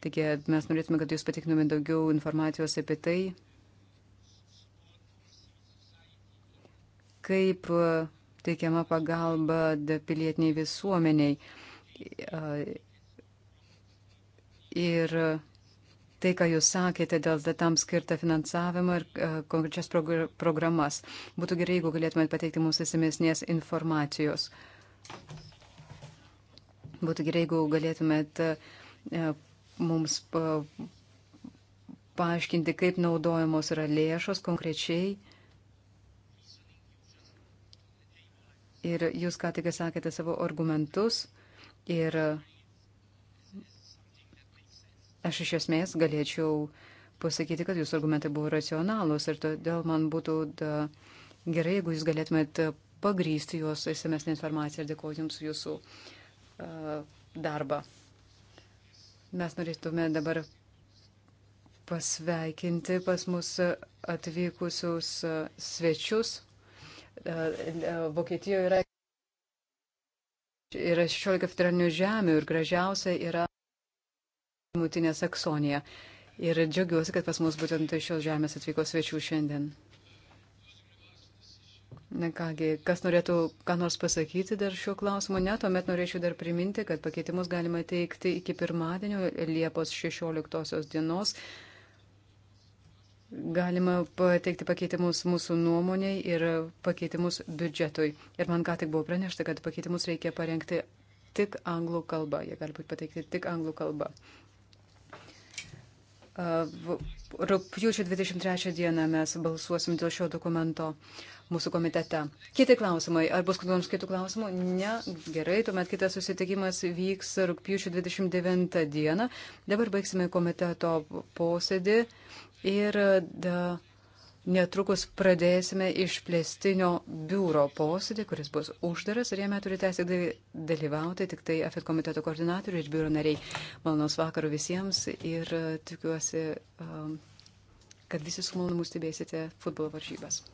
[SPEAKER 3] Taigi e, mes norėtume, kad jūs patiktumėte daugiau informacijos apie tai, kaip e, teikiama pagalba pilietiniai visuomeniai Ir e, tai, ką jūs sakėte dėl tam skirtą finansavimą ir e, konkrečias programas. Būtų gerai, jeigu galėtumėte pateikti mums įsimesnės informacijos. Būtų gerai, jeigu galėtumėte mums e, paaiškinti, kaip naudojamos yra lėšos konkrečiai. Ir jūs ką tik sakėte savo argumentus ir Aš iš esmės galėčiau pasakyti, kad jūsų argumentai buvo racionalūs ir todėl man būtų da, gerai, jeigu jūs galėtumėt pagrysti juos įsamesnį informaciją ir dėkoju jums jūsų uh, darbą. Mes norėtume dabar pasveikinti pas mus atvykusius uh, svečius. Uh, Vokietijoje yra, yra 16 federalinių žemių ir gražiausia yra. Mutinė Saksonija. Ir džiaugiuosi, kad pas mus būtent iš šios žemės atvyko svečių šiandien. Na kągi, kas norėtų ką nors pasakyti dar šiuo klausimu, ne, tuomet norėčiau dar priminti, kad pakeitimus galima teikti iki pirmadienio Liepos 16 dienos. Galima pateikti pakeitimus mūsų nuomoniai ir pakeitimus biudžetui. Ir man ką tik buvo pranešta, kad pakeitimus reikia parengti tik anglų kalba. Jie gali būti pateikti tik anglų kalba. Rūpjūčio 23 dieną mes balsuosim dėl šio dokumento mūsų komitete. Kiti klausimai. Ar bus kokių nors kitų klausimų? Ne. Gerai, tuomet kitas susitikimas vyks rūpjūčio 29 dieną. Dabar baigsime komiteto posėdį ir da, Netrukus pradėsime išplėstinio biuro posėdį, kuris bus uždaras ir jame turi teisę dalyvauti tik tai AFIT komiteto koordinatoriai ir biuro nariai. Malonaus vakaro visiems ir e, tikiuosi, e, kad visi su malonumu stebėsite futbolo varžybas.